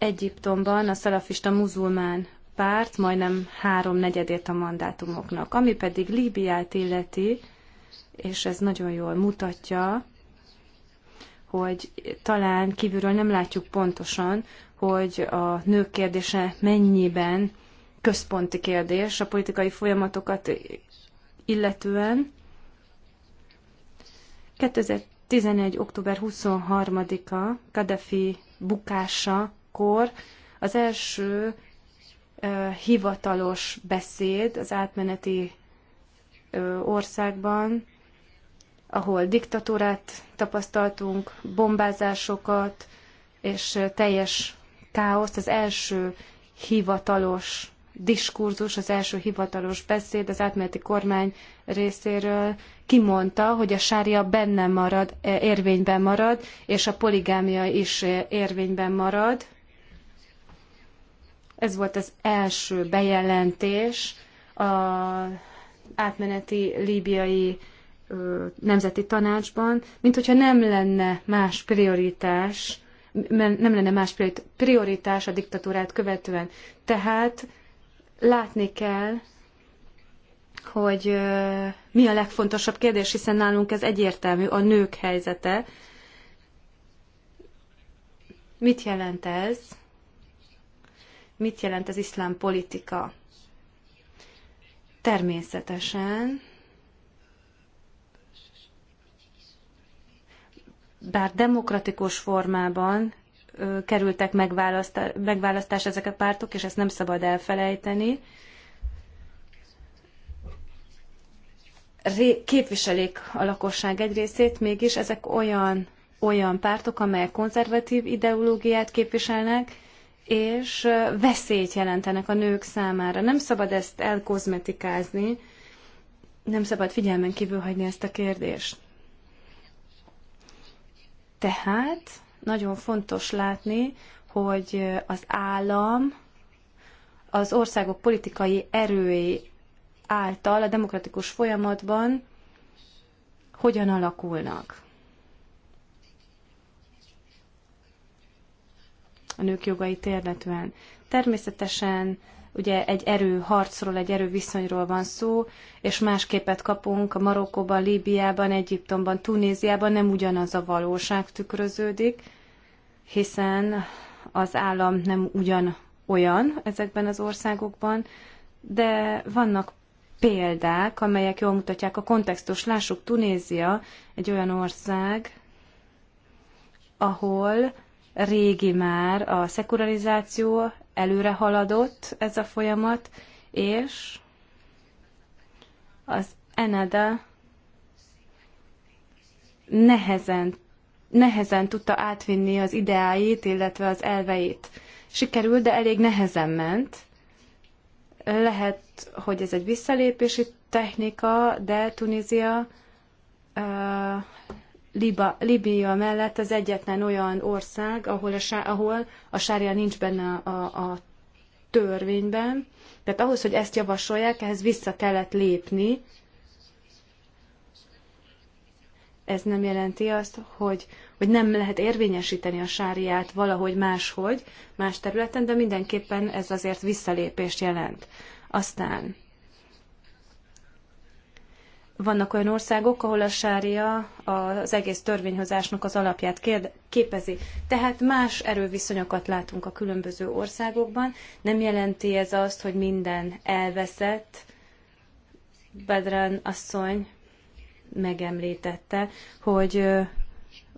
Egyiptomban a szalafista muzulmán párt majdnem háromnegyedét a mandátumoknak. Ami pedig Líbiát illeti, és ez nagyon jól mutatja, hogy talán kívülről nem látjuk pontosan, hogy a nők kérdése mennyiben központi kérdés a politikai folyamatokat illetően. 2011. október 23-a Kaddafi bukása akkor az első hivatalos beszéd az átmeneti országban, ahol diktatúrát tapasztaltunk, bombázásokat és teljes káoszt. Az első hivatalos diskurzus, az első hivatalos beszéd az átmeneti kormány részéről kimondta, hogy a sária benne marad, érvényben marad, és a poligámia is érvényben marad ez volt az első bejelentés a átmeneti líbiai nemzeti tanácsban, mint hogyha nem lenne más prioritás, nem lenne más prioritás a diktatúrát követően. Tehát látni kell, hogy mi a legfontosabb kérdés, hiszen nálunk ez egyértelmű, a nők helyzete. Mit jelent ez? mit jelent az iszlám politika. Természetesen, bár demokratikus formában ö, kerültek megválasztás, megválasztás ezek a pártok, és ezt nem szabad elfelejteni, ré, képviselik a lakosság egy részét, mégis ezek olyan, olyan pártok, amelyek konzervatív ideológiát képviselnek, és veszélyt jelentenek a nők számára. Nem szabad ezt elkozmetikázni, nem szabad figyelmen kívül hagyni ezt a kérdést. Tehát nagyon fontos látni, hogy az állam az országok politikai erői által a demokratikus folyamatban hogyan alakulnak. a nők jogait illetően. Természetesen ugye egy erő harcról, egy erő viszonyról van szó, és más képet kapunk a Marokkóban, Líbiában, Egyiptomban, Tunéziában nem ugyanaz a valóság tükröződik, hiszen az állam nem ugyan olyan ezekben az országokban, de vannak példák, amelyek jól mutatják a kontextust. Lássuk, Tunézia egy olyan ország, ahol régi már a szekularizáció, előre haladott ez a folyamat, és az Eneda nehezen, nehezen tudta átvinni az ideáit, illetve az elveit. Sikerült, de elég nehezen ment. Lehet, hogy ez egy visszalépési technika, de Tunézia Liba, Libia mellett az egyetlen olyan ország, ahol a, ahol a sárja nincs benne a, a törvényben. Tehát ahhoz, hogy ezt javasolják, ehhez vissza kellett lépni. Ez nem jelenti azt, hogy, hogy nem lehet érvényesíteni a sáriát valahogy máshogy, más területen, de mindenképpen ez azért visszalépést jelent. Aztán vannak olyan országok, ahol a sária az egész törvényhozásnak az alapját képezi. Tehát más erőviszonyokat látunk a különböző országokban. Nem jelenti ez azt, hogy minden elveszett. Bedran asszony megemlítette, hogy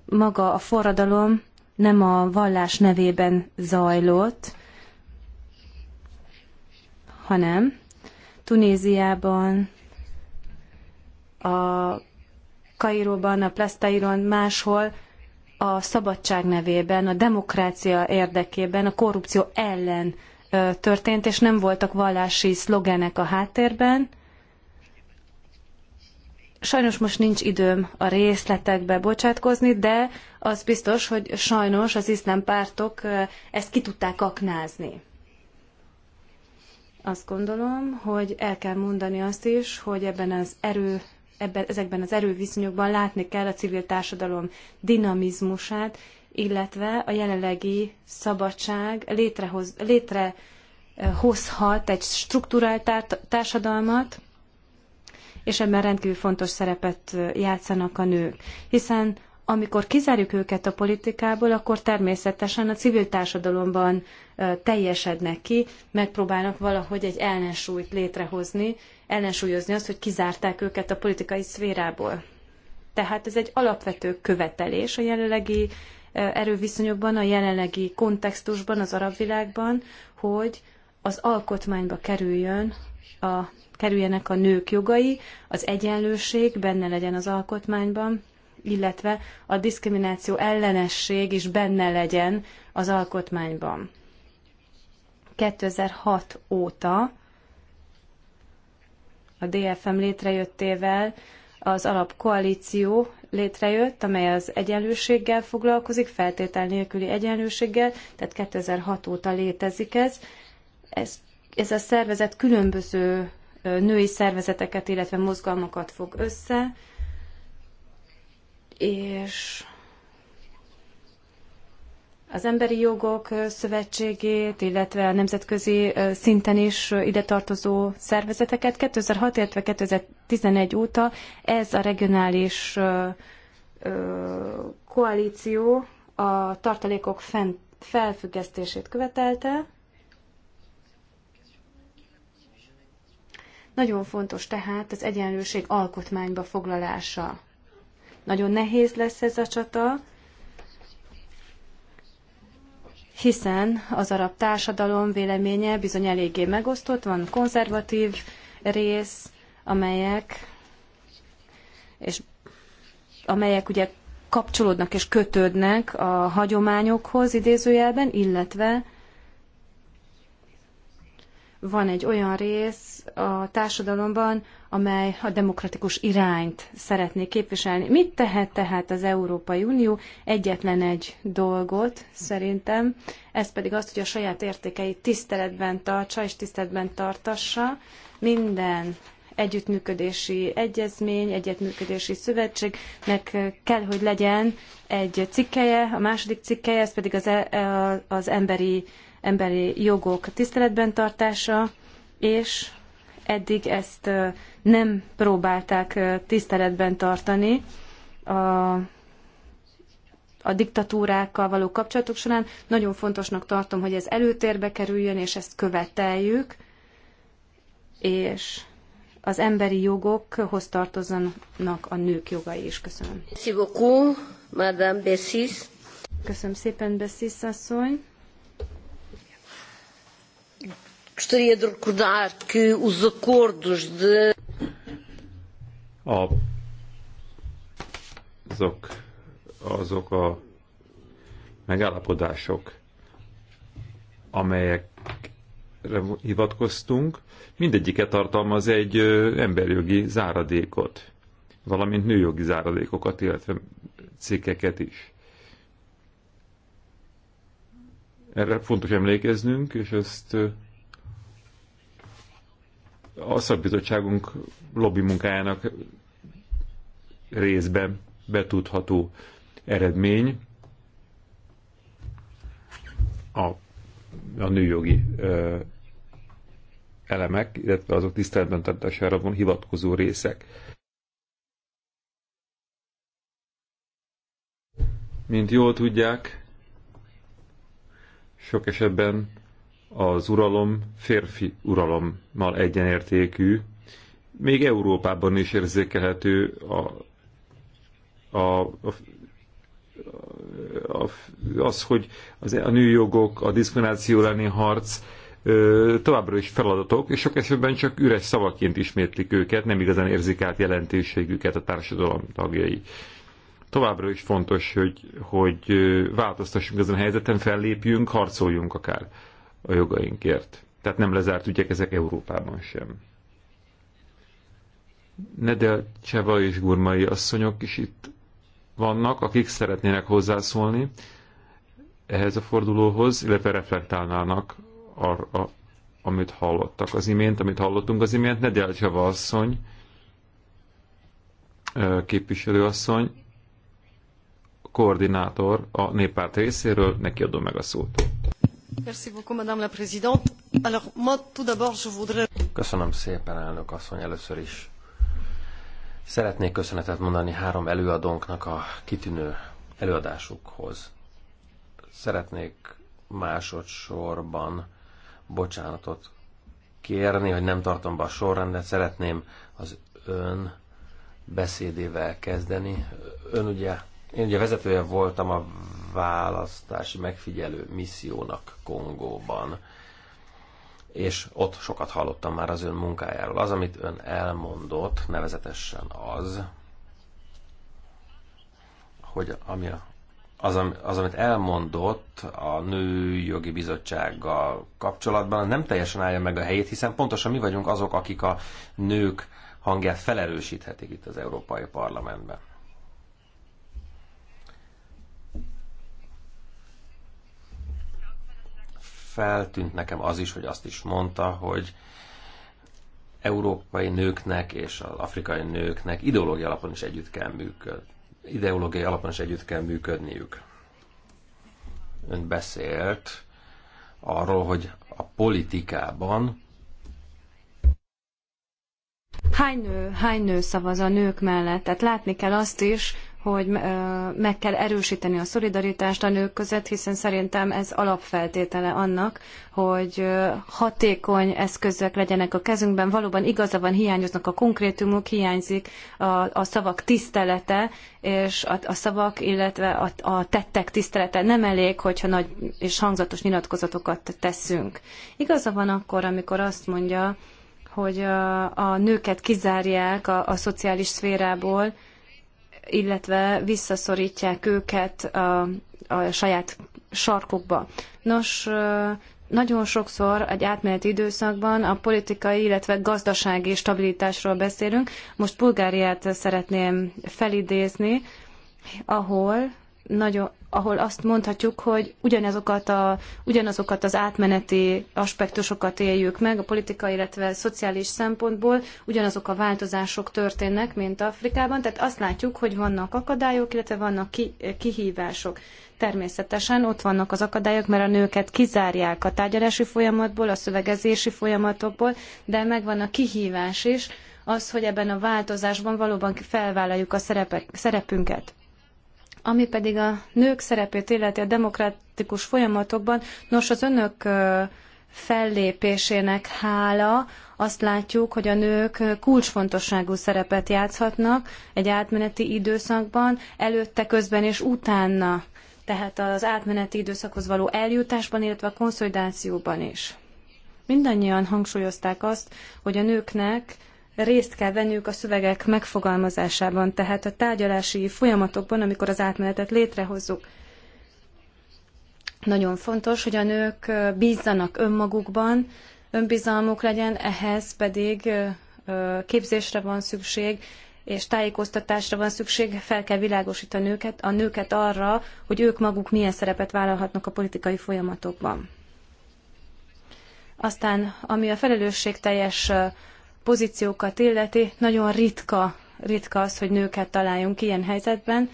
maga a forradalom nem a vallás nevében zajlott, hanem Tunéziában, a Kairóban, a Plastairon, máshol a szabadság nevében, a demokrácia érdekében, a korrupció ellen történt, és nem voltak vallási szlogenek a háttérben. Sajnos most nincs időm a részletekbe bocsátkozni, de az biztos, hogy sajnos az iszlám pártok ezt ki tudták aknázni. Azt gondolom, hogy el kell mondani azt is, hogy ebben az erő ebben, ezekben az erőviszonyokban látni kell a civil társadalom dinamizmusát, illetve a jelenlegi szabadság létrehoz, létrehozhat egy strukturált társadalmat, és ebben rendkívül fontos szerepet játszanak a nők. Hiszen amikor kizárjuk őket a politikából, akkor természetesen a civil társadalomban teljesednek ki, megpróbálnak valahogy egy ellensúlyt létrehozni, ellensúlyozni azt, hogy kizárták őket a politikai szférából. Tehát ez egy alapvető követelés a jelenlegi erőviszonyokban, a jelenlegi kontextusban, az arab világban, hogy az alkotmányba kerüljön a, kerüljenek a nők jogai, az egyenlőség benne legyen az alkotmányban, illetve a diszkrimináció ellenesség is benne legyen az alkotmányban. 2006 óta a DFM létrejöttével az alapkoalíció létrejött, amely az egyenlőséggel foglalkozik, feltétel nélküli egyenlőséggel, tehát 2006 óta létezik ez. Ez, ez a szervezet különböző női szervezeteket, illetve mozgalmakat fog össze, és az Emberi Jogok Szövetségét, illetve a nemzetközi szinten is ide tartozó szervezeteket. 2006, illetve 2011 óta ez a regionális koalíció a tartalékok felfüggesztését követelte. Nagyon fontos tehát az egyenlőség alkotmányba foglalása. Nagyon nehéz lesz ez a csata, hiszen az arab társadalom véleménye bizony eléggé megosztott, van konzervatív rész, amelyek és amelyek ugye kapcsolódnak és kötődnek a hagyományokhoz idézőjelben, illetve van egy olyan rész a társadalomban, amely a demokratikus irányt szeretné képviselni. Mit tehet tehát az Európai Unió? Egyetlen egy dolgot szerintem, ez pedig azt, hogy a saját értékeit tiszteletben tartsa és tiszteletben tartassa minden együttműködési egyezmény, együttműködési szövetségnek kell, hogy legyen egy cikkeje, a második cikkeje, ez pedig az, e- az emberi emberi jogok tiszteletben tartása, és eddig ezt nem próbálták tiszteletben tartani a, a diktatúrákkal való kapcsolatok során. Nagyon fontosnak tartom, hogy ez előtérbe kerüljön, és ezt követeljük, és az emberi jogokhoz tartozanak a nők jogai is. Köszönöm. Madame Köszönöm szépen, Bessis asszony. Gostaria de recordar que os acordos de. A, azok, azok a megállapodások, amelyekre hivatkoztunk, mindegyike tartalmaz egy emberjogi záradékot, valamint nőjogi záradékokat, illetve cikkeket is. Erre fontos emlékeznünk, és ezt a szakbizottságunk lobby munkájának részben betudható eredmény a, a nőjogi ö, elemek, illetve azok tiszteletben tartására van hivatkozó részek. Mint jól tudják, sok esetben az uralom férfi uralommal egyenértékű, még Európában is érzékelhető a, a, a, a, az, hogy az, e- a nőjogok, a diszkrimináció elleni harc ö, továbbra is feladatok, és sok esetben csak üres szavaként ismétlik őket, nem igazán érzik át jelentőségüket a társadalom tagjai. Továbbra is fontos, hogy, hogy változtassunk ezen a helyzeten, fellépjünk, harcoljunk akár a jogainkért. Tehát nem lezárt ügyek ezek Európában sem. Nedel Cseva és Gurmai asszonyok is itt vannak, akik szeretnének hozzászólni ehhez a fordulóhoz, illetve reflektálnának arra, amit hallottak az imént, amit hallottunk az imént. Nedel Cseva asszony, asszony, koordinátor a néppárt részéről, neki adom meg a szót. Köszönöm szépen, elnök asszony, először is. Szeretnék köszönetet mondani három előadónknak a kitűnő előadásukhoz. Szeretnék másodszorban bocsánatot kérni, hogy nem tartom be a sorrendet, szeretném az ön beszédével kezdeni. Ön ugye én ugye vezetője voltam a választási megfigyelő missziónak Kongóban, és ott sokat hallottam már az ön munkájáról. Az, amit ön elmondott, nevezetesen az, hogy ami a az, az, amit elmondott a Nőjogi Bizottsággal kapcsolatban, az nem teljesen állja meg a helyét, hiszen pontosan mi vagyunk azok, akik a nők hangját felerősíthetik itt az Európai Parlamentben. feltűnt nekem az is, hogy azt is mondta, hogy európai nőknek és az afrikai nőknek ideológiai alapon is együtt kell működni. Ideológiai alapon is együtt kell működniük. Ön beszélt arról, hogy a politikában hány nő, hány nő szavaz a nők mellett? Tehát látni kell azt is, hogy meg kell erősíteni a szolidaritást a nők között, hiszen szerintem ez alapfeltétele annak, hogy hatékony eszközök legyenek a kezünkben. Valóban igaza van, hiányoznak a konkrétumok, hiányzik a, a szavak tisztelete, és a, a szavak, illetve a, a tettek tisztelete nem elég, hogyha nagy és hangzatos nyilatkozatokat teszünk. Igaza van akkor, amikor azt mondja, hogy a, a nőket kizárják a, a szociális szférából, illetve visszaszorítják őket a, a saját sarkukba. Nos, nagyon sokszor egy átmeneti időszakban a politikai, illetve gazdasági stabilitásról beszélünk. Most Bulgáriát szeretném felidézni, ahol nagyon ahol azt mondhatjuk, hogy ugyanazokat, a, ugyanazokat az átmeneti aspektusokat éljük meg, a politikai, illetve a szociális szempontból ugyanazok a változások történnek, mint Afrikában, tehát azt látjuk, hogy vannak akadályok, illetve vannak ki, kihívások. Természetesen ott vannak az akadályok, mert a nőket kizárják a tárgyalási folyamatból, a szövegezési folyamatokból, de megvan a kihívás is, az, hogy ebben a változásban valóban felvállaljuk a szerepek, szerepünket. Ami pedig a nők szerepét illeti a demokratikus folyamatokban, nos az önök fellépésének hála azt látjuk, hogy a nők kulcsfontosságú szerepet játszhatnak egy átmeneti időszakban, előtte, közben és utána, tehát az átmeneti időszakhoz való eljutásban, illetve a konszolidációban is. Mindannyian hangsúlyozták azt, hogy a nőknek részt kell venniük a szövegek megfogalmazásában, tehát a tárgyalási folyamatokban, amikor az átmenetet létrehozzuk. Nagyon fontos, hogy a nők bízzanak önmagukban, önbizalmuk legyen, ehhez pedig képzésre van szükség, és tájékoztatásra van szükség, fel kell világosítani őket, a nőket arra, hogy ők maguk milyen szerepet vállalhatnak a politikai folyamatokban. Aztán, ami a felelősségteljes pozíciókat illeti, nagyon ritka, ritka az, hogy nőket találjunk ilyen helyzetben,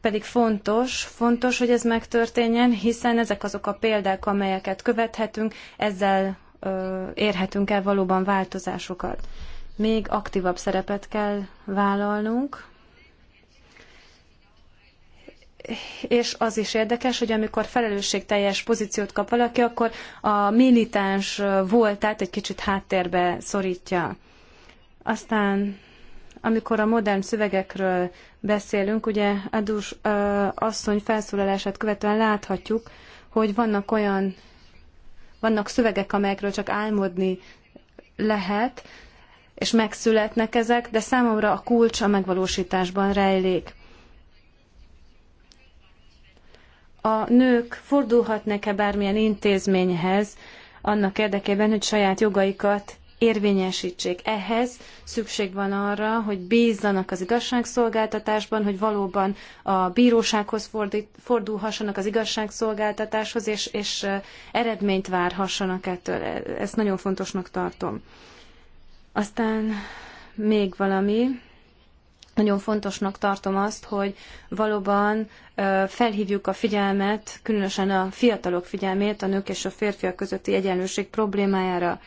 pedig fontos, fontos, hogy ez megtörténjen, hiszen ezek azok a példák, amelyeket követhetünk, ezzel ö, érhetünk el valóban változásokat. Még aktívabb szerepet kell vállalnunk, és az is érdekes, hogy amikor felelősségteljes pozíciót kap valaki, akkor a militáns voltát egy kicsit háttérbe szorítja. Aztán amikor a modern szövegekről beszélünk, ugye Adus ö, asszony felszólalását követően láthatjuk, hogy vannak olyan, vannak szövegek, amelyekről csak álmodni lehet, és megszületnek ezek, de számomra a kulcs a megvalósításban rejlik. a nők fordulhatnak-e bármilyen intézményhez annak érdekében, hogy saját jogaikat érvényesítsék. Ehhez szükség van arra, hogy bízzanak az igazságszolgáltatásban, hogy valóban a bírósághoz fordít, fordulhassanak az igazságszolgáltatáshoz, és, és eredményt várhassanak ettől. Ezt nagyon fontosnak tartom. Aztán még valami. Nagyon fontosnak tartom azt, hogy valóban felhívjuk a figyelmet, különösen a fiatalok figyelmét a nők és a férfiak közötti egyenlőség problémájára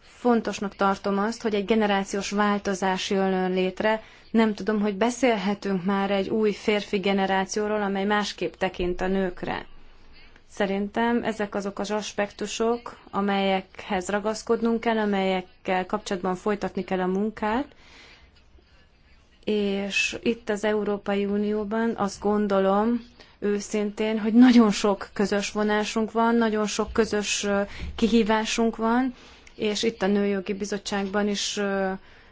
fontosnak tartom azt, hogy egy generációs változás jön létre. Nem tudom, hogy beszélhetünk már egy új férfi generációról, amely másképp tekint a nőkre. Szerintem ezek azok az aspektusok, amelyekhez ragaszkodnunk kell, amelyekkel kapcsolatban folytatni kell a munkát, és itt az Európai Unióban azt gondolom őszintén, hogy nagyon sok közös vonásunk van, nagyon sok közös kihívásunk van, és itt a Nőjogi Bizottságban is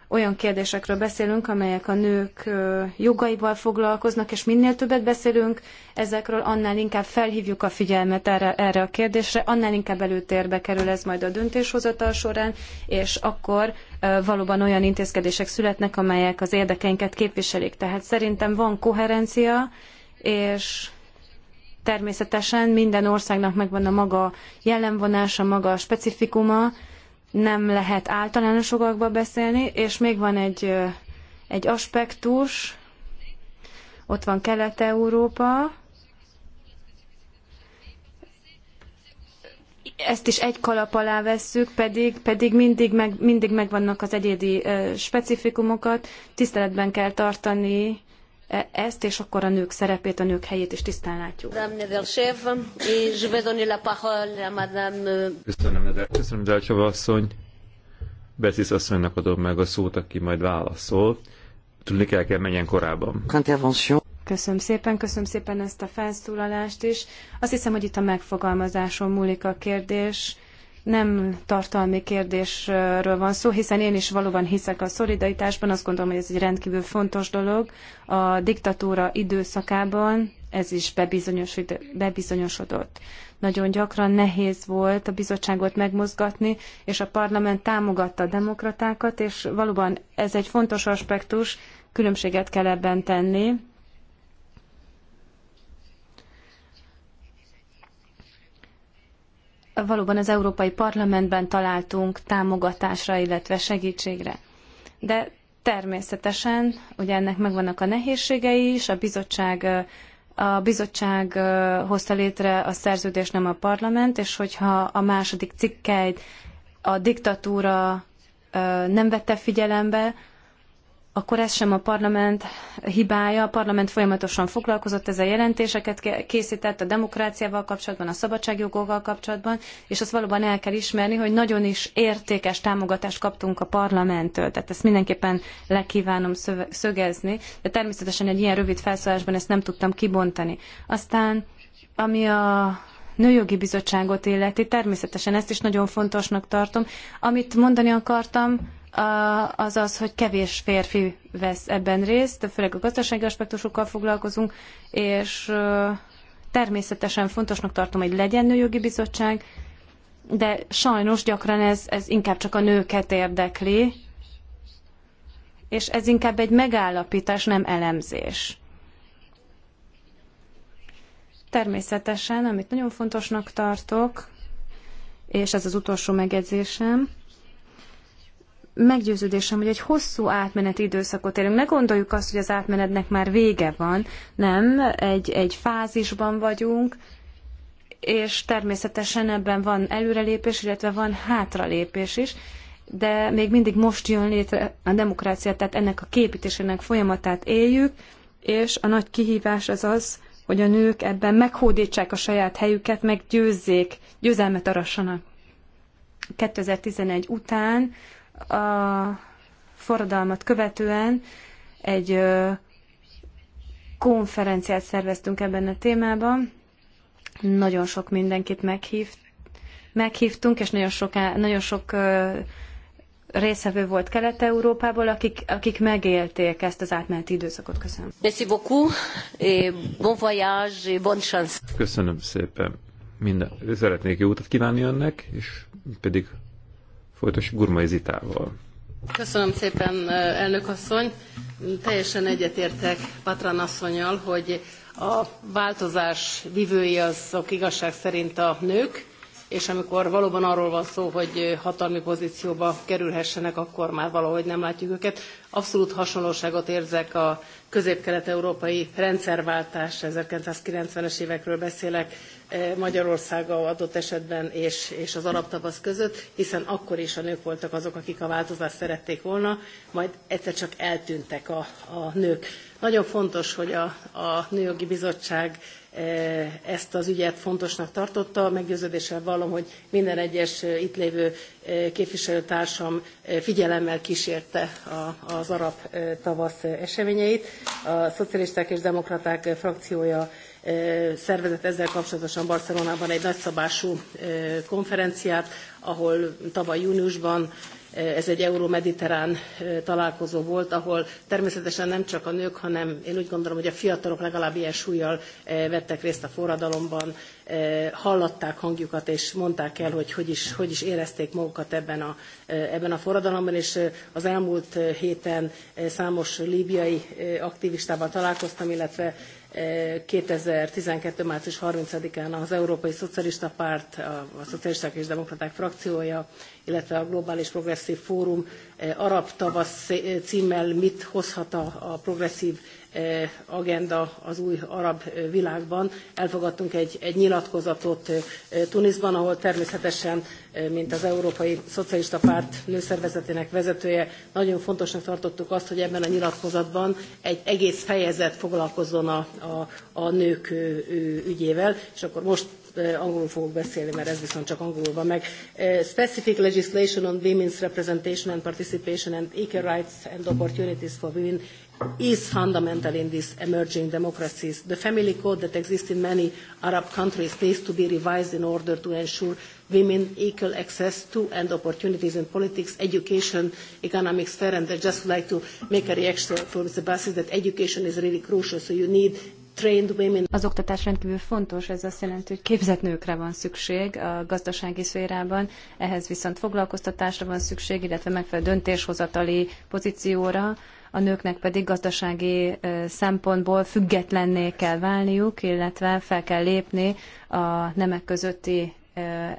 olyan kérdésekről beszélünk, amelyek a nők jogaival foglalkoznak, és minél többet beszélünk ezekről, annál inkább felhívjuk a figyelmet erre, erre a kérdésre, annál inkább előtérbe kerül ez majd a döntéshozatal során, és akkor valóban olyan intézkedések születnek, amelyek az érdekeinket képviselik. Tehát szerintem van koherencia, és természetesen minden országnak megvan a maga jellemvonása, maga a specifikuma, nem lehet általános beszélni, és még van egy, egy aspektus, ott van Kelet-Európa, ezt is egy kalap alá vesszük, pedig, pedig mindig, meg, mindig megvannak az egyedi specifikumokat, tiszteletben kell tartani E, ezt, és akkor a nők szerepét, a nők helyét is tisztán látjuk. Euh, köszönöm, Köszönöm Delcseva asszony. Betis asszonynak adom meg a szót, aki majd válaszol. Tudni kell, kell menjen korábban. Köszönöm szépen, köszönöm szépen ezt a felszólalást is. Azt hiszem, hogy itt a megfogalmazáson múlik a kérdés nem tartalmi kérdésről van szó, hiszen én is valóban hiszek a szolidaritásban, azt gondolom, hogy ez egy rendkívül fontos dolog. A diktatúra időszakában ez is bebizonyosodott. Nagyon gyakran nehéz volt a bizottságot megmozgatni, és a parlament támogatta a demokratákat, és valóban ez egy fontos aspektus, különbséget kell ebben tenni valóban az Európai Parlamentben találtunk támogatásra, illetve segítségre. De természetesen, ugye ennek megvannak a nehézségei is, a bizottság a bizottság hozta létre a szerződés nem a parlament, és hogyha a második cikkeit a diktatúra nem vette figyelembe, akkor ez sem a parlament hibája. A parlament folyamatosan foglalkozott ezzel jelentéseket készített a demokráciával kapcsolatban, a szabadságjogokkal kapcsolatban, és azt valóban el kell ismerni, hogy nagyon is értékes támogatást kaptunk a parlamenttől. Tehát ezt mindenképpen lekívánom szögezni, de természetesen egy ilyen rövid felszólásban ezt nem tudtam kibontani. Aztán, ami a Nőjogi Bizottságot illeti, természetesen ezt is nagyon fontosnak tartom. Amit mondani akartam, az az, hogy kevés férfi vesz ebben részt, főleg a gazdasági aspektusokkal foglalkozunk, és természetesen fontosnak tartom, hogy legyen nőjogi bizottság, de sajnos gyakran ez, ez inkább csak a nőket érdekli, és ez inkább egy megállapítás, nem elemzés. Természetesen, amit nagyon fontosnak tartok, és ez az utolsó megjegyzésem, meggyőződésem, hogy egy hosszú átmeneti időszakot élünk. Ne gondoljuk azt, hogy az átmenetnek már vége van, nem, egy, egy fázisban vagyunk, és természetesen ebben van előrelépés, illetve van hátralépés is, de még mindig most jön létre a demokrácia, tehát ennek a képítésének folyamatát éljük, és a nagy kihívás az az, hogy a nők ebben meghódítsák a saját helyüket, meggyőzzék, győzelmet arassanak. 2011 után a forradalmat követően egy konferenciát szerveztünk ebben a témában. Nagyon sok mindenkit meghív, meghívtunk, és nagyon sok, nagyon sok részevő volt Kelet-Európából, akik, akik megélték ezt az átmeneti időszakot. Köszönöm. Merci beaucoup, et bon voyage, et bonne chance. Köszönöm szépen. Minden. Szeretnék jó utat kívánni önnek, és pedig folytos Gurmai Zitával. Köszönöm szépen, elnök asszony. Teljesen egyetértek Patran asszonyal, hogy a változás vivői azok igazság szerint a nők, és amikor valóban arról van szó, hogy hatalmi pozícióba kerülhessenek, akkor már valahogy nem látjuk őket. Abszolút hasonlóságot érzek a közép-kelet-európai rendszerváltás, 1990-es évekről beszélek, Magyarországa adott esetben és, és az arab tavasz között, hiszen akkor is a nők voltak azok, akik a változást szerették volna, majd egyszer csak eltűntek a, a nők. Nagyon fontos, hogy a, a Nőjogi Bizottság e, ezt az ügyet fontosnak tartotta. Meggyőződéssel vallom, hogy minden egyes e, itt lévő e, képviselőtársam figyelemmel kísérte az arab tavasz eseményeit. A szocialisták és demokraták frakciója szervezett ezzel kapcsolatosan Barcelonában egy nagyszabású konferenciát, ahol tavaly júniusban ez egy euró-mediterrán találkozó volt, ahol természetesen nem csak a nők, hanem én úgy gondolom, hogy a fiatalok legalább ilyen súlyjal vettek részt a forradalomban, hallatták hangjukat, és mondták el, hogy hogy is, hogy is érezték magukat ebben a, ebben a forradalomban, és az elmúlt héten számos líbiai aktivistával találkoztam, illetve 2012. március 30-án az Európai Szocialista Párt, a Szocialisták és Demokraták frakciója, illetve a Globális Progresszív Fórum eh, arab tavasz címmel mit hozhat a, a progresszív agenda az új arab világban. Elfogadtunk egy, egy nyilatkozatot Tunisban, ahol természetesen, mint az Európai Szocialista Párt nőszervezetének vezetője, nagyon fontosnak tartottuk azt, hogy ebben a nyilatkozatban egy egész fejezet foglalkozzon a, a, a nők ügyével, és akkor most angolul fogok beszélni, mert ez viszont csak angolul van meg. Specific legislation on women's representation and participation and equal rights and opportunities for women is fundamental in these emerging democracies. The family code that exists in many Arab countries needs to be revised in order to ensure women equal access to and opportunities in politics, education, economic sphere. And I just like to make a reaction for Mr. Bassi that education is really crucial, so you need trained women. Az oktatás rendkívül fontos, ez azt jelenti, hogy képzett nőkre van szükség a gazdasági szférában, ehhez viszont foglalkoztatásra van szükség, illetve megfelelő döntéshozatali pozícióra, a nőknek pedig gazdasági szempontból függetlenné kell válniuk, illetve fel kell lépni a nemek közötti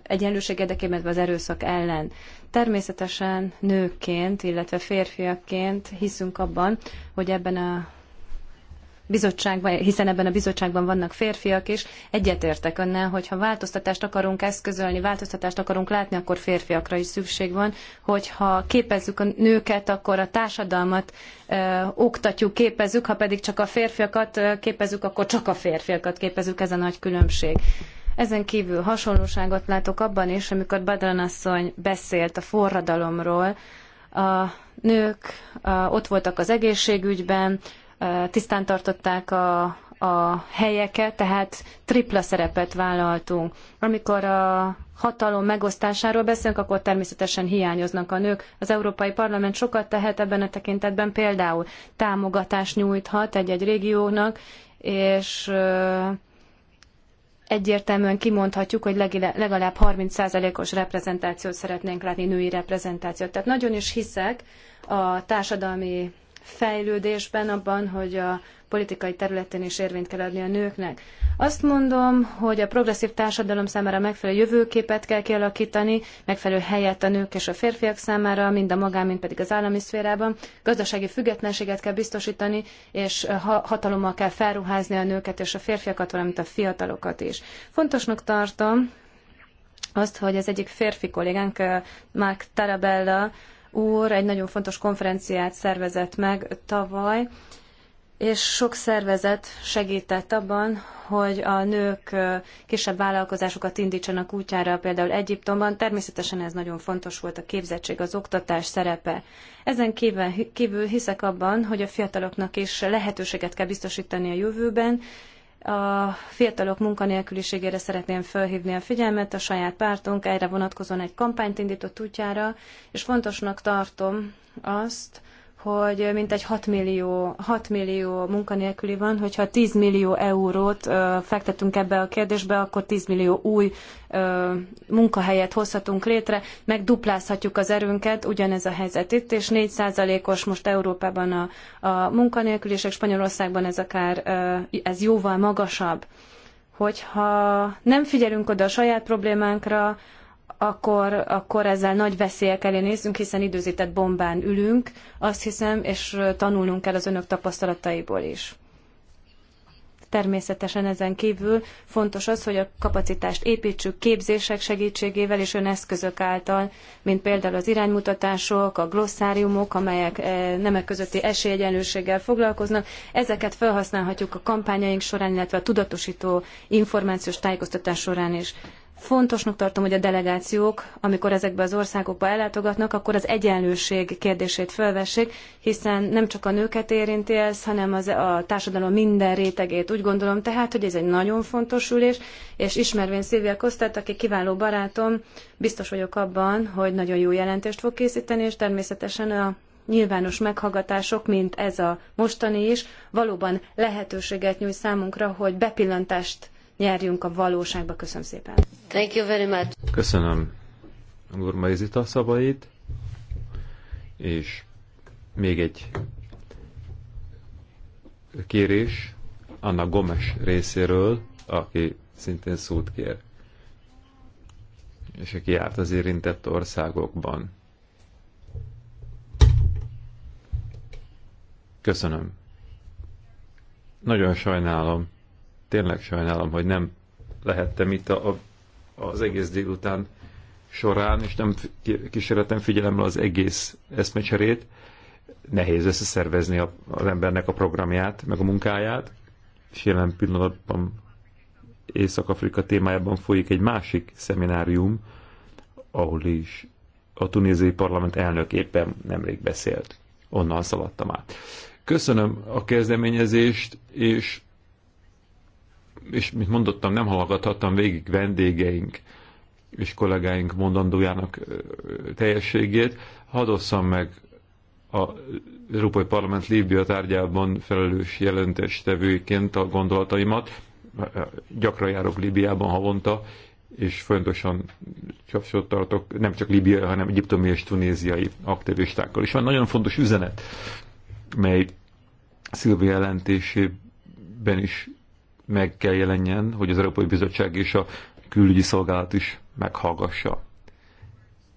egyenlőség érdekében, az erőszak ellen. Természetesen nőként, illetve férfiakként hiszünk abban, hogy ebben a bizottságban, hiszen ebben a bizottságban vannak férfiak is, egyetértek önnel, hogy ha változtatást akarunk eszközölni, változtatást akarunk látni, akkor férfiakra is szükség van, hogyha képezzük a nőket, akkor a társadalmat ö, oktatjuk, képezzük, ha pedig csak a férfiakat ö, képezzük, akkor csak a férfiakat képezzük, ez a nagy különbség. Ezen kívül hasonlóságot látok abban is, amikor Badran asszony beszélt a forradalomról, a nők a, ott voltak az egészségügyben, tisztán tartották a, a helyeket, tehát tripla szerepet vállaltunk. Amikor a hatalom megosztásáról beszélünk, akkor természetesen hiányoznak a nők. Az Európai Parlament sokat tehet ebben a tekintetben, például támogatást nyújthat egy-egy régiónak, és egyértelműen kimondhatjuk, hogy legalább 30%-os reprezentációt szeretnénk látni, női reprezentációt. Tehát nagyon is hiszek a társadalmi fejlődésben, abban, hogy a politikai területen is érvényt kell adni a nőknek. Azt mondom, hogy a progresszív társadalom számára megfelelő jövőképet kell kialakítani, megfelelő helyet a nők és a férfiak számára, mind a magán, mind pedig az állami szférában. Gazdasági függetlenséget kell biztosítani, és hatalommal kell felruházni a nőket és a férfiakat, valamint a fiatalokat is. Fontosnak tartom, azt, hogy az egyik férfi kollégánk, Mark Tarabella, úr egy nagyon fontos konferenciát szervezett meg tavaly, és sok szervezet segített abban, hogy a nők kisebb vállalkozásokat indítsanak útjára, például Egyiptomban. Természetesen ez nagyon fontos volt a képzettség, az oktatás szerepe. Ezen kívül hiszek abban, hogy a fiataloknak is lehetőséget kell biztosítani a jövőben, a fiatalok munkanélküliségére szeretném felhívni a figyelmet, a saját pártunk erre vonatkozóan egy kampányt indított útjára, és fontosnak tartom azt, hogy mintegy 6 millió, 6 millió munkanélküli van, hogyha 10 millió eurót ö, fektetünk ebbe a kérdésbe, akkor 10 millió új ö, munkahelyet hozhatunk létre, duplázhatjuk az erőnket, ugyanez a helyzet itt, és 4%-os most Európában a, a munkanélküliség, Spanyolországban ez akár ö, ez jóval magasabb hogyha nem figyelünk oda a saját problémánkra, akkor, akkor ezzel nagy veszélyek elé nézzünk, hiszen időzített bombán ülünk, azt hiszem, és tanulnunk kell az önök tapasztalataiból is. Természetesen ezen kívül fontos az, hogy a kapacitást építsük képzések segítségével és öneszközök által, mint például az iránymutatások, a glossáriumok, amelyek e, nemek közötti esélyegyenlőséggel foglalkoznak. Ezeket felhasználhatjuk a kampányaink során, illetve a tudatosító információs tájékoztatás során is. Fontosnak tartom, hogy a delegációk, amikor ezekbe az országokba ellátogatnak, akkor az egyenlőség kérdését fölvessék, hiszen nem csak a nőket érinti ez, hanem az, a társadalom minden rétegét. Úgy gondolom tehát, hogy ez egy nagyon fontos ülés, és ismervén Szilvia Kosztát, aki kiváló barátom, biztos vagyok abban, hogy nagyon jó jelentést fog készíteni, és természetesen a nyilvános meghallgatások, mint ez a mostani is, valóban lehetőséget nyújt számunkra, hogy bepillantást nyerjünk a valóságba. Köszönöm szépen. Thank you very much. Köszönöm Gurmai Zita szavait, és még egy kérés Anna Gomes részéről, aki szintén szót kér, és aki járt az érintett országokban. Köszönöm. Nagyon sajnálom, Tényleg sajnálom, hogy nem lehettem itt a, a, az egész délután során, és nem kísérletem figyelemmel az egész eszmecserét. Nehéz összeszervezni a, az embernek a programját, meg a munkáját, és jelen pillanatban Észak-Afrika témájában folyik egy másik szeminárium, ahol is a tunéziai parlament elnök éppen nemrég beszélt. Onnan szaladtam át. Köszönöm a kezdeményezést, és és mint mondottam, nem hallgathattam végig vendégeink és kollégáink mondandójának teljességét. Hadd osszam meg a Európai Parlament Líbia tárgyában felelős tevőként a gondolataimat. Gyakran járok Líbiában havonta, és fontosan kapcsolatot tartok nem csak libiai, hanem egyiptomi és tunéziai aktivistákkal. És van nagyon fontos üzenet, mely Szilvi jelentésében is meg kell jelenjen, hogy az Európai Bizottság és a külügyi szolgálat is meghallgassa.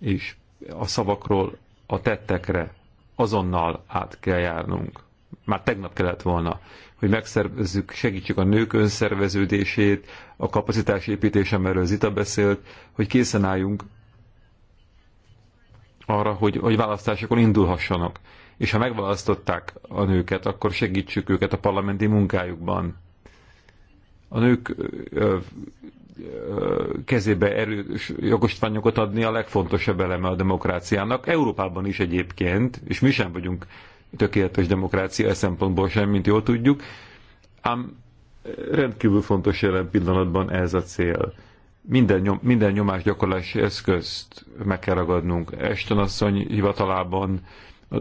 És a szavakról a tettekre azonnal át kell járnunk. Már tegnap kellett volna, hogy megszervezzük, segítsük a nők önszerveződését, a építése, amiről Zita beszélt, hogy készen álljunk arra, hogy, hogy választásokon indulhassanak. És ha megválasztották a nőket, akkor segítsük őket a parlamenti munkájukban a nők kezébe erős jogosítványokat adni a legfontosabb eleme a demokráciának. Európában is egyébként, és mi sem vagyunk tökéletes demokrácia e szempontból sem, mint jól tudjuk, ám rendkívül fontos jelen pillanatban ez a cél. Minden, nyom, minden gyakorlási eszközt meg kell ragadnunk. Eston asszony hivatalában, a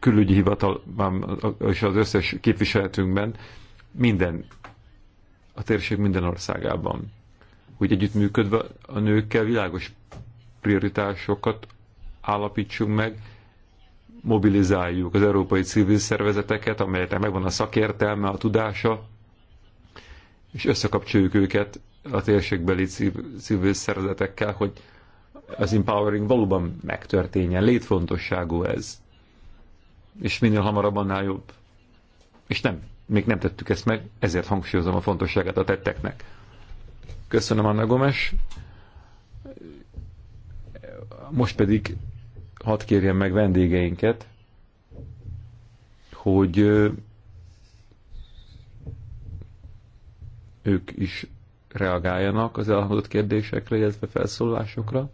külügyi hivatalban és az összes képviseletünkben minden a térség minden országában, hogy együttműködve a nőkkel világos prioritásokat állapítsunk meg, mobilizáljuk az európai civil szervezeteket, amelyeknek megvan a szakértelme, a tudása, és összekapcsoljuk őket a térségbeli civil szervezetekkel, hogy az empowering valóban megtörténjen. Létfontosságú ez. És minél hamarabb annál jobb. És nem még nem tettük ezt meg, ezért hangsúlyozom a fontosságát a tetteknek. Köszönöm, Anna Gomes. Most pedig hadd kérjem meg vendégeinket, hogy ők is reagáljanak az elhangzott kérdésekre, illetve felszólásokra.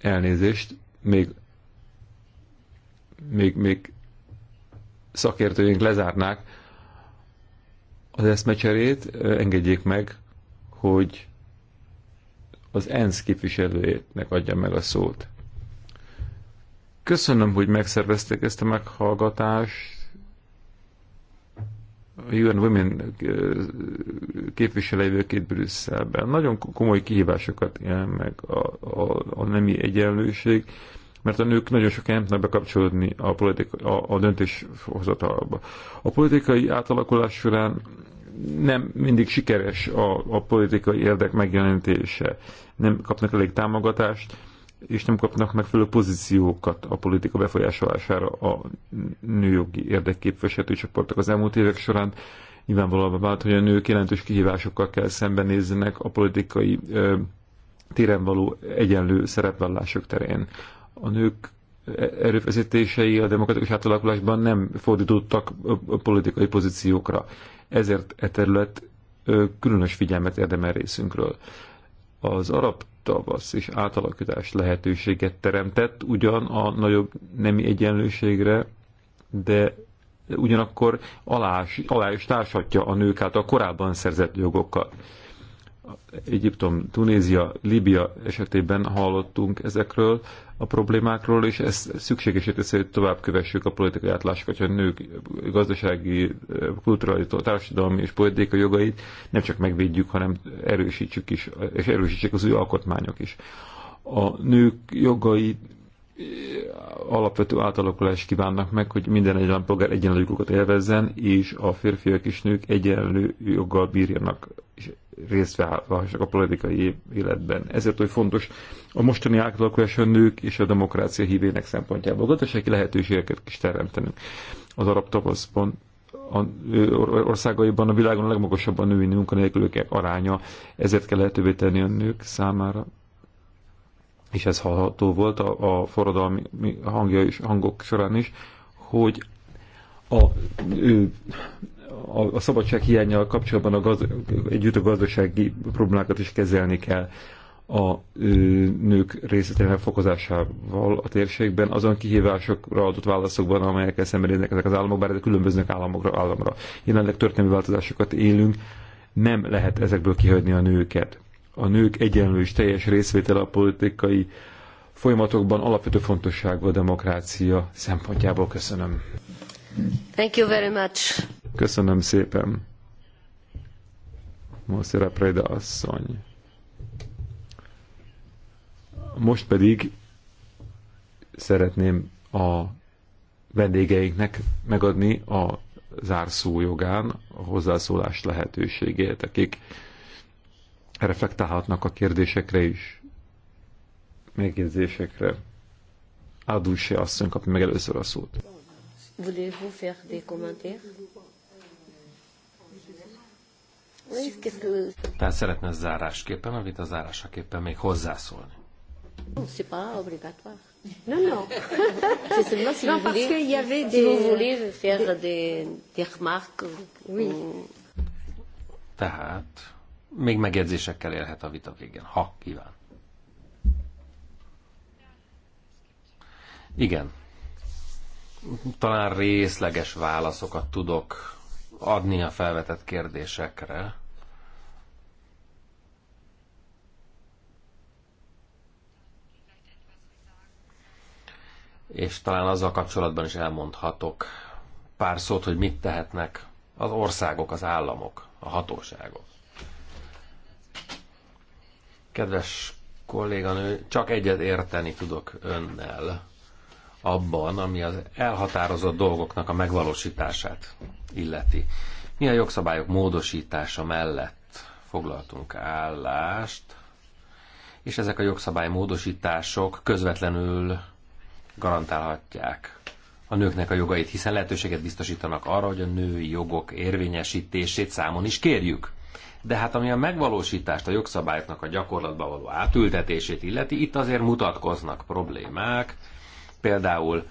Elnézést, még még, még szakértőink lezárnák az eszmecserét, engedjék meg, hogy az ENSZ képviselőjének adja meg a szót. Köszönöm, hogy megszervezték ezt a meghallgatást. A UN Women képviselőjével két Brüsszelben. Nagyon komoly kihívásokat jelent meg a, a, a nemi egyenlőség mert a nők nagyon sokan nem tudnak bekapcsolódni a, politika, a, a döntéshozatalba. A politikai átalakulás során nem mindig sikeres a, a politikai érdek megjelenítése. Nem kapnak elég támogatást, és nem kapnak megfelelő pozíciókat a politika befolyásolására a nőjogi érdekképviselő csoportok az elmúlt évek során. Nyilvánvalóan vált, hogy a nők jelentős kihívásokkal kell szembenézzenek a politikai ö, téren való egyenlő szerepvállások terén a nők erőfeszítései a demokratikus átalakulásban nem fordítottak a politikai pozíciókra. Ezért e terület különös figyelmet érdemel részünkről. Az arab tavasz és átalakítás lehetőséget teremtett ugyan a nagyobb nemi egyenlőségre, de ugyanakkor alá, is társadja a nők által korábban szerzett jogokkal. Egyiptom, Tunézia, Líbia esetében hallottunk ezekről a problémákról, és ez szükségesé teszi, hogy tovább kövessük a politikai átlásokat, hogy a nők gazdasági, kulturális, társadalmi és politikai jogait nem csak megvédjük, hanem erősítsük is, és erősítsük az új alkotmányok is. A nők jogai eh, alapvető átalakulást kívánnak meg, hogy minden polgár egyenlő jogokat élvezzen, és a férfiak és nők egyenlő joggal bírjanak, és részt vállalhassak a politikai életben. Ezért oly fontos a mostani átalakulás a nők és a demokrácia hívének szempontjából. Gazdasági lehetőségeket is teremtenünk. Az arab tapaszpont a, országaiban a világon a legmagasabban a női munkanélkülők aránya, ezért kell lehetővé tenni a nők számára és ez hallható volt a, a forradalmi hangja és hangok során is, hogy a, a, a szabadság hiányjal kapcsolatban a gaz, együtt a gazdasági problémákat is kezelni kell a nők részletének fokozásával a térségben, azon kihívásokra adott válaszokban, amelyekkel szembenéznek ezek az államok, bár ezek különböznek államokra államra. Jelenleg történelmi változásokat élünk, nem lehet ezekből kihagyni a nőket. A nők egyenlő és teljes részvétel a politikai folyamatokban alapvető fontosságú a demokrácia szempontjából. Köszönöm. Thank you very much. Köszönöm szépen. Moszira Preda asszony. Most pedig szeretném a vendégeinknek megadni a zárszó jogán a hozzászólás lehetőségét, akik reflektálhatnak a kérdésekre is, megjegyzésekre. Ádulse asszony kapja meg először a szót. Voulez-vous faire des commentaires Tehát szeretne zárásképpen, a zárásaképpen még hozzászólni. Non, Non, non. Je si non, vous parce voulez, y avait des... si vous voulez faire des, des remarques. Oui. Tehát még megjegyzésekkel élhet a vita végén, ha kíván. Igen, talán részleges válaszokat tudok adni a felvetett kérdésekre. És talán azzal kapcsolatban is elmondhatok pár szót, hogy mit tehetnek az országok, az államok, a hatóságok. Kedves kolléganő, csak egyet érteni tudok önnel abban, ami az elhatározott dolgoknak a megvalósítását illeti. Mi a jogszabályok módosítása mellett foglaltunk állást, és ezek a jogszabály módosítások közvetlenül garantálhatják a nőknek a jogait, hiszen lehetőséget biztosítanak arra, hogy a női jogok érvényesítését számon is kérjük. De hát ami a megvalósítást, a jogszabályoknak a gyakorlatba való átültetését illeti, itt azért mutatkoznak problémák, Például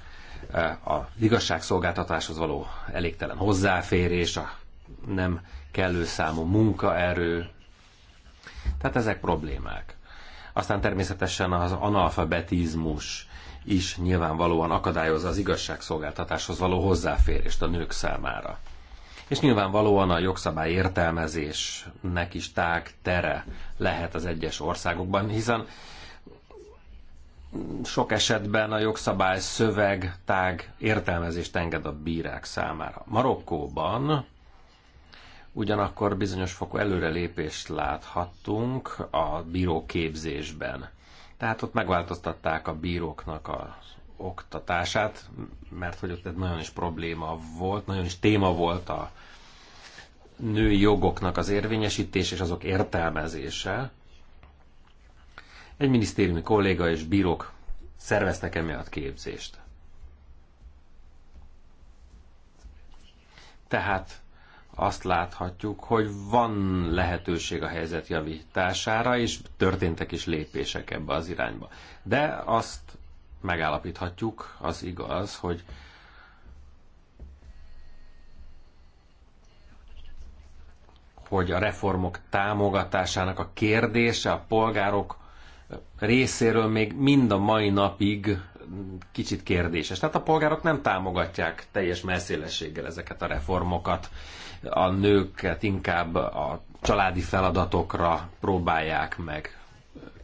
eh, a igazságszolgáltatáshoz való elégtelen hozzáférés, a nem kellő számú munkaerő. Tehát ezek problémák. Aztán természetesen az analfabetizmus is nyilvánvalóan akadályozza az igazságszolgáltatáshoz való hozzáférést a nők számára. És nyilvánvalóan a jogszabály értelmezésnek is tág tere lehet az egyes országokban, hiszen sok esetben a jogszabály szöveg tág értelmezést enged a bírák számára. Marokkóban ugyanakkor bizonyos fokú előrelépést láthattunk a bíróképzésben. Tehát ott megváltoztatták a bíróknak a oktatását, mert hogy ott egy nagyon is probléma volt, nagyon is téma volt a női jogoknak az érvényesítés és azok értelmezése. Egy minisztériumi kolléga és bírók szerveztek emiatt képzést. Tehát azt láthatjuk, hogy van lehetőség a helyzet javítására, és történtek is lépések ebbe az irányba. De azt megállapíthatjuk, az igaz, hogy hogy a reformok támogatásának a kérdése a polgárok részéről még mind a mai napig kicsit kérdéses. Tehát a polgárok nem támogatják teljes messzélességgel ezeket a reformokat. A nőket inkább a családi feladatokra próbálják meg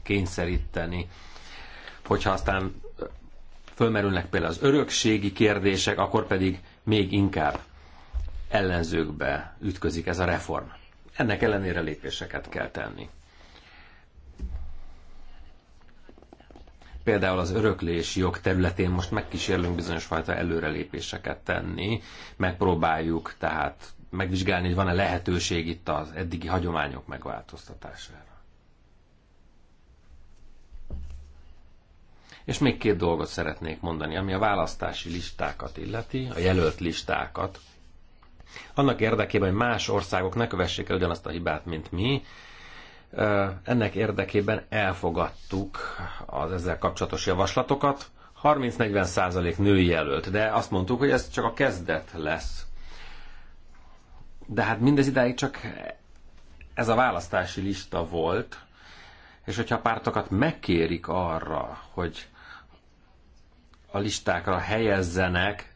kényszeríteni. Hogyha aztán fölmerülnek például az örökségi kérdések, akkor pedig még inkább ellenzőkbe ütközik ez a reform. Ennek ellenére lépéseket kell tenni. Például az öröklési jog területén most megkísérlünk bizonyos fajta előrelépéseket tenni, megpróbáljuk tehát megvizsgálni, hogy van-e lehetőség itt az eddigi hagyományok megváltoztatására. És még két dolgot szeretnék mondani, ami a választási listákat illeti, a jelölt listákat. Annak érdekében, hogy más országok ne kövessék el ugyanazt a hibát, mint mi, ennek érdekében elfogadtuk az ezzel kapcsolatos javaslatokat. 30-40 százalék női jelölt, de azt mondtuk, hogy ez csak a kezdet lesz. De hát mindez idáig csak ez a választási lista volt, és hogyha a pártokat megkérik arra, hogy a listákra helyezzenek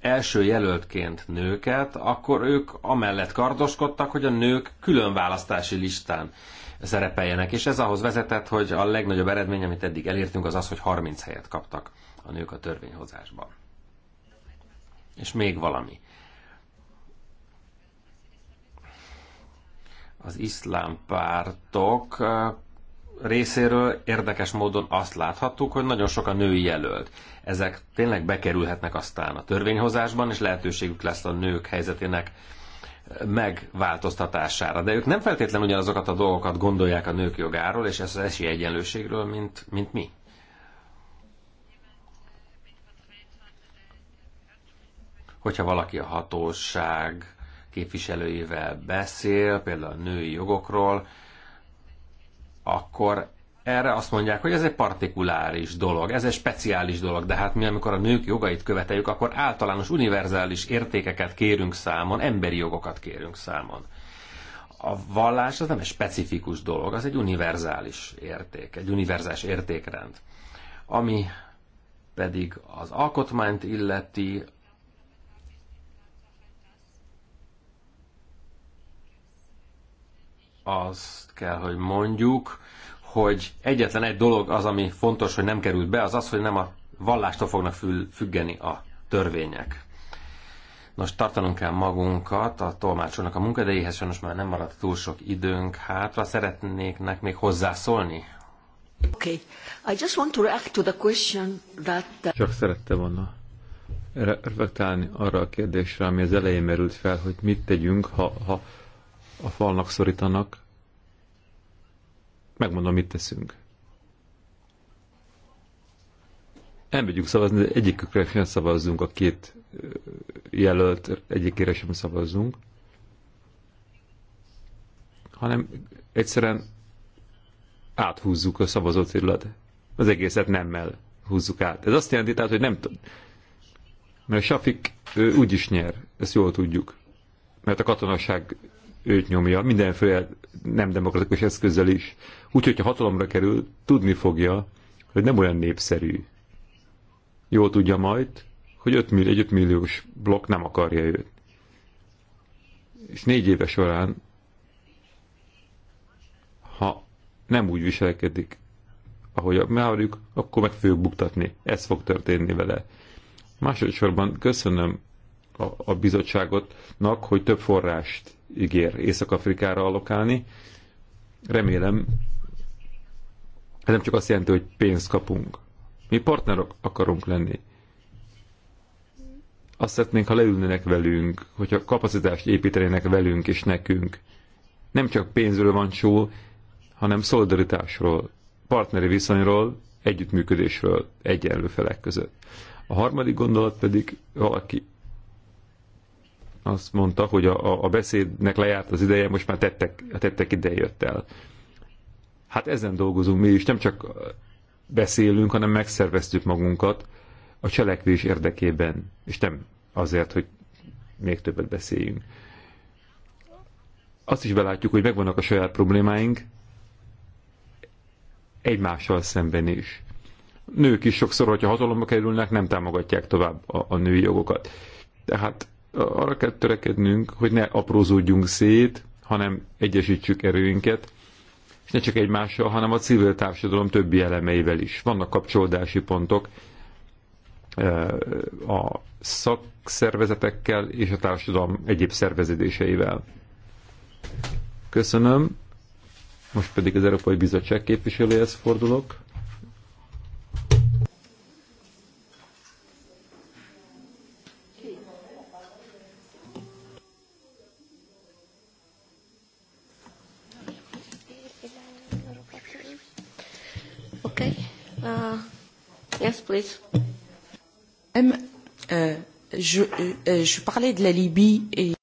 első jelöltként nőket, akkor ők amellett kardoskodtak, hogy a nők külön választási listán szerepeljenek, és ez ahhoz vezetett, hogy a legnagyobb eredmény, amit eddig elértünk, az az, hogy 30 helyet kaptak a nők a törvényhozásban. És még valami. Az iszlám pártok részéről érdekes módon azt láthattuk, hogy nagyon sok a női jelölt. Ezek tényleg bekerülhetnek aztán a törvényhozásban, és lehetőségük lesz a nők helyzetének megváltoztatására. De ők nem feltétlenül ugyanazokat a dolgokat gondolják a nők jogáról, és ez az esélyegyenlőségről, mint, mint mi. Hogyha valaki a hatóság képviselőivel beszél, például a női jogokról, akkor erre azt mondják, hogy ez egy partikuláris dolog, ez egy speciális dolog, de hát mi, amikor a nők jogait követeljük, akkor általános, univerzális értékeket kérünk számon, emberi jogokat kérünk számon. A vallás az nem egy specifikus dolog, az egy univerzális érték, egy univerzális értékrend. Ami pedig az alkotmányt illeti, azt kell, hogy mondjuk, hogy egyetlen egy dolog az, ami fontos, hogy nem került be, az az, hogy nem a vallástól fognak függeni a törvények. Nos, tartanunk kell magunkat a tolmácsolnak a munkadejéhez, sajnos már nem maradt túl sok időnk hátra. Szeretnéknek még hozzászólni? Okay. I just want to react to the question that... Uh, Csak szerette volna reflektálni arra a kérdésre, ami az elején merült fel, hogy mit tegyünk, ha, ha a falnak szorítanak. Megmondom, mit teszünk. elmegyünk szavazni, de egyikükre sem szavazzunk, a két jelölt egyikére sem szavazzunk, hanem egyszerűen áthúzzuk a szavazócédület. Az egészet nemmel húzzuk át. Ez azt jelenti tehát, hogy nem tud. Mert a Safik úgy is nyer, ezt jól tudjuk. Mert a katonaság őt nyomja, mindenféle nem demokratikus eszközzel is. Úgyhogy, ha hatalomra kerül, tudni fogja, hogy nem olyan népszerű. Jól tudja majd, hogy 5 millió, egy 5 milliós blokk nem akarja őt. És négy éve során, ha nem úgy viselkedik, ahogy várjuk, akkor meg fogjuk buktatni. Ez fog történni vele. Másodszorban köszönöm a, a bizottságotnak, hogy több forrást ígér Észak-Afrikára alokálni. Remélem, ez nem csak azt jelenti, hogy pénzt kapunk. Mi partnerok akarunk lenni. Azt szeretnénk, ha leülnének velünk, hogyha kapacitást építenének velünk és nekünk. Nem csak pénzről van szó, hanem szolidaritásról, partneri viszonyról, együttműködésről egyenlő felek között. A harmadik gondolat pedig valaki azt mondta, hogy a, a beszédnek lejárt az ideje, most már tettek, a tettek ideje jött el. Hát ezen dolgozunk mi is, nem csak beszélünk, hanem megszerveztük magunkat a cselekvés érdekében, és nem azért, hogy még többet beszéljünk. Azt is belátjuk, hogy megvannak a saját problémáink egymással szemben is. Nők is sokszor, hogyha hatalomba kerülnek, nem támogatják tovább a, a női jogokat. Tehát arra kell törekednünk, hogy ne aprózódjunk szét, hanem egyesítsük erőinket, és ne csak egymással, hanem a civil társadalom többi elemeivel is. Vannak kapcsolódási pontok e, a szakszervezetekkel és a társadalom egyéb szerveződéseivel. Köszönöm. Most pedig az Európai Bizottság képviselőhez fordulok. Okay. Uh, yes, please. Même, euh, je, euh, euh, je parlais de la Libye et